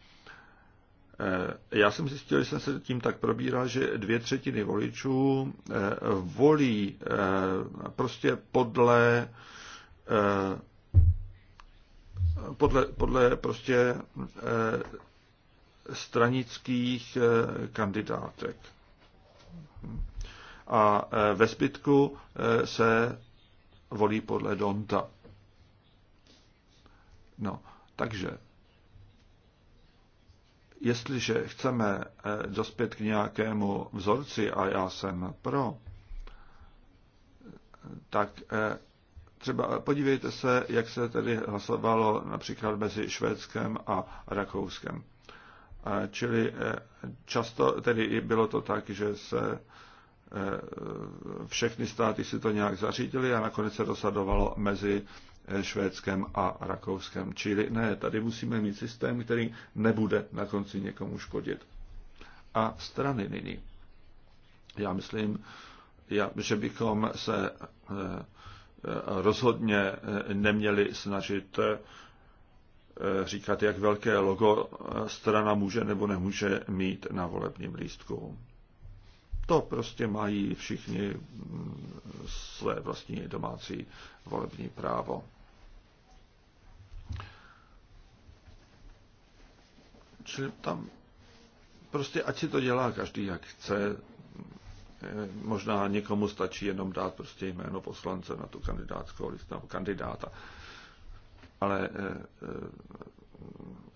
E, já jsem zjistil, že jsem se tím tak probíral, že dvě třetiny voličů e, volí e, prostě podle e, podle, podle prostě e, stranických e, kandidátek. A e, ve zbytku e, se volí podle Donta. No, takže jestliže chceme e, dospět k nějakému vzorci, a já jsem pro, tak třeba podívejte se, jak se tedy hlasovalo například mezi Švédskem a Rakouskem. Čili eh, často tedy bylo to tak, že se eh, všechny státy si to nějak zařídili a nakonec se dosadovalo mezi eh, Švédskem a Rakouskem. Čili ne, tady musíme mít systém, který nebude na konci někomu škodit. A strany nyní. Já myslím, že bychom se rozhodně neměli snažit Eh, říkat, jak velké logo strana může nebo nemůže mít na volebním lístku. To prostě mají všichni mm, své vlastní domácí volební právo. Čili tam prostě ať si to dělá každý, jak chce. Eh, možná někomu stačí jenom dát prostě jméno poslance na tu kandidátskou listu kandidáta ale eh, eh,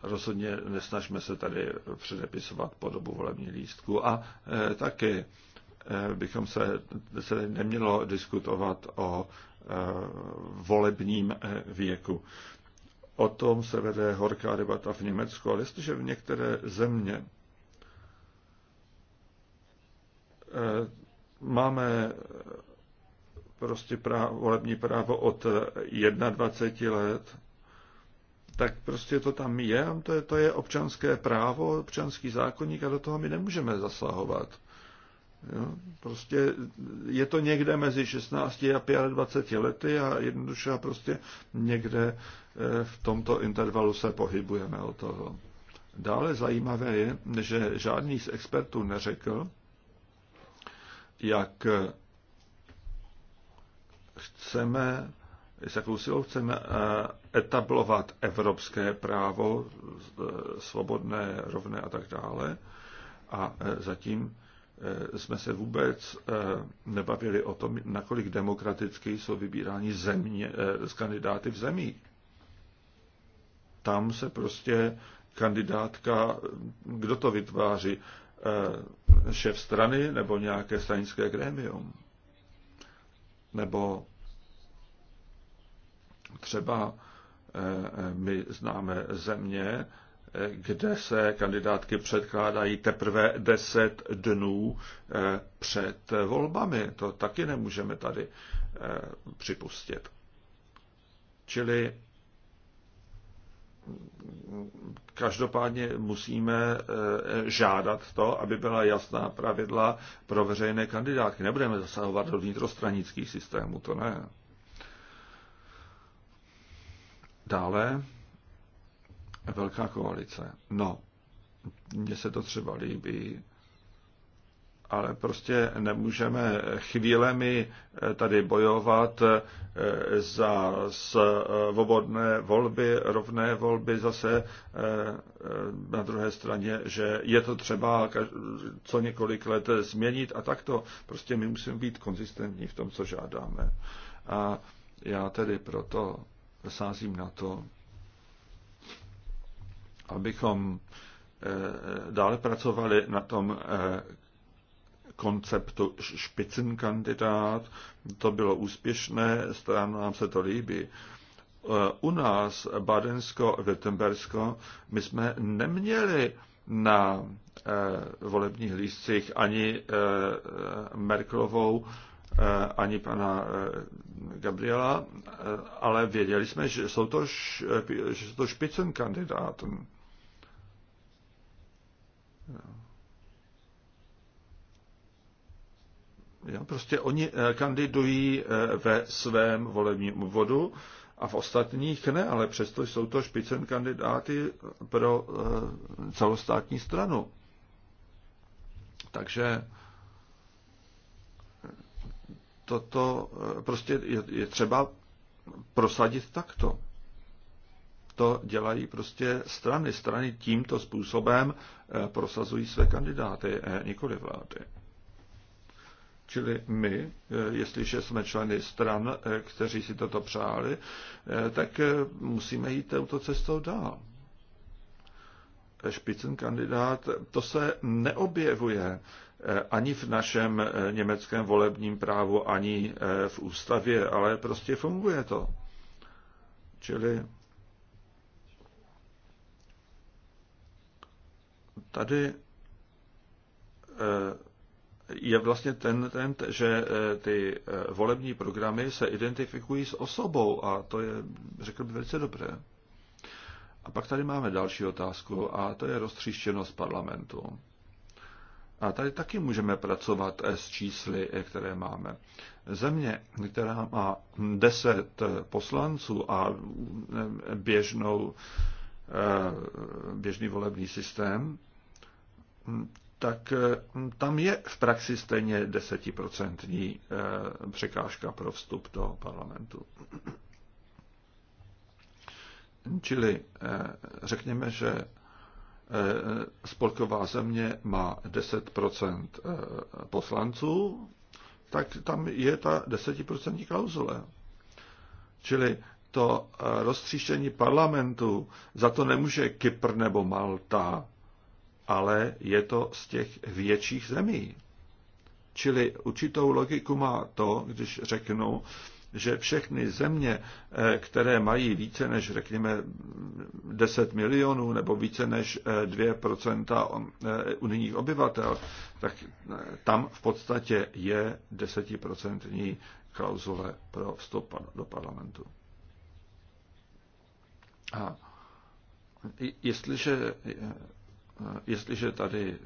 rozhodně nesnažme se tady předepisovat podobu volební lístku a eh, taky bychom se, se nemělo diskutovat o volebním věku. O tom se vede horká debata v Německu, ale jestliže v některé země máme prostě právo, volební právo od 21 let, tak prostě to tam je, to je, to je občanské právo, občanský zákonník a do toho my nemůžeme zasahovat. Jo? Prostě je to někde mezi 16 a 25 lety a jednoduše a prostě někde eh, v tomto intervalu se pohybujeme o toho. Dále zajímavé je, že žádný z expertů neřekl, jak chceme s jakou silou chceme eh, etablovat evropské právo, eh, svobodné, rovné a tak dále. A eh, zatím jsme se vůbec nebavili o tom, nakolik demokraticky jsou vybíráni země, z kandidáty v zemí. Tam se prostě kandidátka, kdo to vytváří, šéf strany nebo nějaké stranické grémium, nebo třeba eh, eh, my známe země, eh, kde se kandidátky předkládají teprve 10 dnů před volbami. To taky nemůžeme tady připustit. Čili každopádně musíme žádat to, aby byla jasná pravidla pro veřejné kandidátky. Nebudeme zasahovat do vnitrostranických systémů, to ne. Dále velká koalice. No, mně se to třeba líbí, ale prostě nemůžeme chvílemi eh, tady bojovat eh, za eh, svobodné volby, rovné volby zase na druhé straně, že je to třeba co několik let změnit a takto. Prostě my musíme být konzistentní v tom, co žádáme. A já tedy proto sázím na to, abychom eh, dále pracovali na tom eh, konceptu špicenkandidát. To bylo úspěšné, stranu nám se to líbí. Eh, u nás, Badensko, Württembersko, my jsme neměli na volebních lístcích ani Merklovou Eh, ani pana eh, Gabriela, eh, ale věděli jsme, že jsou to, že jsou to špicen kandidátem. Jo, prostě oni kandidují ve svém volebním obvodu a v ostatních ne, ale přesto jsou to špicen kandidáty pro celostátní stranu. Takže toto eh, prostě je, je třeba prosadit takto. To dělají prostě strany. Strany tímto způsobem eh, prosazují své kandidáty, eh, nikoli vlády. Čili my, jestliže jsme členy stran, kteří si toto přáli, tak musíme jít touto cestou dál. Špicen kandidát, to se neobjevuje ani v našem eh, německém volebním právu, ani eh, v ústavě, ale prostě funguje to. Čili tady eh, je vlastně ten ten, že ty volební programy se identifikují s osobou a to je, řekl bych, velice dobré. A pak tady máme další otázku a to je roztříštěnost parlamentu. A tady taky můžeme pracovat s čísly, které máme. Země, která má 10 poslanců a eh, běžnou, eh, běžný volební systém, tak eh, tam je v praxi stejně desetiprocentní překážka pro vstup do parlamentu. Čili řekněme, že Eh, spolková země má 10 eh, poslanců, tak tam je ta 10% klauzule. Čili to eh, roztříštění parlamentu, za to nemůže Kypr nebo Malta, ale je to z těch větších zemí. Čili určitou logiku má to, když řeknu, že všechny země, eh, které mají více než, řekněme, 10 milionů nebo více než 2% eh, eh, unijních obyvatel, tak tam v podstatě je 10% klauzule pro vstup do parlamentu. A jestliže Eh, jestliže tady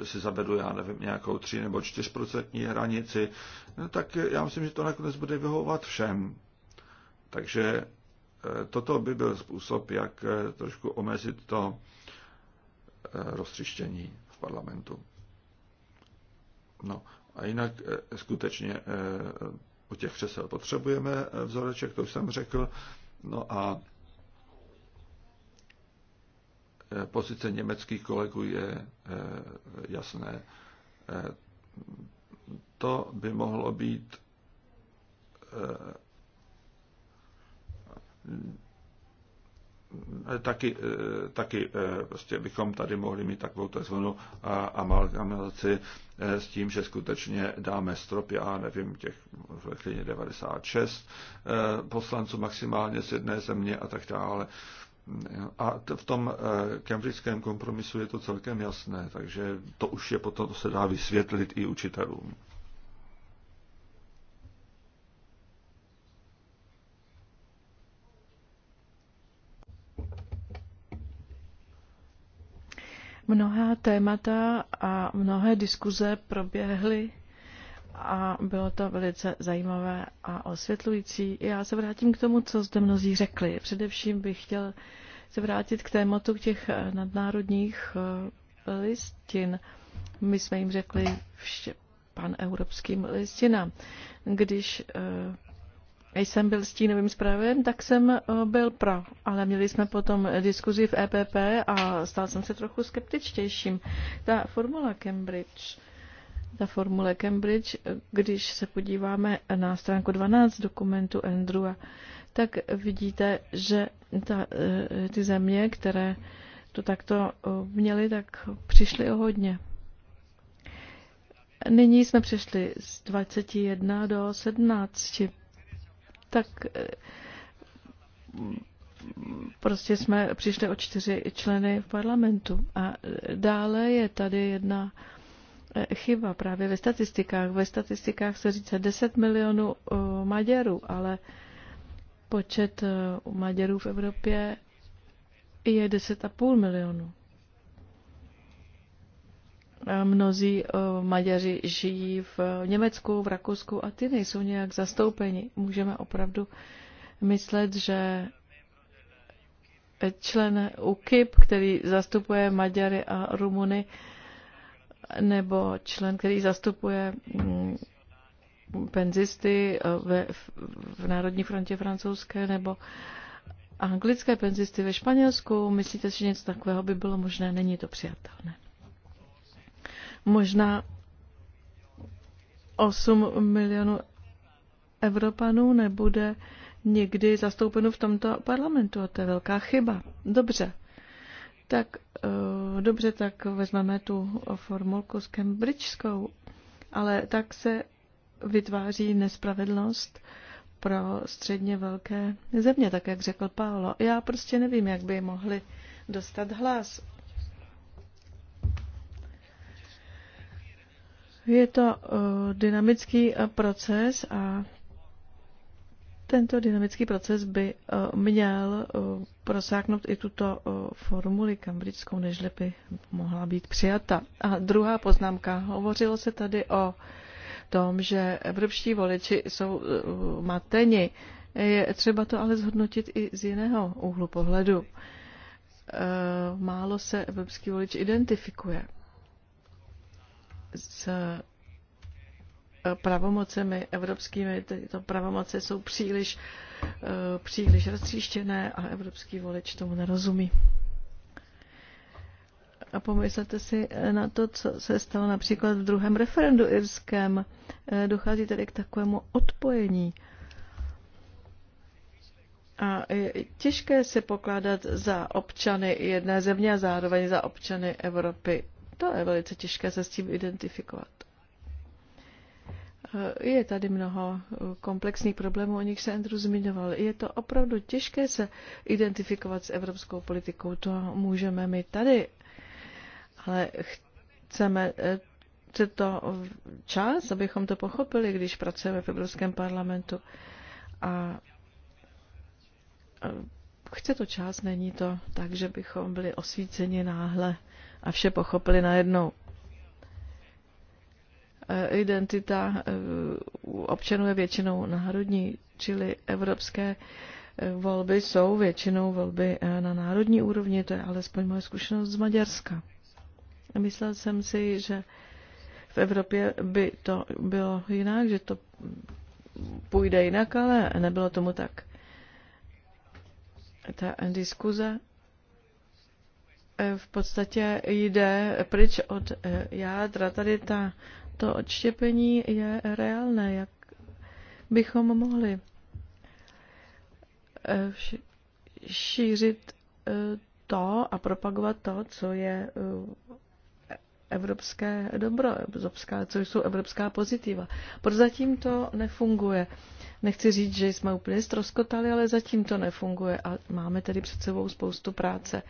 eh, si zavedu, já nevím, nějakou 3 nebo 4% hranici, eh, tak já myslím, že to nakonec bude vyhovovat všem. Takže toto by byl způsob, jak trošku omezit to roztřištění v parlamentu. No a jinak skutečně u těch křesel potřebujeme vzoreček, to už jsem řekl, no a pozice německých kolegů je eh, jasné. Eh, to by mohlo být eh, taky, taky prostě bychom tady mohli mít takovou takzvanou amalgamaci s tím, že skutečně dáme strop, já nevím, těch v 96 poslanců maximálně z jedné země a tak dále. A v tom eh, cambridgeském kompromisu je to celkem jasné, takže to už je potom, to se dá vysvětlit i učitelům. Mnohá témata a mnohé diskuze proběhly a bylo to velice zajímavé a osvětlující. Já se vrátím k tomu, co zde mnozí řekli. Především bych chtěl se vrátit k tématu těch nadnárodních eh, listin. My jsme jim řekli vště pan evropským listinám. Když eh, jsem byl stínovým zprávem, tak jsem eh, byl pro, ale měli jsme potom diskuzi v EPP a stál jsem se trochu skeptičtějším. Ta formula Cambridge ta formule Cambridge, když se podíváme na stránku 12 dokumentu Andrewa, tak vidíte, že ta, eh, ty země, které to takto eh, měly, tak přišly o hodně. Nyní jsme přišli z 21 do 17. Tak eh, prostě jsme přišli o čtyři členy v parlamentu. A dále je tady jedna Eh, chyba právě ve statistikách. Ve statistikách se říce 10 milionů eh, Maďarů, ale počet eh, Maďarů v Evropě je 10,5 milionů. Mnozí Maďaři žijí v Německu, v Rakousku a ty nejsou nějak zastoupeni. Můžeme opravdu myslet, že člen UKIP, který zastupuje Maďary a Rumuny, nebo člen, který zastupuje mm, penzisty eh, ve, v, v Národní frontě francouzské nebo anglické penzisty ve Španělsku. Myslíte si, že něco takového by bylo možné? Není to přijatelné. Možná 8 milionů Evropanů nebude někdy zastoupeno v tomto parlamentu a to je velká chyba. Dobře. Tak eh, dobře, tak vezmeme tu formulku s Cambridgeskou, ale tak se vytváří nespravedlnost pro středně velké země, tak jak řekl Paolo. Já prostě nevím, jak by mohli dostat hlas. Je to eh, dynamický eh, proces a tento dynamický proces by eh, měl eh, prosáknout i tuto eh, formuli kambridžskou, než by mohla být přijata. A druhá poznámka. Hovořilo se tady o tom, že evropští voliči jsou mateni. Je třeba to ale zhodnotit i z jiného úhlu pohledu. Málo se evropský volič identifikuje s pravomocemi evropskými. Tyto pravomoce jsou příliš, eh, příliš roztříštěné a evropský volič tomu nerozumí. A pomyslete si na to, co se stalo například v druhém referendu irském. Eh, dochází tedy k takovému odpojení. A je těžké se pokládat za občany jedné země a zároveň za občany Evropy. To je velice těžké se s tím identifikovat. Je tady mnoho eh, komplexních problémů, o nich se Andrew zmiňoval. Je to opravdu těžké se identifikovat s evropskou politikou, to můžeme my tady, ale chceme eh, chce to čas, abychom to pochopili, když pracujeme v Evropském parlamentu. A chce to čas, není to tak, že bychom byli osvíceni náhle a vše pochopili najednou. Eh, identita eh, občanů je většinou národní, čili evropské eh, volby jsou většinou volby na národní úrovni, to je alespoň moje zkušenost z Maďarska. Myslel jsem si, že v Evropě by to bylo jinak, že to půjde jinak, ale nebylo tomu tak. Ta diskuze v podstatě jde pryč od jádra. Tady ta to odštěpení je reálné, jak bychom mohli eh, šířit eh, to a propagovat to, co je eh, evropské dobro, evropská, co jsou evropská pozitiva. Prozatím to nefunguje. Nechci říct, že jsme úplně stroskotali, ale zatím to nefunguje a máme tedy před sebou spoustu práce.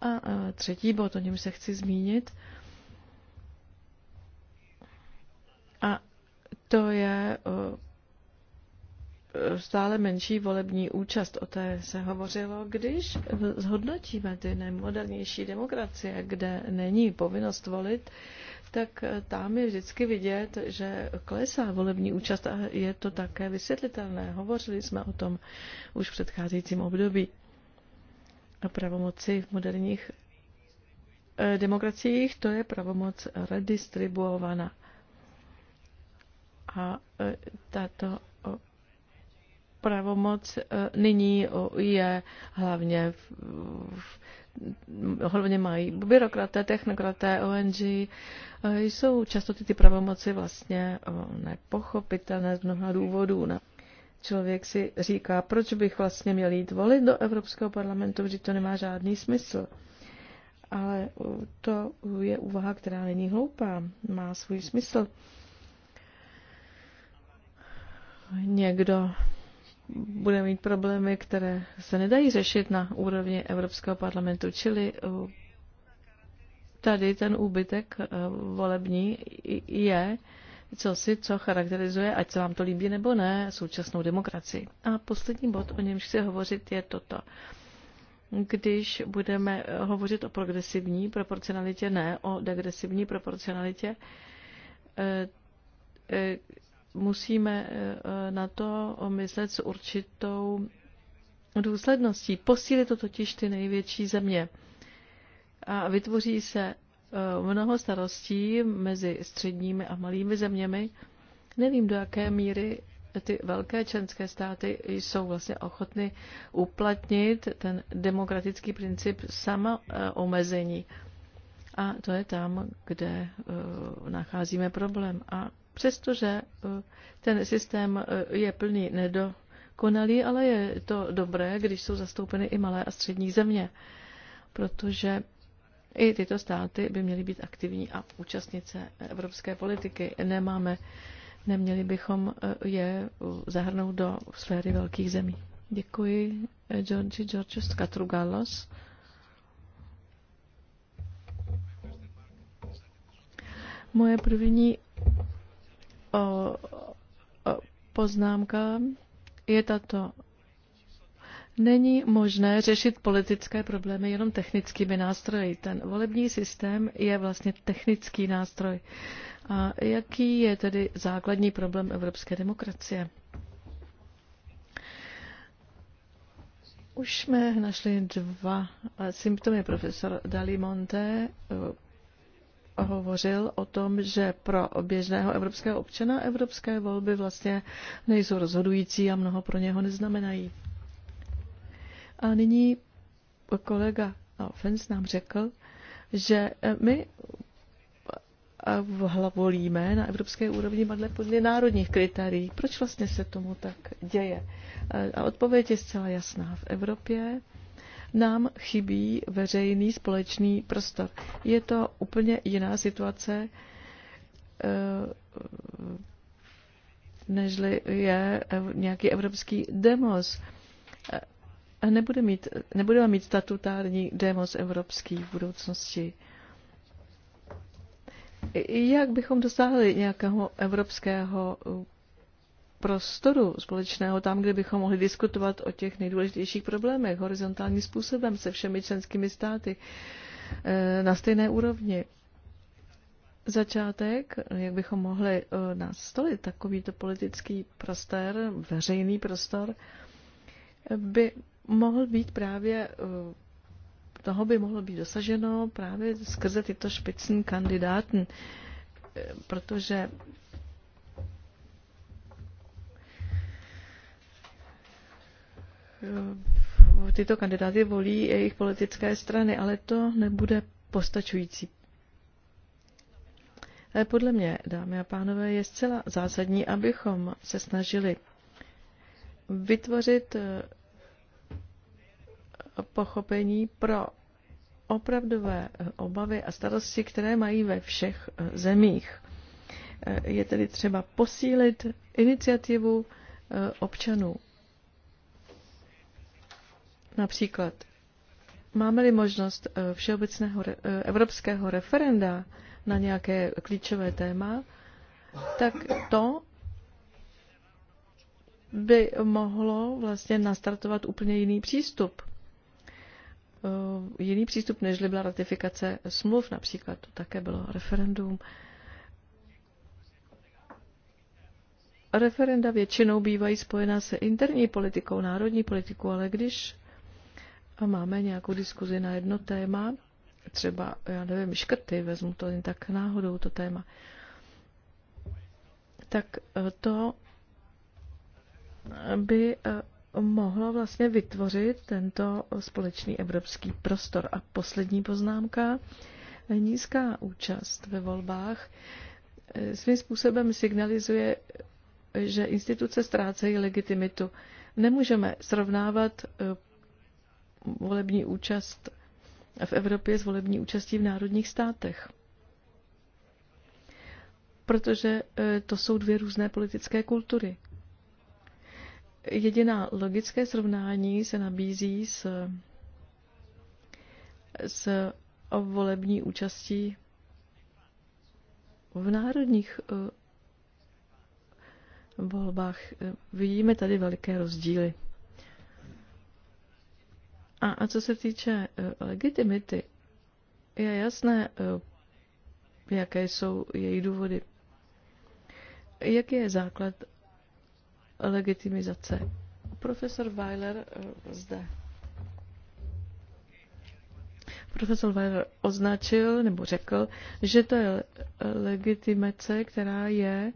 A, a třetí bod, o něm se chci zmínit, to je eh, stále menší volební účast, o té se hovořilo, když zhodnotíme ty nejmodernější demokracie, kde není povinnost volit, tak eh, tam je vždycky vidět, že klesá volební účast a je to také vysvětlitelné. Hovořili jsme o tom už v předcházejícím období. A pravomoci v moderních eh, demokraciích, to je pravomoc redistribuovaná a e, tato pravomoc e, nyní je hlavně v, hlavně mají byrokraté, technokraté, ONG. E, jsou často ty, ty pravomoci vlastně nepochopitelné z mnoha důvodů. Člověk si říká, proč bych vlastně měl jít volit do Evropského parlamentu, že to nemá žádný smysl. Ale to je úvaha, která není hloupá, má svůj smysl někdo bude mít problémy, které se nedají řešit na úrovni Evropského parlamentu, čili eh, tady ten úbytek eh, volební je co si, co charakterizuje, ať se vám to líbí nebo ne, současnou demokracii. A poslední bod, o němž chci hovořit, je toto. Když budeme eh, hovořit o progresivní proporcionalitě, ne o degresivní proporcionalitě, musíme eh, eh, na to myslet s určitou důsledností. Posílí to totiž ty největší země. A vytvoří se eh, mnoho starostí mezi středními a malými zeměmi. Nevím, do jaké míry ty velké členské státy jsou vlastně ochotny uplatnit ten demokratický princip samoomezení. A to je tam, kde nacházíme problém. A Přestože eh, ten systém eh, je plný nedokonalý, ale je to dobré, když jsou zastoupeny i malé a střední země, protože i tyto státy by měly být aktivní a účastnit se evropské politiky. Nemáme, neměli bychom eh, je zahrnout do sféry velkých zemí. Děkuji, Georgi z Katrugalos. Moje první poznámka je tato. Není možné řešit politické problémy jenom technickými nástroji. Ten volební systém je vlastně technický nástroj. A jaký je tedy základní problém evropské demokracie? Už jsme našli dva symptomy. Profesor Dalimonte hovořil o tom, že pro běžného evropského občana evropské volby vlastně nejsou rozhodující a mnoho pro něho neznamenají. A nyní kolega Fens nám řekl, že my volíme na evropské úrovni madle podle národních kritérií. Proč vlastně se tomu tak děje? A odpověď je zcela jasná. V Evropě nám chybí veřejný společný prostor. Je to úplně jiná situace, eh, nežli je nějaký evropský demos. Eh, nebude mít, nebudeme mít statutární demos evropský v budoucnosti. Jak bychom dosáhli nějakého evropského prostoru společného tam, kde bychom mohli diskutovat o těch nejdůležitějších problémech horizontálním způsobem se všemi členskými státy e, na stejné úrovni. Začátek, jak bychom mohli e, nastolit takovýto politický prostor, veřejný prostor, by mohl být právě e, toho by mohlo být dosaženo právě skrze tyto špicn kandidáten, protože Eh, tyto kandidáty volí jejich politické strany, ale to nebude postačující. Eh, podle mě, dámy a pánové, je zcela zásadní, abychom se snažili vytvořit eh, pochopení pro opravdové obavy a starosti, které mají ve všech zemích. Je tedy třeba posílit iniciativu občanů Například, máme-li možnost eh, všeobecného eh, evropského referenda na nějaké klíčové téma, tak to by mohlo vlastně nastartovat úplně jiný přístup. Eh, jiný přístup, než byla ratifikace smluv, například to také bylo referendum. Referenda většinou bývají spojená se interní politikou, národní politikou, ale když a máme nějakou diskuzi na jedno téma, třeba, já nevím, škrty, vezmu to jen tak náhodou, to téma, tak eh, to by eh, mohlo vlastně vytvořit tento společný evropský prostor. A poslední poznámka, nízká účast ve volbách eh, svým způsobem signalizuje, že instituce ztrácejí legitimitu. Nemůžeme srovnávat volební účast v Evropě s volební účastí v národních státech. Protože e, to jsou dvě různé politické kultury. Jediná logické srovnání se nabízí s, s volební účastí v národních e, volbách. E, vidíme tady veliké rozdíly. A, a co se týče e, legitimity, je jasné, e, jaké jsou její důvody. Jaký je základ legitimizace? Profesor Weiler e, zde. Profesor Weiler označil nebo řekl, že to je legitimace, která je,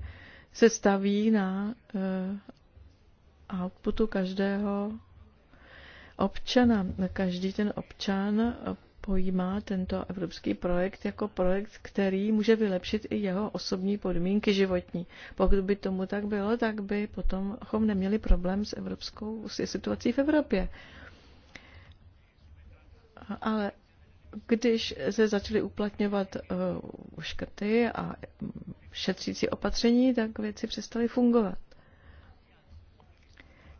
se staví na uh, outputu každého občana. Každý ten občan pojímá tento evropský projekt jako projekt, který může vylepšit i jeho osobní podmínky životní. Pokud by tomu tak bylo, tak by potom neměli problém s evropskou s situací v Evropě. Ale když se začaly uplatňovat eh, škrty a šetřící opatření, tak věci přestaly fungovat.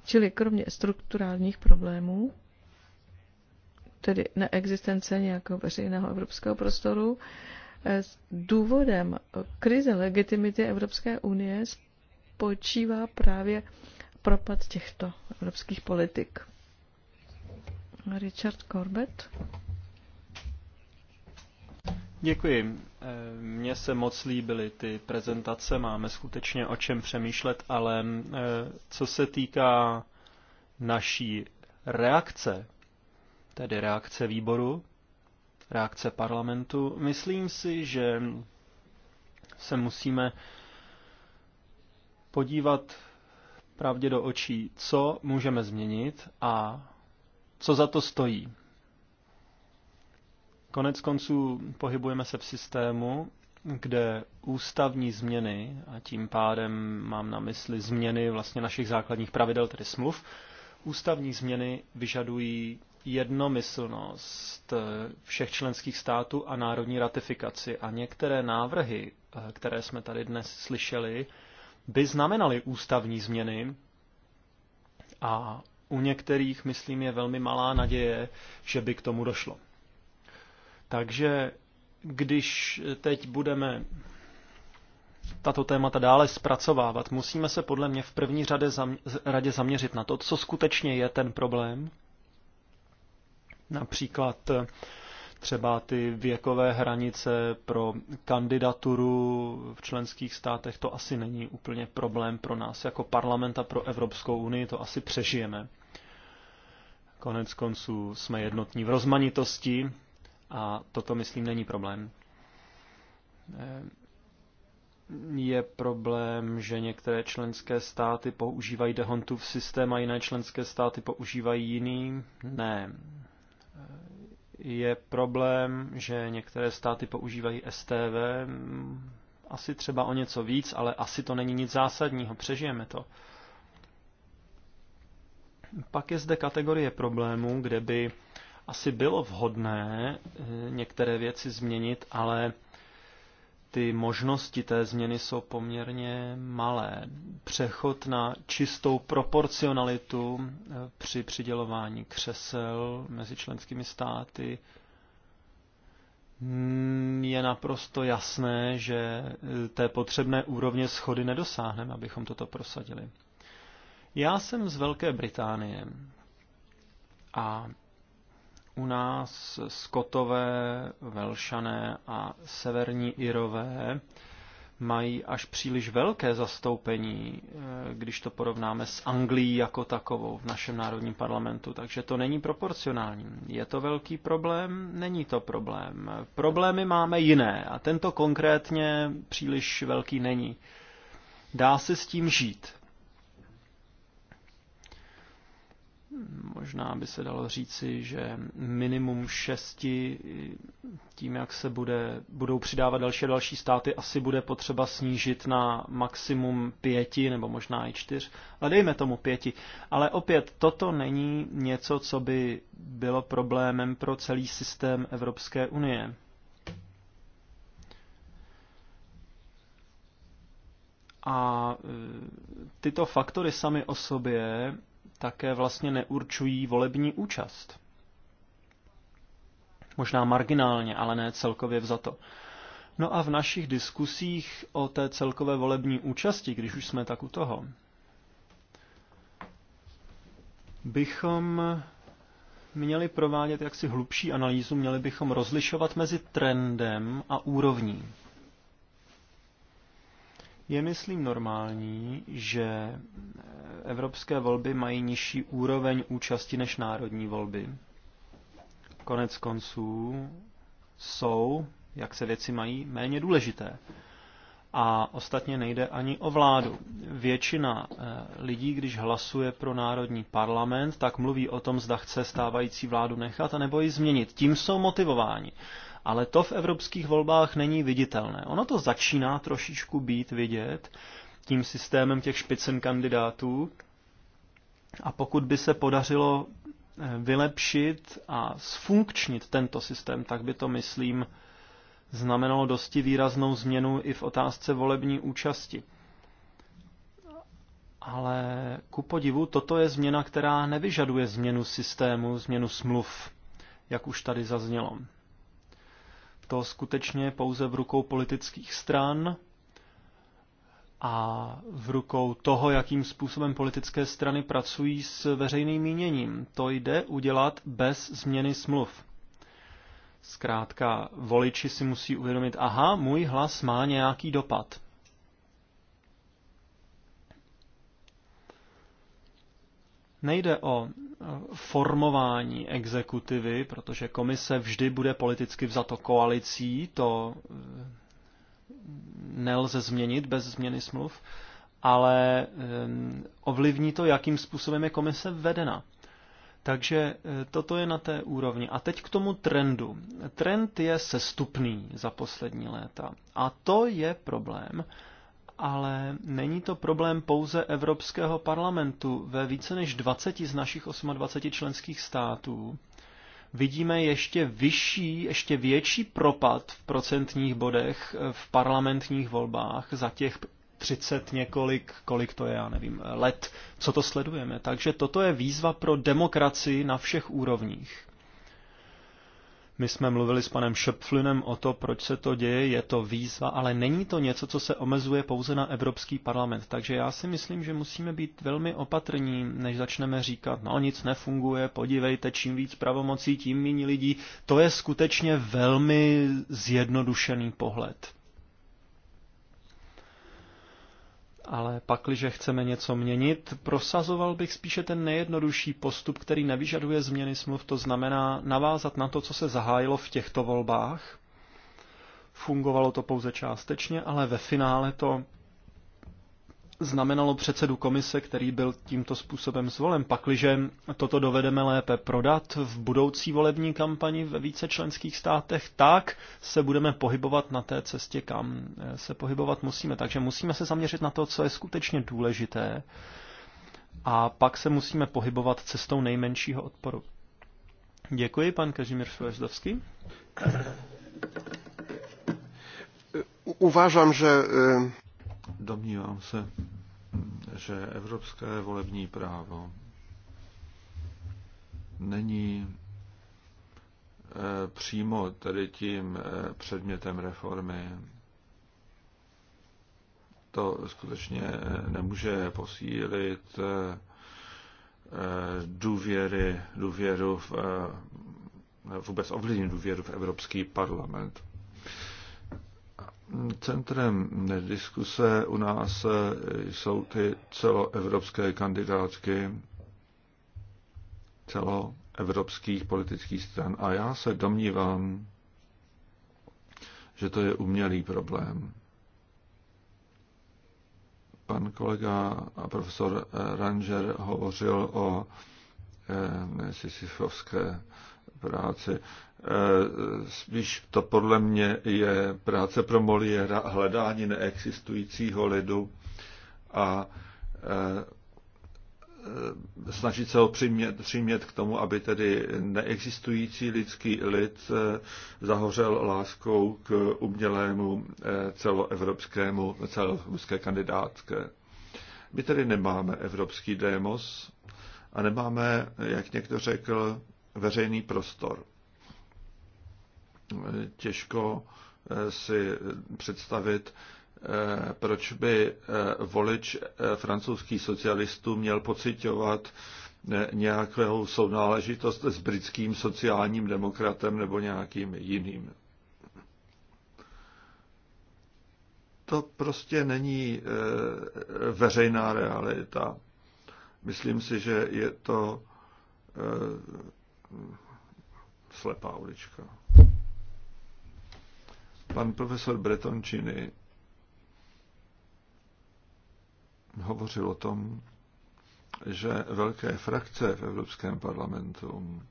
Čili kromě strukturálních problémů, tedy neexistence nějakého veřejného evropského prostoru, eh, s důvodem krize legitimity Evropské unie spočívá právě propad těchto evropských politik. Richard Corbett. Děkuji. Eh, mně se moc líbily ty prezentace, máme skutečně o čem přemýšlet, ale eh, co se týká naší reakce, tedy reakce výboru, reakce parlamentu, myslím si, že se musíme podívat pravdě do očí, co můžeme změnit a co za to stojí. Konec konců pohybujeme se v systému, kde ústavní změny, a tím pádem mám na mysli změny vlastně našich základních pravidel, tedy smluv, ústavní změny vyžadují jednomyslnost eh, všech členských států a národní ratifikaci. A některé návrhy, eh, které jsme tady dnes slyšeli, by znamenaly ústavní změny a u některých, myslím, je velmi malá naděje, že by k tomu došlo. Takže když teď budeme tato témata dále zpracovávat, musíme se podle mě v první řadě, zam, zaměřit na to, co skutečně je ten problém. Například třeba ty věkové hranice pro kandidaturu v členských státech, to asi není úplně problém pro nás jako parlament a pro Evropskou unii, to asi přežijeme. Konec konců jsme jednotní v rozmanitosti, a toto, myslím, není problém. Eh, je problém, že některé členské státy používají Dehontův systém a jiné členské státy používají jiný? Ne. Eh, je problém, že některé státy používají STV? Mm, asi třeba o něco víc, ale asi to není nic zásadního, přežijeme to. Pak je zde kategorie problémů, kde by asi bylo vhodné eh, některé věci změnit, ale ty možnosti té změny jsou poměrně malé. Přechod na čistou proporcionalitu eh, při přidělování křesel mezi členskými státy mm, je naprosto jasné, že eh, té potřebné úrovně schody nedosáhneme, abychom toto prosadili. Já jsem z Velké Británie a u nás Skotové, Velšané a Severní Irové mají až příliš velké zastoupení, eh, když to porovnáme s Anglií jako takovou v našem národním parlamentu. Takže to není proporcionální. Je to velký problém? Není to problém. Problémy máme jiné a tento konkrétně příliš velký není. Dá se s tím žít. Možná by se dalo říci, že minimum šesti, tím jak se bude, budou přidávat další a další státy, asi bude potřeba snížit na maximum pěti nebo možná i čtyř, ale dejme tomu pěti. Ale opět, toto není něco, co by bylo problémem pro celý systém Evropské unie. A e, tyto faktory sami o sobě také vlastně neurčují volební účast. Možná marginálně, ale ne celkově vzato. No a v našich diskusích o té celkové volební účasti, když už jsme tak u toho, bychom měli provádět jaksi hlubší analýzu, měli bychom rozlišovat mezi trendem a úrovní. Je myslím normální, že eh, evropské volby mají nižší úroveň účasti než národní volby. Konec konců jsou, jak se věci mají, méně důležité. A ostatně nejde ani o vládu. Většina eh, lidí, když hlasuje pro národní parlament, tak mluví o tom, zda chce stávající vládu nechat anebo nebo ji změnit. Tím jsou motivováni ale to v evropských volbách není viditelné. Ono to začíná trošičku být vidět tím systémem těch špicen kandidátů a pokud by se podařilo eh, vylepšit a sfunkčnit tento systém, tak by to, myslím, znamenalo dosti výraznou změnu i v otázce volební účasti. Ale ku podivu, toto je změna, která nevyžaduje změnu systému, změnu smluv, jak už tady zaznělo to skutečně pouze v rukou politických stran a v rukou toho, jakým způsobem politické strany pracují s veřejným míněním. To jde udělat bez změny smluv. Zkrátka, voliči si musí uvědomit, aha, můj hlas má nějaký dopad. Nejde o eh, formování exekutivy, protože komise vždy bude politicky vzato koalicí, to eh, nelze změnit bez změny smluv, ale eh, ovlivní to, jakým způsobem je komise vedena. Takže toto je na té úrovni. A teď k tomu trendu. Trend je sestupný za poslední léta. A to je problém, ale není to problém pouze Evropského parlamentu. Ve více než 20 z našich 28 členských států vidíme ještě vyšší, ještě větší propad v procentních bodech v parlamentních volbách za těch 30 několik, kolik to je, já nevím, let, co to sledujeme. Takže toto je výzva pro demokracii na všech úrovních. My jsme mluvili s panem Schöpflinem o to, proč se to děje, je to výzva, ale není to něco, co se omezuje pouze na Evropský parlament. Takže já si myslím, že musíme být velmi opatrní, než začneme říkat, no nic nefunguje, podívejte, čím víc pravomocí, tím méně lidí. To je skutečně velmi zjednodušený pohled. ale pakliže chceme něco měnit, prosazoval bych spíše ten nejjednodušší postup, který nevyžaduje změny smluv, to znamená navázat na to, co se zahájilo v těchto volbách. Fungovalo to pouze částečně, ale ve finále to znamenalo předsedu komise, který byl tímto způsobem zvolen. Pakliže toto dovedeme lépe prodat v budoucí volební kampani ve více členských státech, tak se budeme pohybovat na té cestě, kam eh, se pohybovat musíme. Takže musíme se zaměřit na to, co je skutečně důležité a pak se musíme pohybovat cestou nejmenšího odporu. Děkuji, pan Kazimír Švezdovský. Eh, Uvažám, že eh, Domnívám se, že evropské volební právo není eh, přímo tedy tím eh, předmětem reformy. To skutečně eh, nemůže posílit důvěry, důvěru v, vůbec ovlivnit důvěru v Evropský parlament. Centrem diskuse u nás jsou ty celoevropské kandidátky celoevropských politických stran. A já se domnívám, že to je umělý problém. Pan kolega a profesor Ranger hovořil o eh, sisyfovské práci. Eh, spíš to podle mě je práce pro Moliéra, hledání neexistujícího lidu a eh, snažit se ho přimět, přimět k tomu, aby tedy neexistující lidský lid eh, zahořel láskou k umělému celoevropskému, celoevropské kandidátce. My tedy nemáme evropský démos a nemáme, jak někdo řekl, veřejný prostor těžko eh, si představit, eh, proč by eh, volič francouzských socialistů měl pocitovat nějakou sounáležitost s britským sociálním demokratem nebo nějakým jiným. To prostě není veřejná realita. Myslím si, že je to slepá ulička. Pan profesor Bretončiny hovořil o tom, že velké frakce v Evropském parlamentu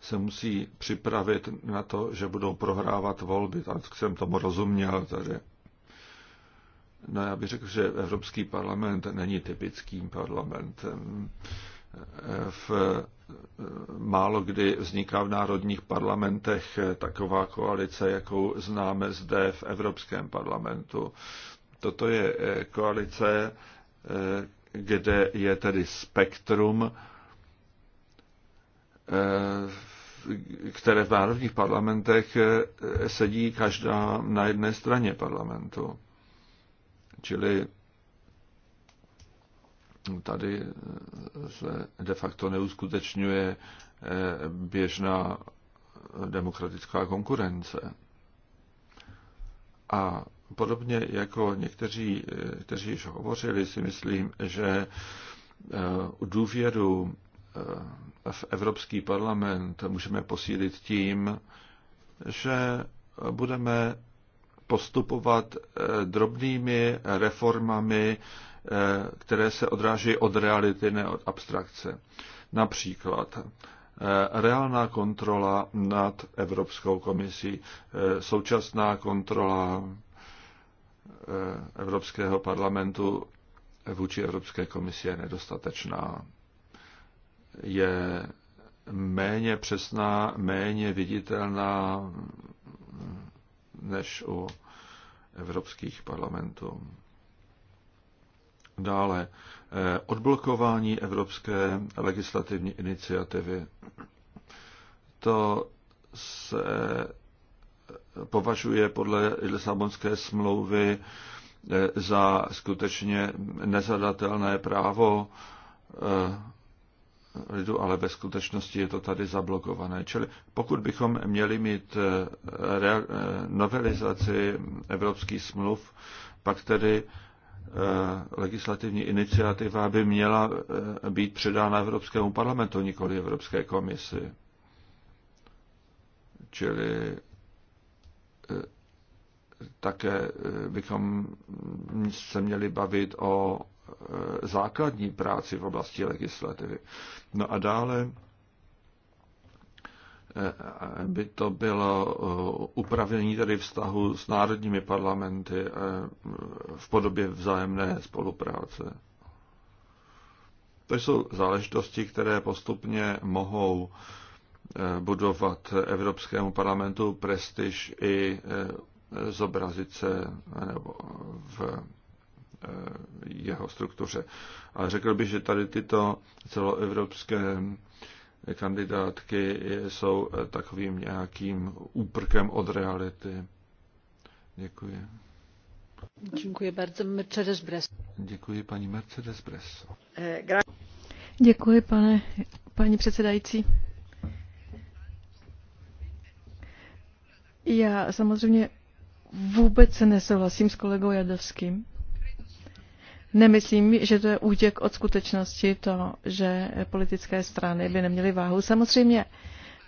se musí připravit na to, že budou prohrávat volby. Tak jsem tomu rozuměl tady. No já bych řekl, že Evropský parlament není typickým parlamentem v eh, málo kdy vzniká v národních parlamentech eh, taková koalice, jakou známe zde v Evropském parlamentu. Toto je eh, koalice, kde je tedy spektrum, které v národních parlamentech sedí každá na jedné straně parlamentu. Čili No, tady eh, se de facto neuskutečňuje eh, běžná demokratická konkurence. A podobně jako někteří, eh, kteří již hovořili, si myslím, že důvěru v Evropský parlament můžeme posílit tím, že budeme postupovat drobnými reformami Eh, které se odráží od reality, ne od abstrakce. Například eh, reálná kontrola nad Evropskou komisí, eh, současná kontrola Evropského parlamentu vůči Evropské komisi je nedostatečná. Je méně přesná, méně viditelná než u evropských parlamentů. Dále eh, odblokování evropské legislativní iniciativy. To se považuje podle Lisabonské smlouvy eh, za skutečně nezadatelné právo eh, lidu, ale ve skutečnosti je to tady zablokované. Čili pokud bychom měli mít novelizaci evropských smluv, pak tedy Eh, legislativní iniciativa by měla eh, být předána Evropskému parlamentu, nikoli Evropské komisi. Čili eh, také bychom se měli bavit o základní práci v oblasti legislativy. No a dále by to bylo eh, upravení tedy vztahu s národními parlamenty eh, v podobě vzájemné spolupráce. To jsou záležitosti, které postupně mohou eh, budovat Evropskému parlamentu prestiž i zobrazit se nebo v jeho struktuře. Ale řekl bych, že tady tyto celoevropské kandidátky jsou takovým nějakým úprkem od reality. Děkuji. Děkuji bardzo. Mercedes Bres. Děkuji paní Mercedes Bres. Děkuji, pane, paní předsedající. Já samozřejmě vůbec nesouhlasím s kolegou Jadovským. Nemyslím, že to je útěk od skutečnosti, to, že politické strany by neměly váhu. Samozřejmě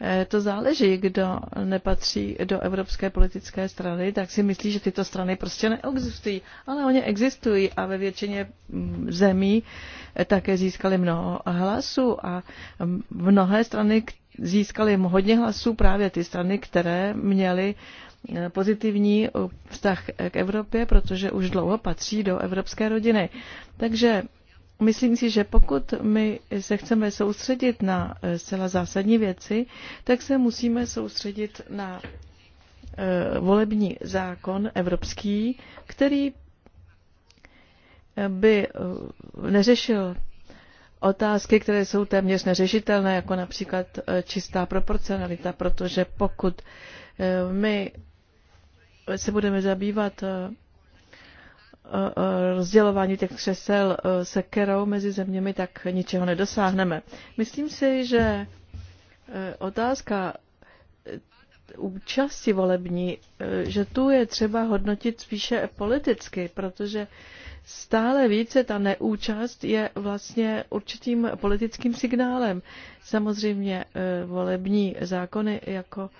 eh, to záleží, kdo nepatří do evropské politické strany, tak si myslí, že tyto strany prostě neexistují. Ale oni existují a ve většině mm, zemí eh, také získali mnoho hlasů a mm, mnohé strany získali hodně hlasů právě ty strany, které měly Eh, pozitivní eh, vztah k Evropě, protože už dlouho patří do evropské rodiny. Takže myslím si, že pokud my se chceme soustředit na eh, zcela zásadní věci, tak se musíme soustředit na volební zákon evropský, který by neřešil otázky, které jsou téměř neřešitelné, jako například čistá proporcionalita, protože pokud my se budeme zabývat eh, eh, eh, rozdělování těch křesel se kerou mezi zeměmi, tak ničeho nedosáhneme. Myslím si, že otázka účasti volební, že tu je třeba hodnotit spíše politicky, protože stále více ta neúčast je vlastně určitým politickým signálem. Samozřejmě volební zákony jako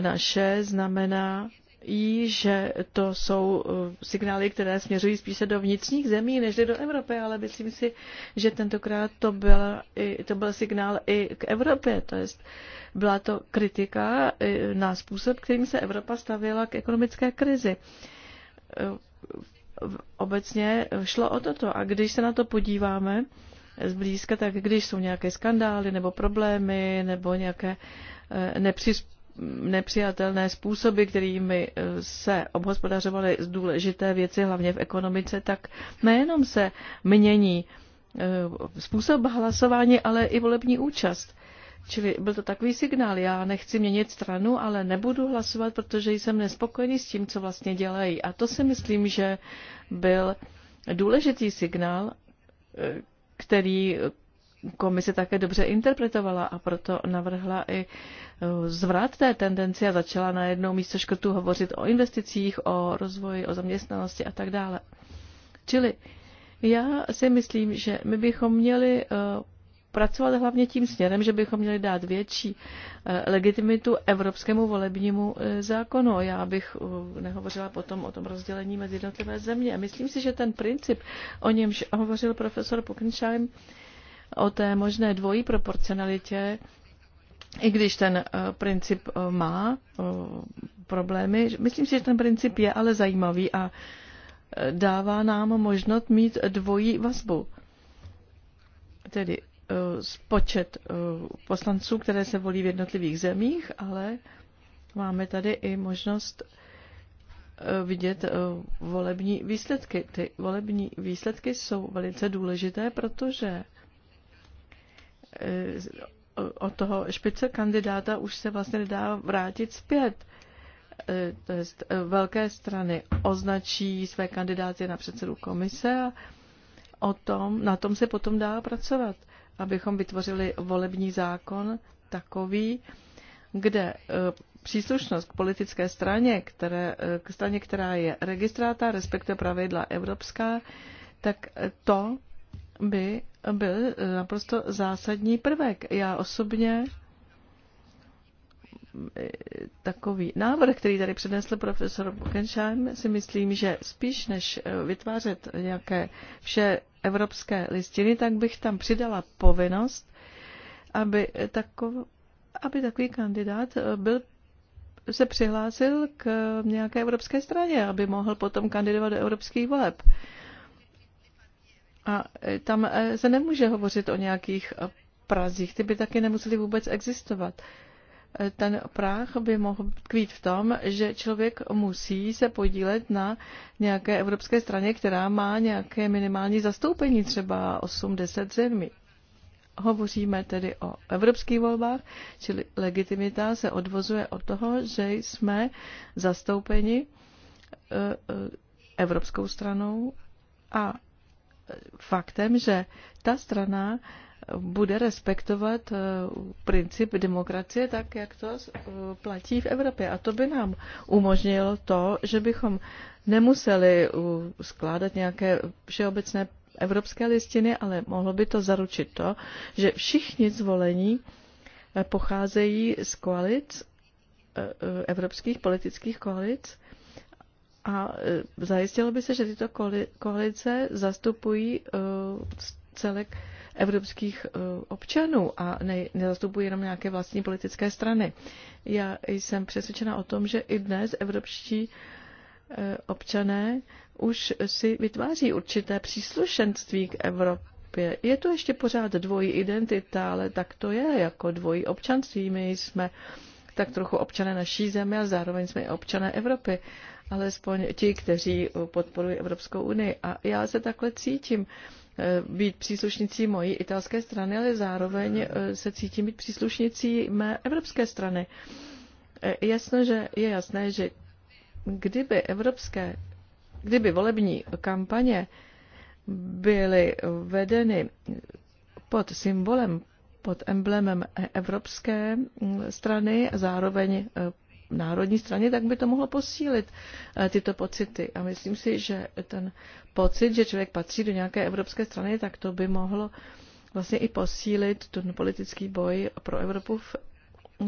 naše znamená jí, že to jsou eh, signály, které směřují spíše do vnitřních zemí než do Evropy, ale myslím si, že tentokrát to, byla i, to byl signál i k Evropě. To jest, byla to kritika eh, na způsob, kterým se Evropa stavěla k ekonomické krizi. Eh, obecně šlo o toto. A když se na to podíváme zblízka, tak když jsou nějaké skandály nebo problémy nebo nějaké nepřizpůsobení, nepřijatelné způsoby, kterými eh, se obhospodařovaly důležité věci, hlavně v ekonomice, tak nejenom se mění eh, způsob hlasování, ale i volební účast. Čili byl to takový signál, já nechci měnit stranu, ale nebudu hlasovat, protože jsem nespokojený s tím, co vlastně dělají. A to si myslím, že byl důležitý signál, eh, který komise také dobře interpretovala a proto navrhla i zvrat té tendenci a začala na jednou místo škrtu hovořit o investicích, o rozvoji, o zaměstnanosti a tak dále. Čili já si myslím, že my bychom měli eh, pracovat hlavně tím směrem, že bychom měli dát větší eh, legitimitu evropskému volebnímu eh, zákonu. Já bych nehovořila potom o tom rozdělení mezi jednotlivé země. Myslím si, že ten princip, o němž hovořil profesor Pukenšajm, o té možné dvojí proporcionalitě, i když ten eh, princip eh, má eh, problémy, myslím si, že ten princip je ale zajímavý a dává nám možnost mít dvojí vazbu. Tedy počet poslanců, které se volí v jednotlivých zemích, ale máme tady i možnost vidět volební výsledky. Ty volební výsledky jsou velice důležité, protože od toho špice kandidáta už se vlastně nedá vrátit zpět. E, to je, e, velké strany označí své kandidáty na předsedu komise a o tom, na tom se potom dá pracovat, abychom vytvořili volební zákon takový, kde e, příslušnost k politické straně, které, k straně, která je registráta, respektive pravidla evropská, tak to by byl naprosto zásadní prvek. Já osobně eh, takový návrh, který tady přednesl profesor Buckensheim, si myslím, že spíš než eh, vytvářet nějaké vše evropské listiny, tak bych tam přidala povinnost, aby, takov, aby takový kandidát eh, byl se přihlásil k nějaké evropské straně, aby mohl potom kandidovat do evropských voleb. A e, tam e, se nemůže hovořit o nějakých e, prazích, ty by taky nemusely vůbec existovat. Ten práh by mohl tkvít v tom, že člověk musí se podílet na nějaké evropské straně, která má nějaké minimální zastoupení, třeba 8-10 zemí. Hovoříme tedy o evropských volbách, čili legitimita se odvozuje od toho, že jsme zastoupeni evropskou stranou a faktem, že ta strana bude respektovat eh, princip demokracie tak, jak to eh, platí v Evropě. A to by nám umožnilo to, že bychom nemuseli eh, skládat nějaké všeobecné evropské listiny, ale mohlo by to zaručit to, že všichni zvolení pocházejí z koalic, evropských politických koalic, a e, zajistilo by se, že tyto koalice zastupují e, celek evropských e, občanů a ne, nezastupují jenom nějaké vlastní politické strany. Já jsem přesvědčena o tom, že i dnes evropští občané už si vytváří určité příslušenství k Evropě. Je to ještě pořád dvojí identita, ale tak to je jako dvojí občanství. My jsme tak trochu občané naší země a zároveň jsme i občané Evropy. Uh, alespoň ti, kteří eh, podporují Evropskou unii. A já se takhle cítím eh, být příslušnicí mojí italské strany, ale zároveň eh, se cítím být příslušnicí mé evropské strany. Jasno, že je jasné, že kdyby evropské, kdyby volební kampaně byly vedeny pod symbolem, pod emblemem evropské mm, strany, zároveň národní straně, tak by to mohlo posílit eh, tyto pocity. A myslím si, že ten pocit, že člověk patří do nějaké evropské strany, tak to by mohlo vlastně i posílit ten politický boj pro Evropu v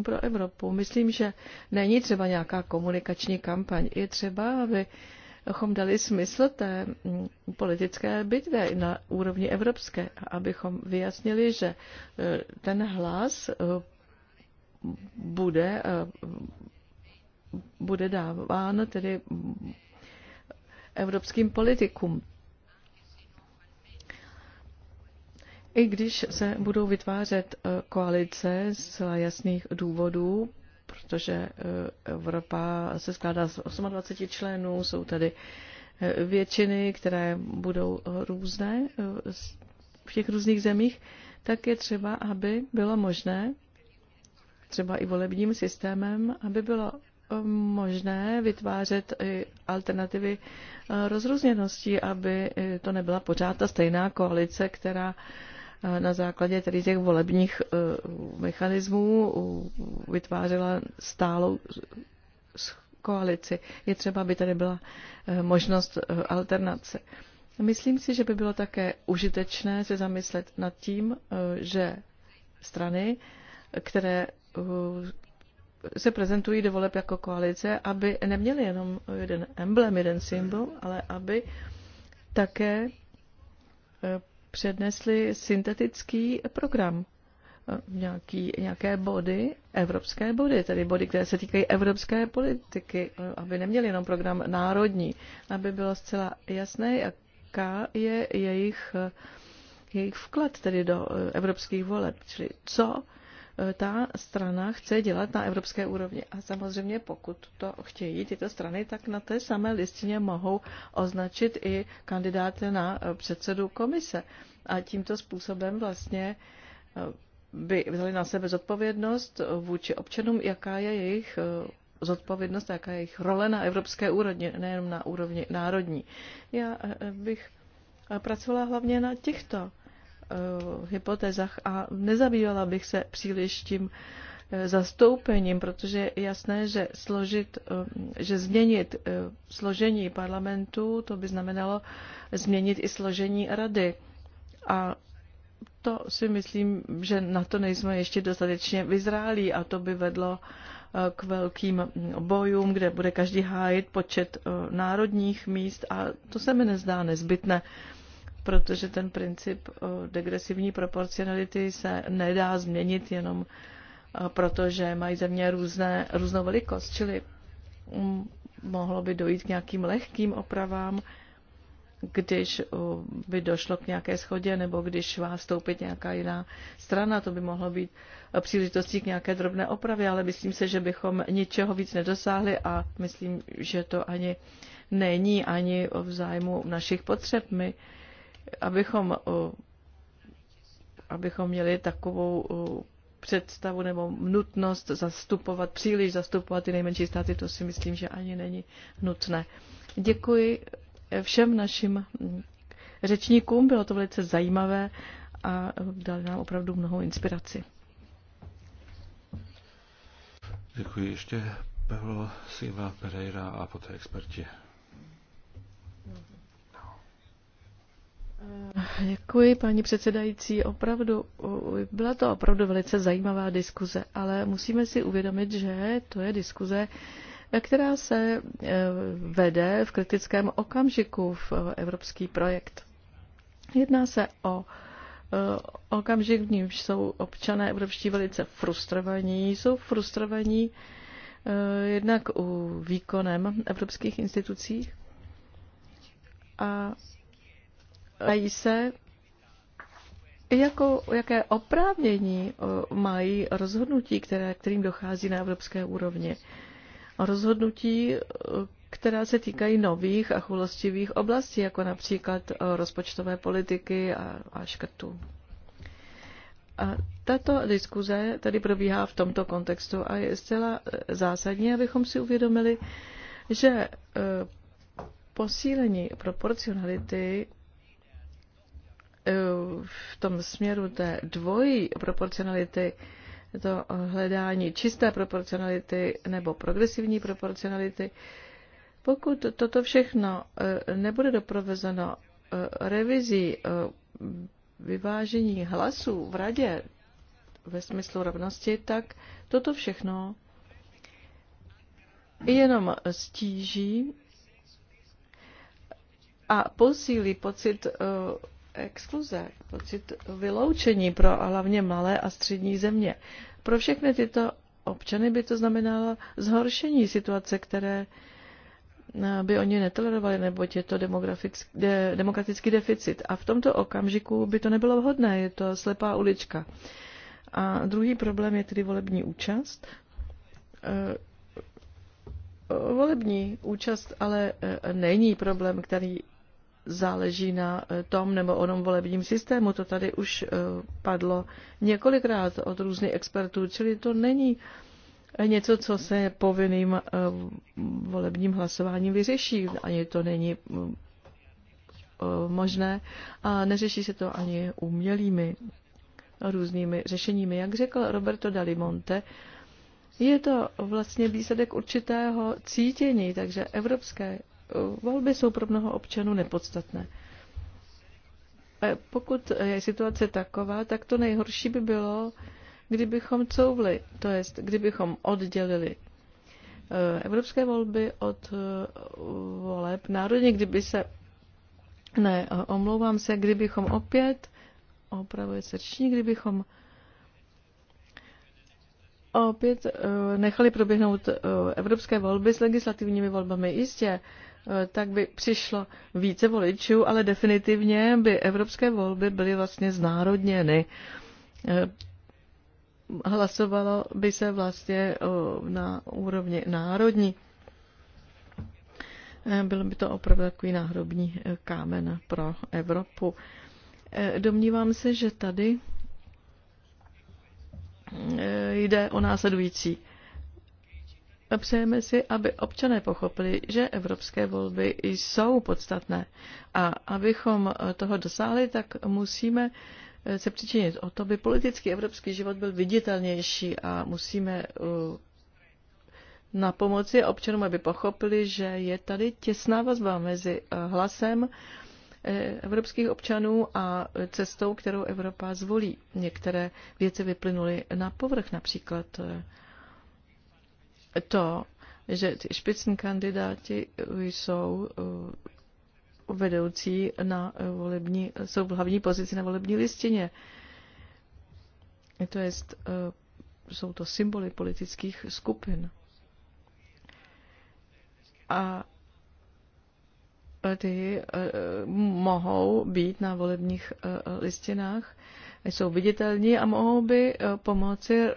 pro Evropu. Myslím, že není třeba nějaká komunikační kampaň. Je třeba, aby abychom dali smysl té mm, politické bitvě na úrovni evropské a abychom vyjasnili, že eh, ten hlas eh, bude bude dáván tedy evropským politikům. I když se budou vytvářet eh, koalice z jasných důvodů, protože eh, Evropa se skládá z 28 členů, jsou tady eh, většiny, které budou různé v těch různých zemích, tak je třeba, aby bylo možné, třeba i volebním systémem, aby bylo možné vytvářet alternativy eh, rozrůzněnosti, aby eh, to nebyla pořád ta stejná koalice, která eh, na základě tedy těch volebních mechanismů vytvářela stálou koalici. Je třeba, aby tady byla možnost alternace. Myslím si, že by bylo také užitečné se zamyslet nad tím, že strany, které se prezentují do voleb jako koalice, aby neměli jenom jeden emblem, jeden symbol, ale aby také e, přednesli syntetický program, e, nějaký, nějaké body, evropské body, tedy body, které se týkají evropské politiky, e, aby neměli jenom program národní, aby bylo zcela jasné, jaká je jejich, jejich vklad tedy do evropských voleb, čili co Eh, ta strana chce dělat na evropské úrovni. A samozřejmě, pokud to chtějí tyto strany, tak na té samé listině mohou označit i kandidáty na eh, předsedu komise. A tímto způsobem vlastně eh, by vzali na sebe zodpovědnost vůči občanům, jaká je jejich zodpovědnost, jaká je jejich role na evropské úrovni, nejenom na úrovni národní. Já bych pracovala hlavně na těchto Eh, hypotézách a nezabývala bych se příliš tím eh, zastoupením, protože je jasné, že, složit, eh, že změnit složení parlamentu, to by znamenalo změnit i složení rady. A to si myslím, že na to nejsme ještě dostatečně vyzrálí a to by vedlo k velkým bojům, kde bude každý hájit počet národních míst a to se mi nezdá nezbytné protože ten princip eh, degresivní proporcionality se nedá změnit jenom eh, proto, že mají země různé, různou velikost, čili mm, mohlo by dojít k nějakým lehkým opravám, když eh, by došlo k nějaké schodě nebo když má stoupit nějaká jiná strana, to by mohlo být příležitostí k nějaké drobné opravě, ale myslím se, že bychom ničeho víc nedosáhli a myslím, že to ani není ani v zájmu našich potřeb. My abychom, eh, abychom měli takovou eh, představu nebo nutnost zastupovat, příliš zastupovat ty nejmenší státy, to si myslím, že ani není nutné. Děkuji všem našim řečníkům, bylo to velice zajímavé a dali nám opravdu mnoho inspiraci. Děkuji ještě Pavlo Silva Pereira a poté experti. Děkuji, paní předsedající. Opravdu, byla to opravdu velice zajímavá diskuze, ale musíme si uvědomit, že to je diskuze, která se eh, vede v kritickém okamžiku v evropský projekt. Jedná se o eh, okamžik, v němž jsou občané evropští velice frustrovaní. Jsou frustrovaní eh, jednak u výkonem evropských institucí a ptají se, jako, jaké oprávnění mají rozhodnutí, které, kterým dochází na evropské úrovni. Rozhodnutí, která se týkají nových a chulostivých oblastí, jako například rozpočtové politiky a, a škrtů. A tato diskuze tady probíhá v tomto kontextu a je zcela e, zásadní, abychom si uvědomili, že e, posílení proporcionality v tom směru té dvojí proporcionality, to hledání čisté proporcionality nebo progresivní proporcionality, pokud toto všechno eh, nebude doprovezeno eh, revizí eh, vyvážení hlasů v radě ve smyslu rovnosti, tak toto všechno jenom stíží a posílí pocit exkluze, pocit vyloučení pro hlavně malé a střední země. Pro všechny tyto občany by to znamenalo zhoršení situace, které eh, by oni netolerovali, nebo je to de, demokratický deficit. A v tomto okamžiku by to nebylo vhodné, je to slepá ulička. A druhý problém je tedy volební účast. Eh, volební účast ale eh, není problém, který záleží na eh, tom nebo onom volebním systému. To tady už eh, padlo několikrát od různých expertů, čili to není eh, něco, co se povinným volebním hlasováním vyřeší. Ani to není možné a neřeší se to ani umělými různými řešeními. Jak řekl Roberto Dalimonte, je to vlastně výsledek určitého cítění, takže evropské volby jsou pro mnoho občanů nepodstatné. Pokud je situace taková, tak to nejhorší by bylo, kdybychom couvli, to jest kdybychom oddělili eh, evropské volby od eh, voleb národně, kdyby se, ne, omlouvám se, kdybychom opět, opravuje srční, kdybychom opět eh, nechali proběhnout evropské volby s legislativními volbami. Jistě, Eh, tak by přišlo více voličů, ale definitivně by evropské volby byly vlastně znárodněny. Eh, hlasovalo by se vlastně na úrovni národní. Eh, Byl by to opravdu takový náhrobní kámen pro Evropu. Domnívám se, že tady jde o následující. Přejeme si, aby občané pochopili, že evropské volby jsou podstatné. A abychom toho dosáhli, tak musíme se přičinit o to, aby politický evropský život byl viditelnější a musíme uh, na pomoci občanům, aby pochopili, že je tady těsná vazba mezi uh, hlasem uh, evropských občanů a cestou, kterou Evropa zvolí. Některé věci vyplynuly na povrch, například to, že ty špicní kandidáti jsou uh, vedoucí na uh, volební, jsou v hlavní pozici na volební listině. To jest, uh, jsou to symboly politických skupin. A ty mohou být na volebních listinách, jsou viditelní a mohou by pomoci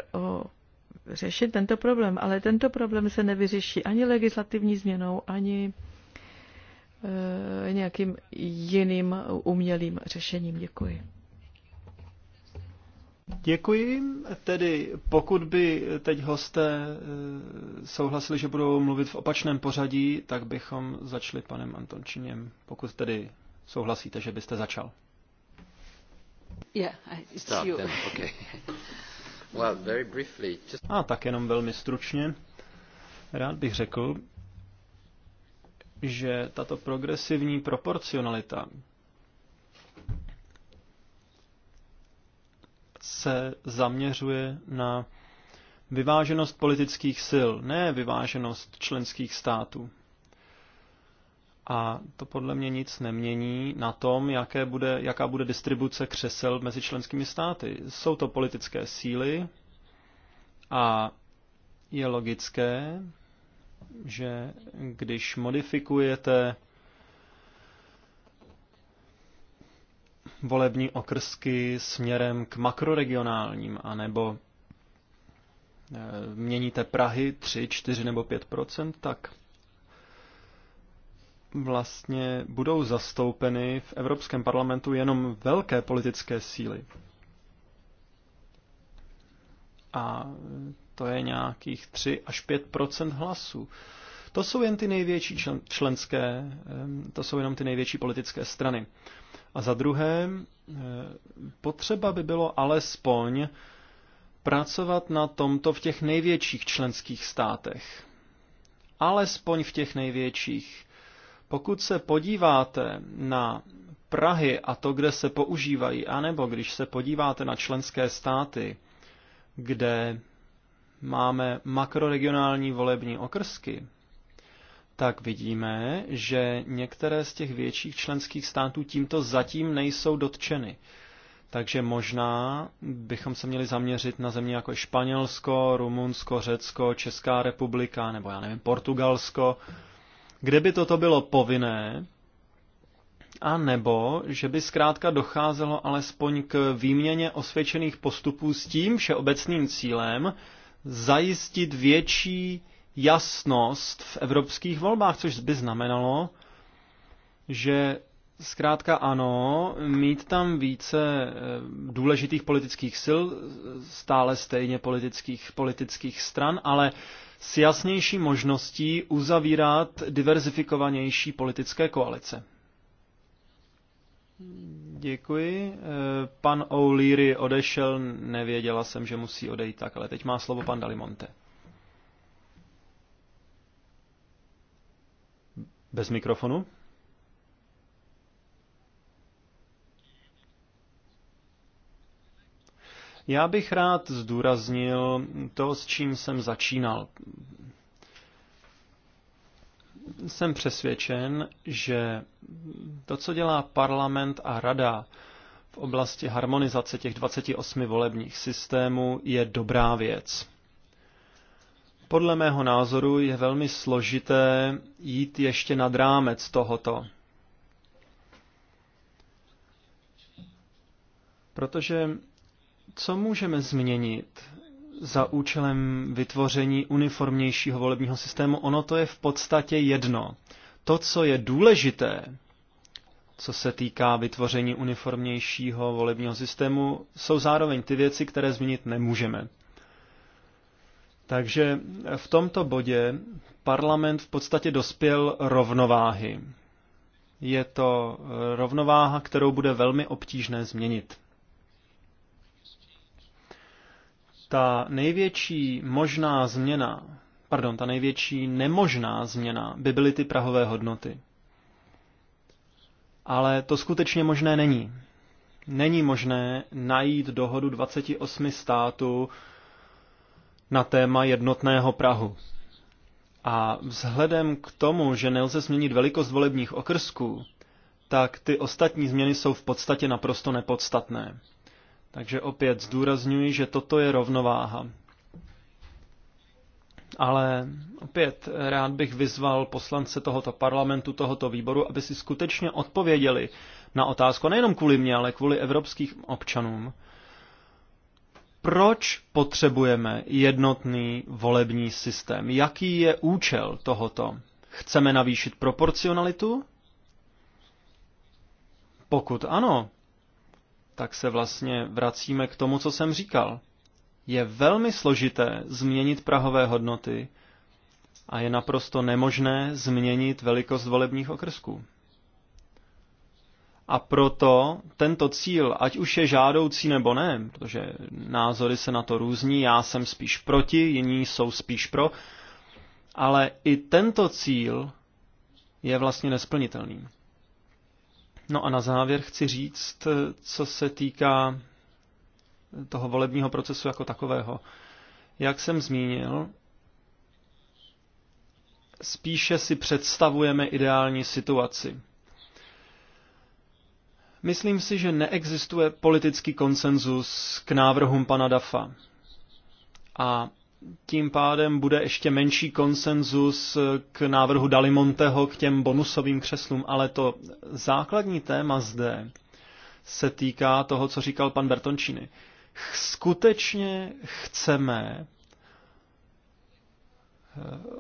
řešit tento problém, ale tento problém se nevyřeší ani legislativní změnou, ani eh, nějakým jiným umělým řešením. Děkuji. Děkuji. Tedy pokud by teď hosté eh, souhlasili, že budou mluvit v opačném pořadí, tak bychom začali panem Antončiněm, pokud tedy souhlasíte, že byste začal. Yeah, it's you. Okay. [LAUGHS] A tak jenom velmi stručně. Rád bych řekl, že tato progresivní proporcionalita se zaměřuje na vyváženost politických sil, ne vyváženost členských států. A to podle mě nic nemění na tom, jaké bude, jaká bude distribuce křesel mezi členskými státy. Jsou to politické síly a je logické, že když modifikujete volební okrsky směrem k makroregionálním, anebo eh, měníte Prahy 3, 4 nebo 5 tak vlastně budou zastoupeny v Evropském parlamentu jenom velké politické síly. A to je nějakých 3 až 5 hlasů. To jsou jen ty největší členské, to jsou jenom ty největší politické strany. A za druhé, potřeba by bylo alespoň pracovat na tomto v těch největších členských státech. Alespoň v těch největších. Pokud se podíváte na Prahy a to, kde se používají, anebo když se podíváte na členské státy, kde máme makroregionální volební okrsky, tak vidíme, že některé z těch větších členských států tímto zatím nejsou dotčeny. Takže možná bychom se měli zaměřit na země jako Španělsko, Rumunsko, Řecko, Česká republika, nebo já nevím, Portugalsko, kde by toto bylo povinné, a nebo, že by zkrátka docházelo alespoň k výměně osvědčených postupů s tím všeobecným cílem zajistit větší jasnost v evropských volbách, což by znamenalo, že zkrátka ano, mít tam více eh, důležitých politických sil, stále stejně politických, politických stran, ale s jasnější možností uzavírat diverzifikovanější politické koalice. Děkuji. Eh, pan O'Leary odešel, nevěděla jsem, že musí odejít tak, ale teď má slovo pan Dalimonte. Bez mikrofonu. Já bych rád zdůraznil to, s čím jsem začínal. Jsem přesvědčen, že to, co dělá parlament a rada v oblasti harmonizace těch 28 volebních systémů, je dobrá věc. Podle mého názoru je velmi složité jít ještě nad rámec tohoto. Protože co můžeme změnit za účelem vytvoření uniformnějšího volebního systému? Ono to je v podstatě jedno. To, co je důležité, co se týká vytvoření uniformnějšího volebního systému, jsou zároveň ty věci, které změnit nemůžeme. Takže v tomto bodě parlament v podstatě dospěl rovnováhy. Je to rovnováha, kterou bude velmi obtížné změnit. ta největší možná změna, pardon, ta největší nemožná změna by byly ty prahové hodnoty. Ale to skutečně možné není. Není možné najít dohodu 28 států na téma jednotného Prahu. A vzhledem k tomu, že nelze změnit velikost volebních okrsků, tak ty ostatní změny jsou v podstatě naprosto nepodstatné. Takže opět zdůrazňuji, že toto je rovnováha. Ale opět rád bych vyzval poslance tohoto parlamentu, tohoto výboru, aby si skutečně odpověděli na otázku, nejenom kvůli mě, ale kvůli evropských občanům, proč potřebujeme jednotný volební systém? Jaký je účel tohoto? Chceme navýšit proporcionalitu? Pokud ano, tak se vlastně vracíme k tomu, co jsem říkal. Je velmi složité změnit prahové hodnoty a je naprosto nemožné změnit velikost volebních okrsků. A proto tento cíl, ať už je žádoucí nebo ne, protože názory se na to různí, já jsem spíš proti, jiní jsou spíš pro, ale i tento cíl je vlastně nesplnitelný. No a na závěr chci říct, eh, co se týká eh, toho volebního procesu jako takového. Jak jsem zmínil, spíše si představujeme ideální situaci. Myslím si, že neexistuje politický konsenzus k návrhům pana Dafa. A tím pádem bude ještě menší konsenzus k návrhu Dalimonteho, k těm bonusovým křeslům, ale to základní téma zde se týká toho, co říkal pan Bertončiny. Skutečně chceme eh,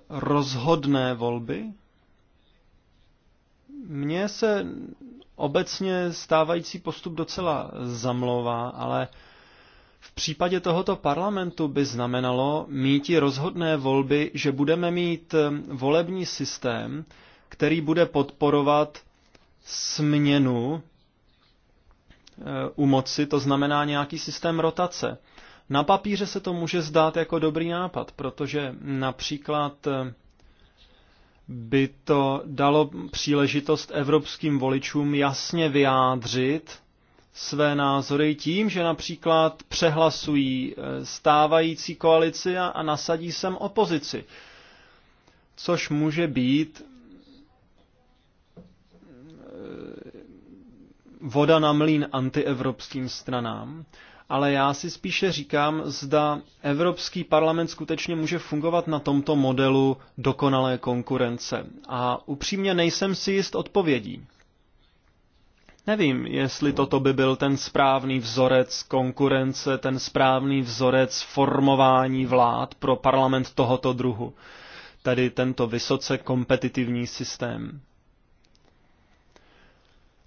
rozhodné volby? Mně se obecně stávající postup docela zamlouvá, ale v případě tohoto parlamentu by znamenalo míti rozhodné volby, že budeme mít eh, volební systém, který bude podporovat směnu eh, u moci, to znamená nějaký systém rotace. Na papíře se to může zdát jako dobrý nápad, protože například eh, by to dalo příležitost evropským voličům jasně vyjádřit, své názory tím, že například přehlasují eh, stávající koalici a, a nasadí sem opozici. Což může být eh, voda na mlín antievropským stranám, ale já si spíše říkám, zda Evropský parlament skutečně může fungovat na tomto modelu dokonalé konkurence. A upřímně nejsem si jist odpovědí. Nevím, jestli toto by byl ten správný vzorec konkurence, ten správný vzorec formování vlád pro parlament tohoto druhu, tedy tento vysoce kompetitivní systém.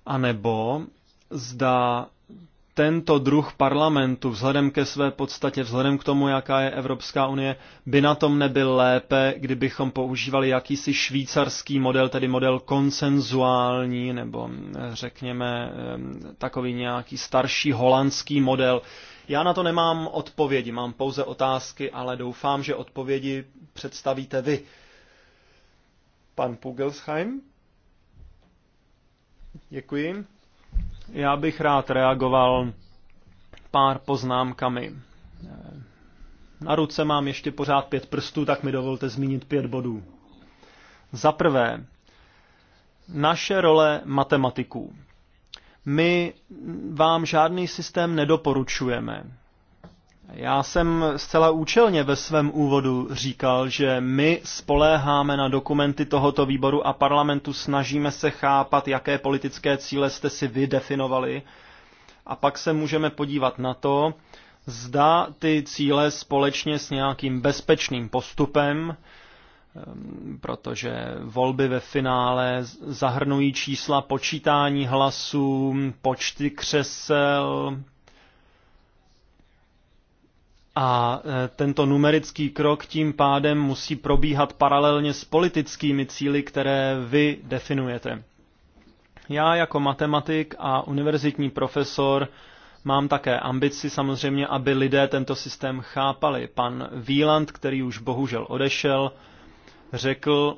A nebo zda tento druh parlamentu, vzhledem ke své podstatě, vzhledem k tomu, jaká je Evropská unie, by na tom nebyl lépe, kdybychom používali jakýsi švýcarský model, tedy model konsenzuální, nebo eh, řekněme eh, takový nějaký starší holandský model. Já na to nemám odpovědi, mám pouze otázky, ale doufám, že odpovědi představíte vy. Pan Pugelsheim? Děkuji. Já bych rád reagoval pár poznámkami. Na ruce mám ještě pořád pět prstů, tak mi dovolte zmínit pět bodů. Za prvé, naše role matematiků. My vám žádný systém nedoporučujeme. Já jsem zcela účelně ve svém úvodu říkal, že my spoléháme na dokumenty tohoto výboru a parlamentu, snažíme se chápat, jaké politické cíle jste si vydefinovali a pak se můžeme podívat na to, zda ty cíle společně s nějakým bezpečným postupem, ehm, protože volby ve finále zahrnují čísla počítání hlasů, počty křesel, a e, tento numerický krok tím pádem musí probíhat paralelně s politickými cíly, které vy definujete. Já jako matematik a univerzitní profesor mám také ambici samozřejmě, aby lidé tento systém chápali. Pan Wieland, který už bohužel odešel, řekl,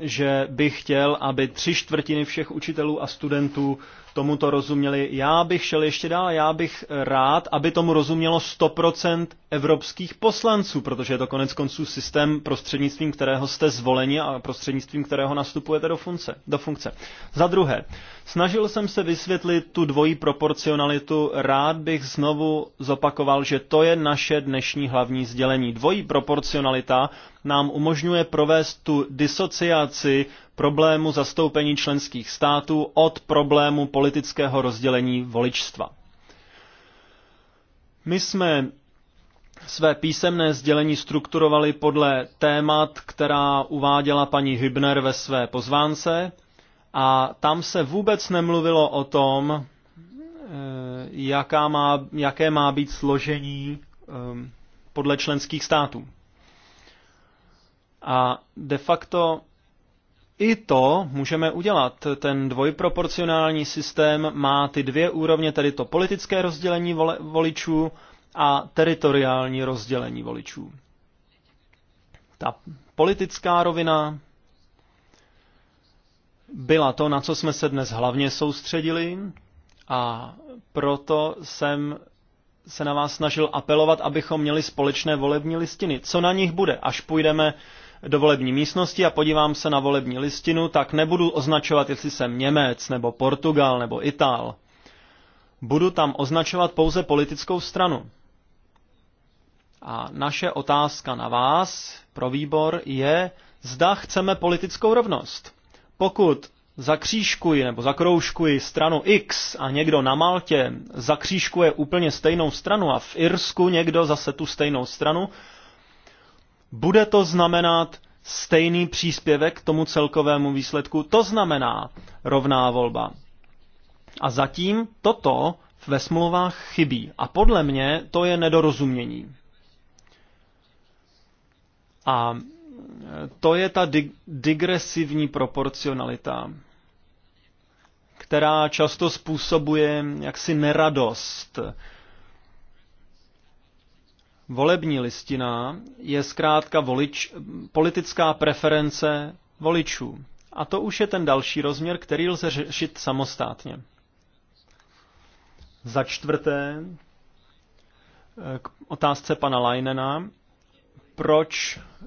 že by chtěl, aby tři čtvrtiny všech učitelů a studentů tomuto rozuměli. Já bych šel ještě dál, já bych rád, aby tomu rozumělo 100% evropských poslanců, protože je to konec konců systém, prostřednictvím kterého jste zvoleni a prostřednictvím kterého nastupujete do funkce. Do funkce. Za druhé, snažil jsem se vysvětlit tu dvojí proporcionalitu, rád bych znovu zopakoval, že to je naše dnešní hlavní sdělení. Dvojí proporcionalita nám umožňuje provést tu disociaci problému zastoupení členských států od problému politického rozdělení voličstva. My jsme své písemné sdělení strukturovali podle témat, která uváděla paní Hybner ve své pozvánce a tam se vůbec nemluvilo o tom, eh, jaká má, jaké má být složení ehm, podle členských států. A de facto i to můžeme udělat. Ten dvojproporcionální systém má ty dvě úrovně, tedy to politické rozdělení voličů a teritoriální rozdělení voličů. Ta politická rovina byla to, na co jsme se dnes hlavně soustředili a proto jsem se na vás snažil apelovat, abychom měli společné volební listiny. Co na nich bude, až půjdeme do volební místnosti a podívám se na volební listinu, tak nebudu označovat, jestli jsem Němec, nebo Portugal, nebo Itál. Budu tam označovat pouze politickou stranu. A naše otázka na vás pro výbor je, zda chceme politickou rovnost. Pokud zakřížkuji nebo zakroužkuji stranu X a někdo na Maltě zakřížkuje úplně stejnou stranu a v Irsku někdo zase tu stejnou stranu, bude to znamenat stejný příspěvek k tomu celkovému výsledku, to znamená rovná volba. A zatím toto ve smlouvách chybí. A podle mě to je nedorozumění. A e, to je ta dig- digresivní proporcionalita, která často způsobuje jaksi neradost Volební listina je zkrátka volič, politická preference voličů. A to už je ten další rozměr, který lze řešit samostatně. Za čtvrté, eh, k otázce pana Leinena, proč eh,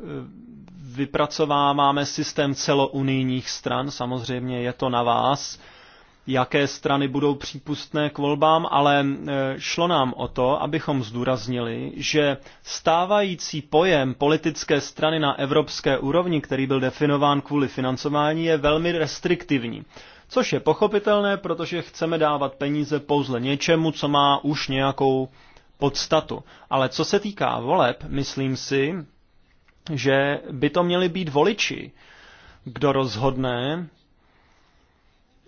vypracováváme systém celounijních stran? Samozřejmě je to na vás, jaké strany budou přípustné k volbám, ale e, šlo nám o to, abychom zdůraznili, že stávající pojem politické strany na evropské úrovni, který byl definován kvůli financování, je velmi restriktivní. Což je pochopitelné, protože chceme dávat peníze pouze něčemu, co má už nějakou podstatu. Ale co se týká voleb, myslím si, že by to měli být voliči, kdo rozhodne,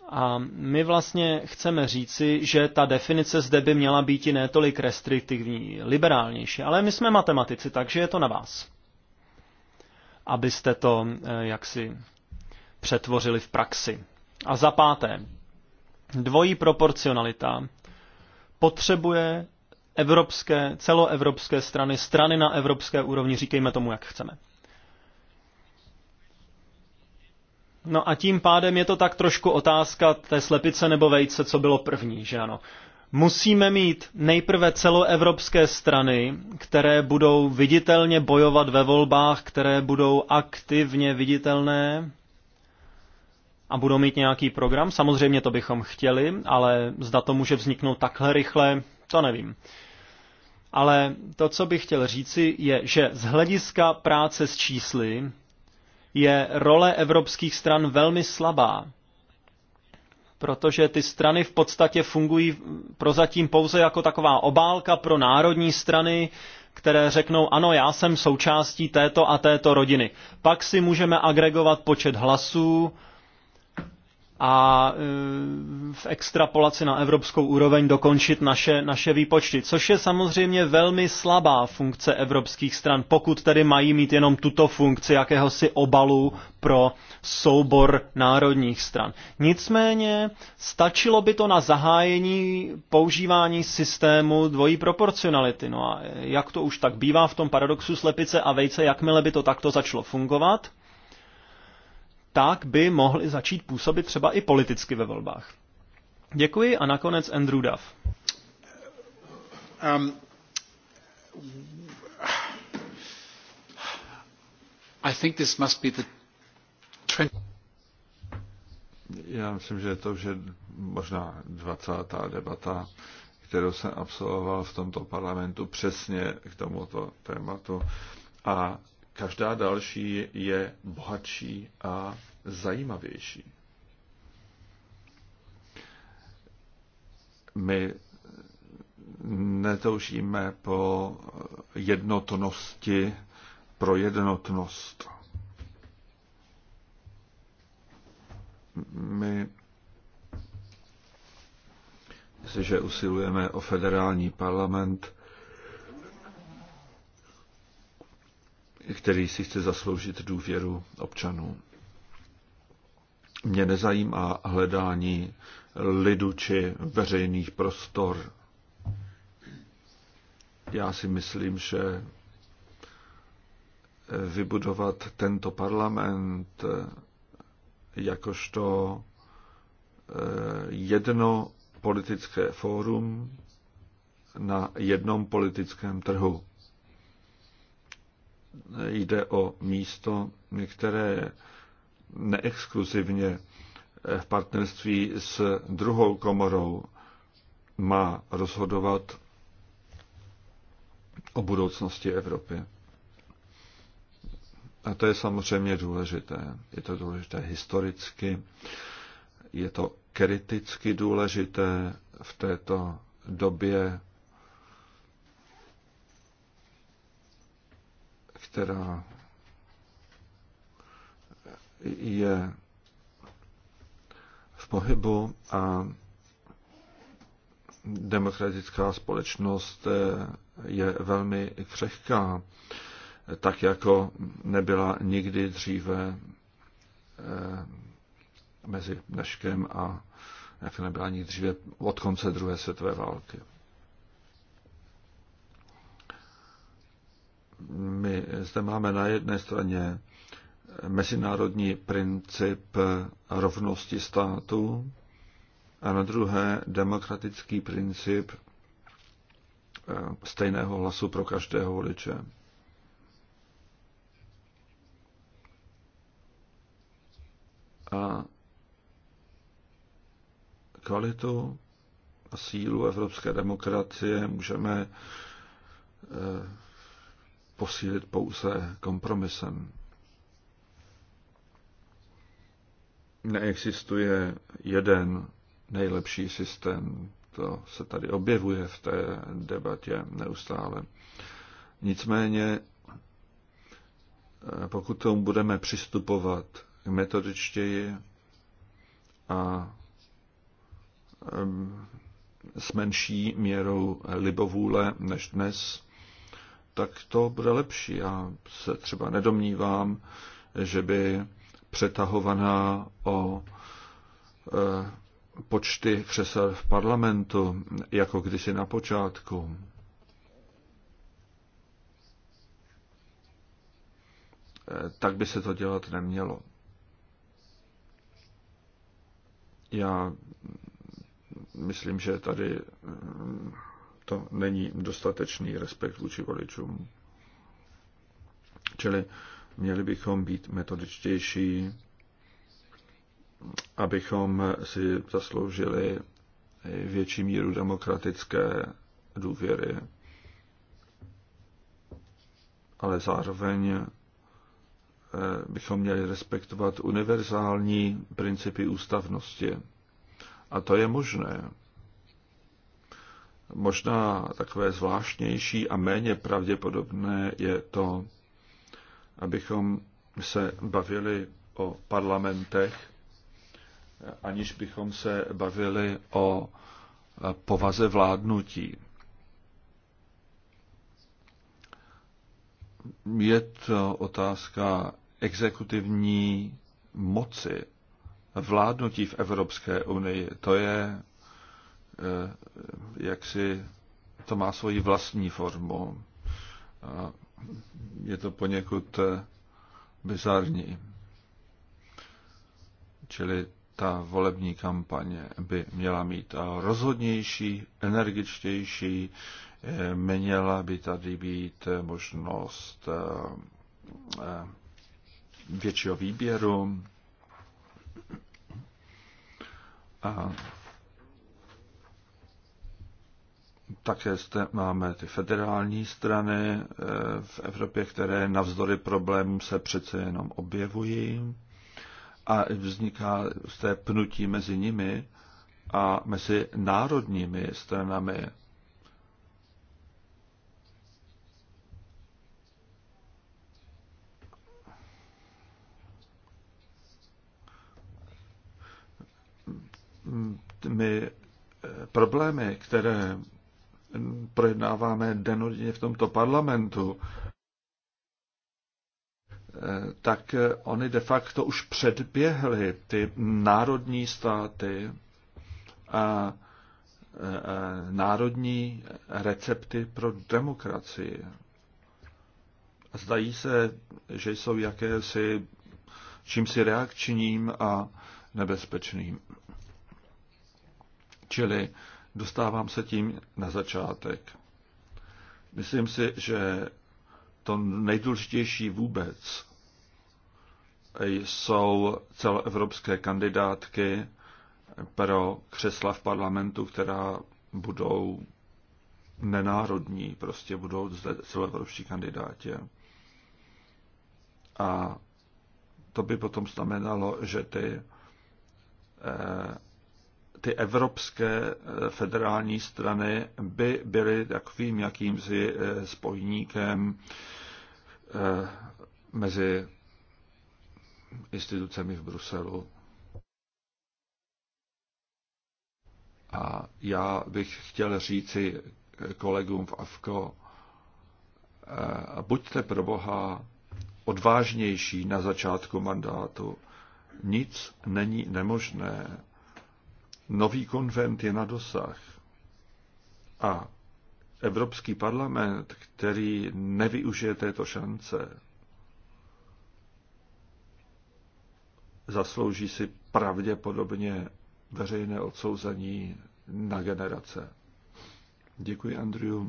a my vlastně chceme říci, že ta definice zde by měla být i netolik restriktivní, liberálnější, ale my jsme matematici, takže je to na vás. Abyste to eh, jaksi přetvořili v praxi. A za páté, dvojí proporcionalita potřebuje evropské, celoevropské strany, strany na evropské úrovni, říkejme tomu, jak chceme. No a tím pádem je to tak trošku otázka té slepice nebo vejce, co bylo první, že ano. Musíme mít nejprve celoevropské strany, které budou viditelně bojovat ve volbách, které budou aktivně viditelné a budou mít nějaký program. Samozřejmě to bychom chtěli, ale zda to může vzniknout takhle rychle, to nevím. Ale to, co bych chtěl říci, je, že z hlediska práce s čísly je role evropských stran velmi slabá, protože ty strany v podstatě fungují prozatím pouze jako taková obálka pro národní strany, které řeknou, ano, já jsem součástí této a této rodiny. Pak si můžeme agregovat počet hlasů, a e, v extrapolaci na evropskou úroveň dokončit naše, naše výpočty, což je samozřejmě velmi slabá funkce evropských stran, pokud tedy mají mít jenom tuto funkci jakéhosi obalu pro soubor národních stran. Nicméně stačilo by to na zahájení používání systému dvojí proporcionality. No a jak to už tak bývá v tom paradoxu slepice a vejce, jakmile by to takto začalo fungovat, tak by mohli začít působit třeba i politicky ve volbách. Děkuji a nakonec Andrew Duff. Um, I think this must be the trend. Já myslím, že je to že možná 20. debata, kterou jsem absolvoval v tomto parlamentu přesně k tomuto tématu. A každá další je bohatší a zajímavější. My netoužíme po jednotnosti pro jednotnost. My že usilujeme o federální parlament, který si chce zasloužit důvěru občanů. Mě nezajímá hledání lidu či veřejných prostor. Já si myslím, že vybudovat tento parlament jakožto eh, jedno politické fórum na jednom politickém trhu jde o místo, které je neexkluzivně v partnerství s druhou komorou má rozhodovat o budoucnosti Evropy. A to je samozřejmě důležité. Je to důležité historicky, je to kriticky důležité v této době která je v pohybu a demokratická společnost eh, je velmi křehká, tak jako nebyla nikdy dříve eh, mezi dneškem a jak nebyla nikdy dříve od konce druhé světové války. my zde máme na jedné straně mezinárodní princip rovnosti státu a na druhé demokratický princip eh, stejného hlasu pro každého voliče. A kvalitu a sílu evropské demokracie můžeme eh, posílit pouze kompromisem. Neexistuje jeden nejlepší systém, to se tady objevuje v té debatě neustále. Nicméně, eh, pokud tomu budeme přistupovat metodičtěji a ehm, s menší měrou libovůle než dnes, tak to bude lepší. Já se třeba nedomnívám, že by přetahovaná o e, počty křesel v parlamentu, jako kdysi na počátku. E, tak by se to dělat nemělo. Já myslím, že tady to není dostatečný respekt vůči voličům. Čili měli bychom být metodičtější, abychom si zasloužili větší míru demokratické důvěry, ale zároveň eh, bychom měli respektovat univerzální principy ústavnosti. A to je možné. Možná takové zvláštnější a méně pravděpodobné je to, abychom se bavili o parlamentech, aniž bychom se bavili o povaze vládnutí. Je to otázka exekutivní moci, vládnutí v Evropské unii. To je Eh, jak si to má svoji vlastní formu. Je to poněkud eh, bizarní. Čili ta volební kampaně by měla mít rozhodnější, energičtější, eh, měla by tady být možnost většího výběru. A také jste, máme ty federální strany eh, v Evropě, které navzdory problémům se přece jenom objevují a vzniká z té pnutí mezi nimi a mezi národními stranami. My eh, problémy, které projednáváme denodně v tomto parlamentu, eh, tak oni de facto už předběhli ty národní státy a eh, národní recepty pro demokracii. Zdají se, že jsou jakési čímsi reakčním a nebezpečným. Čili Dostávám se tím na začátek. Myslím si, že to nejdůležitější vůbec jsou celoevropské kandidátky pro křesla v parlamentu, která budou nenárodní, prostě budou zde celoevropští kandidáti. A to by potom znamenalo, že ty eh, ty evropské eh, federální strany by byly takovým jakýmsi eh, spojníkem eh, mezi institucemi v Bruselu. A já bych chtěl říci kolegům v AFKO, buďte pro Boha odvážnější na začátku mandátu. Nic není nemožné. Nový konvent je na dosah. A Evropský parlament, který nevyužije této šance, zaslouží si pravděpodobně veřejné odsouzení na generace. Děkuji, Andrew.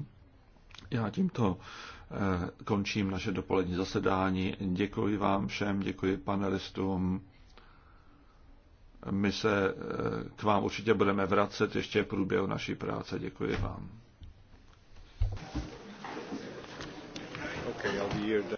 Já tímto eh, končím naše dopolední zasedání. Děkuji vám všem, děkuji panelistům. My se eh, k vám určitě budeme vracet ještě v průběhu naší práce. Děkuji vám. Okay, I'll be here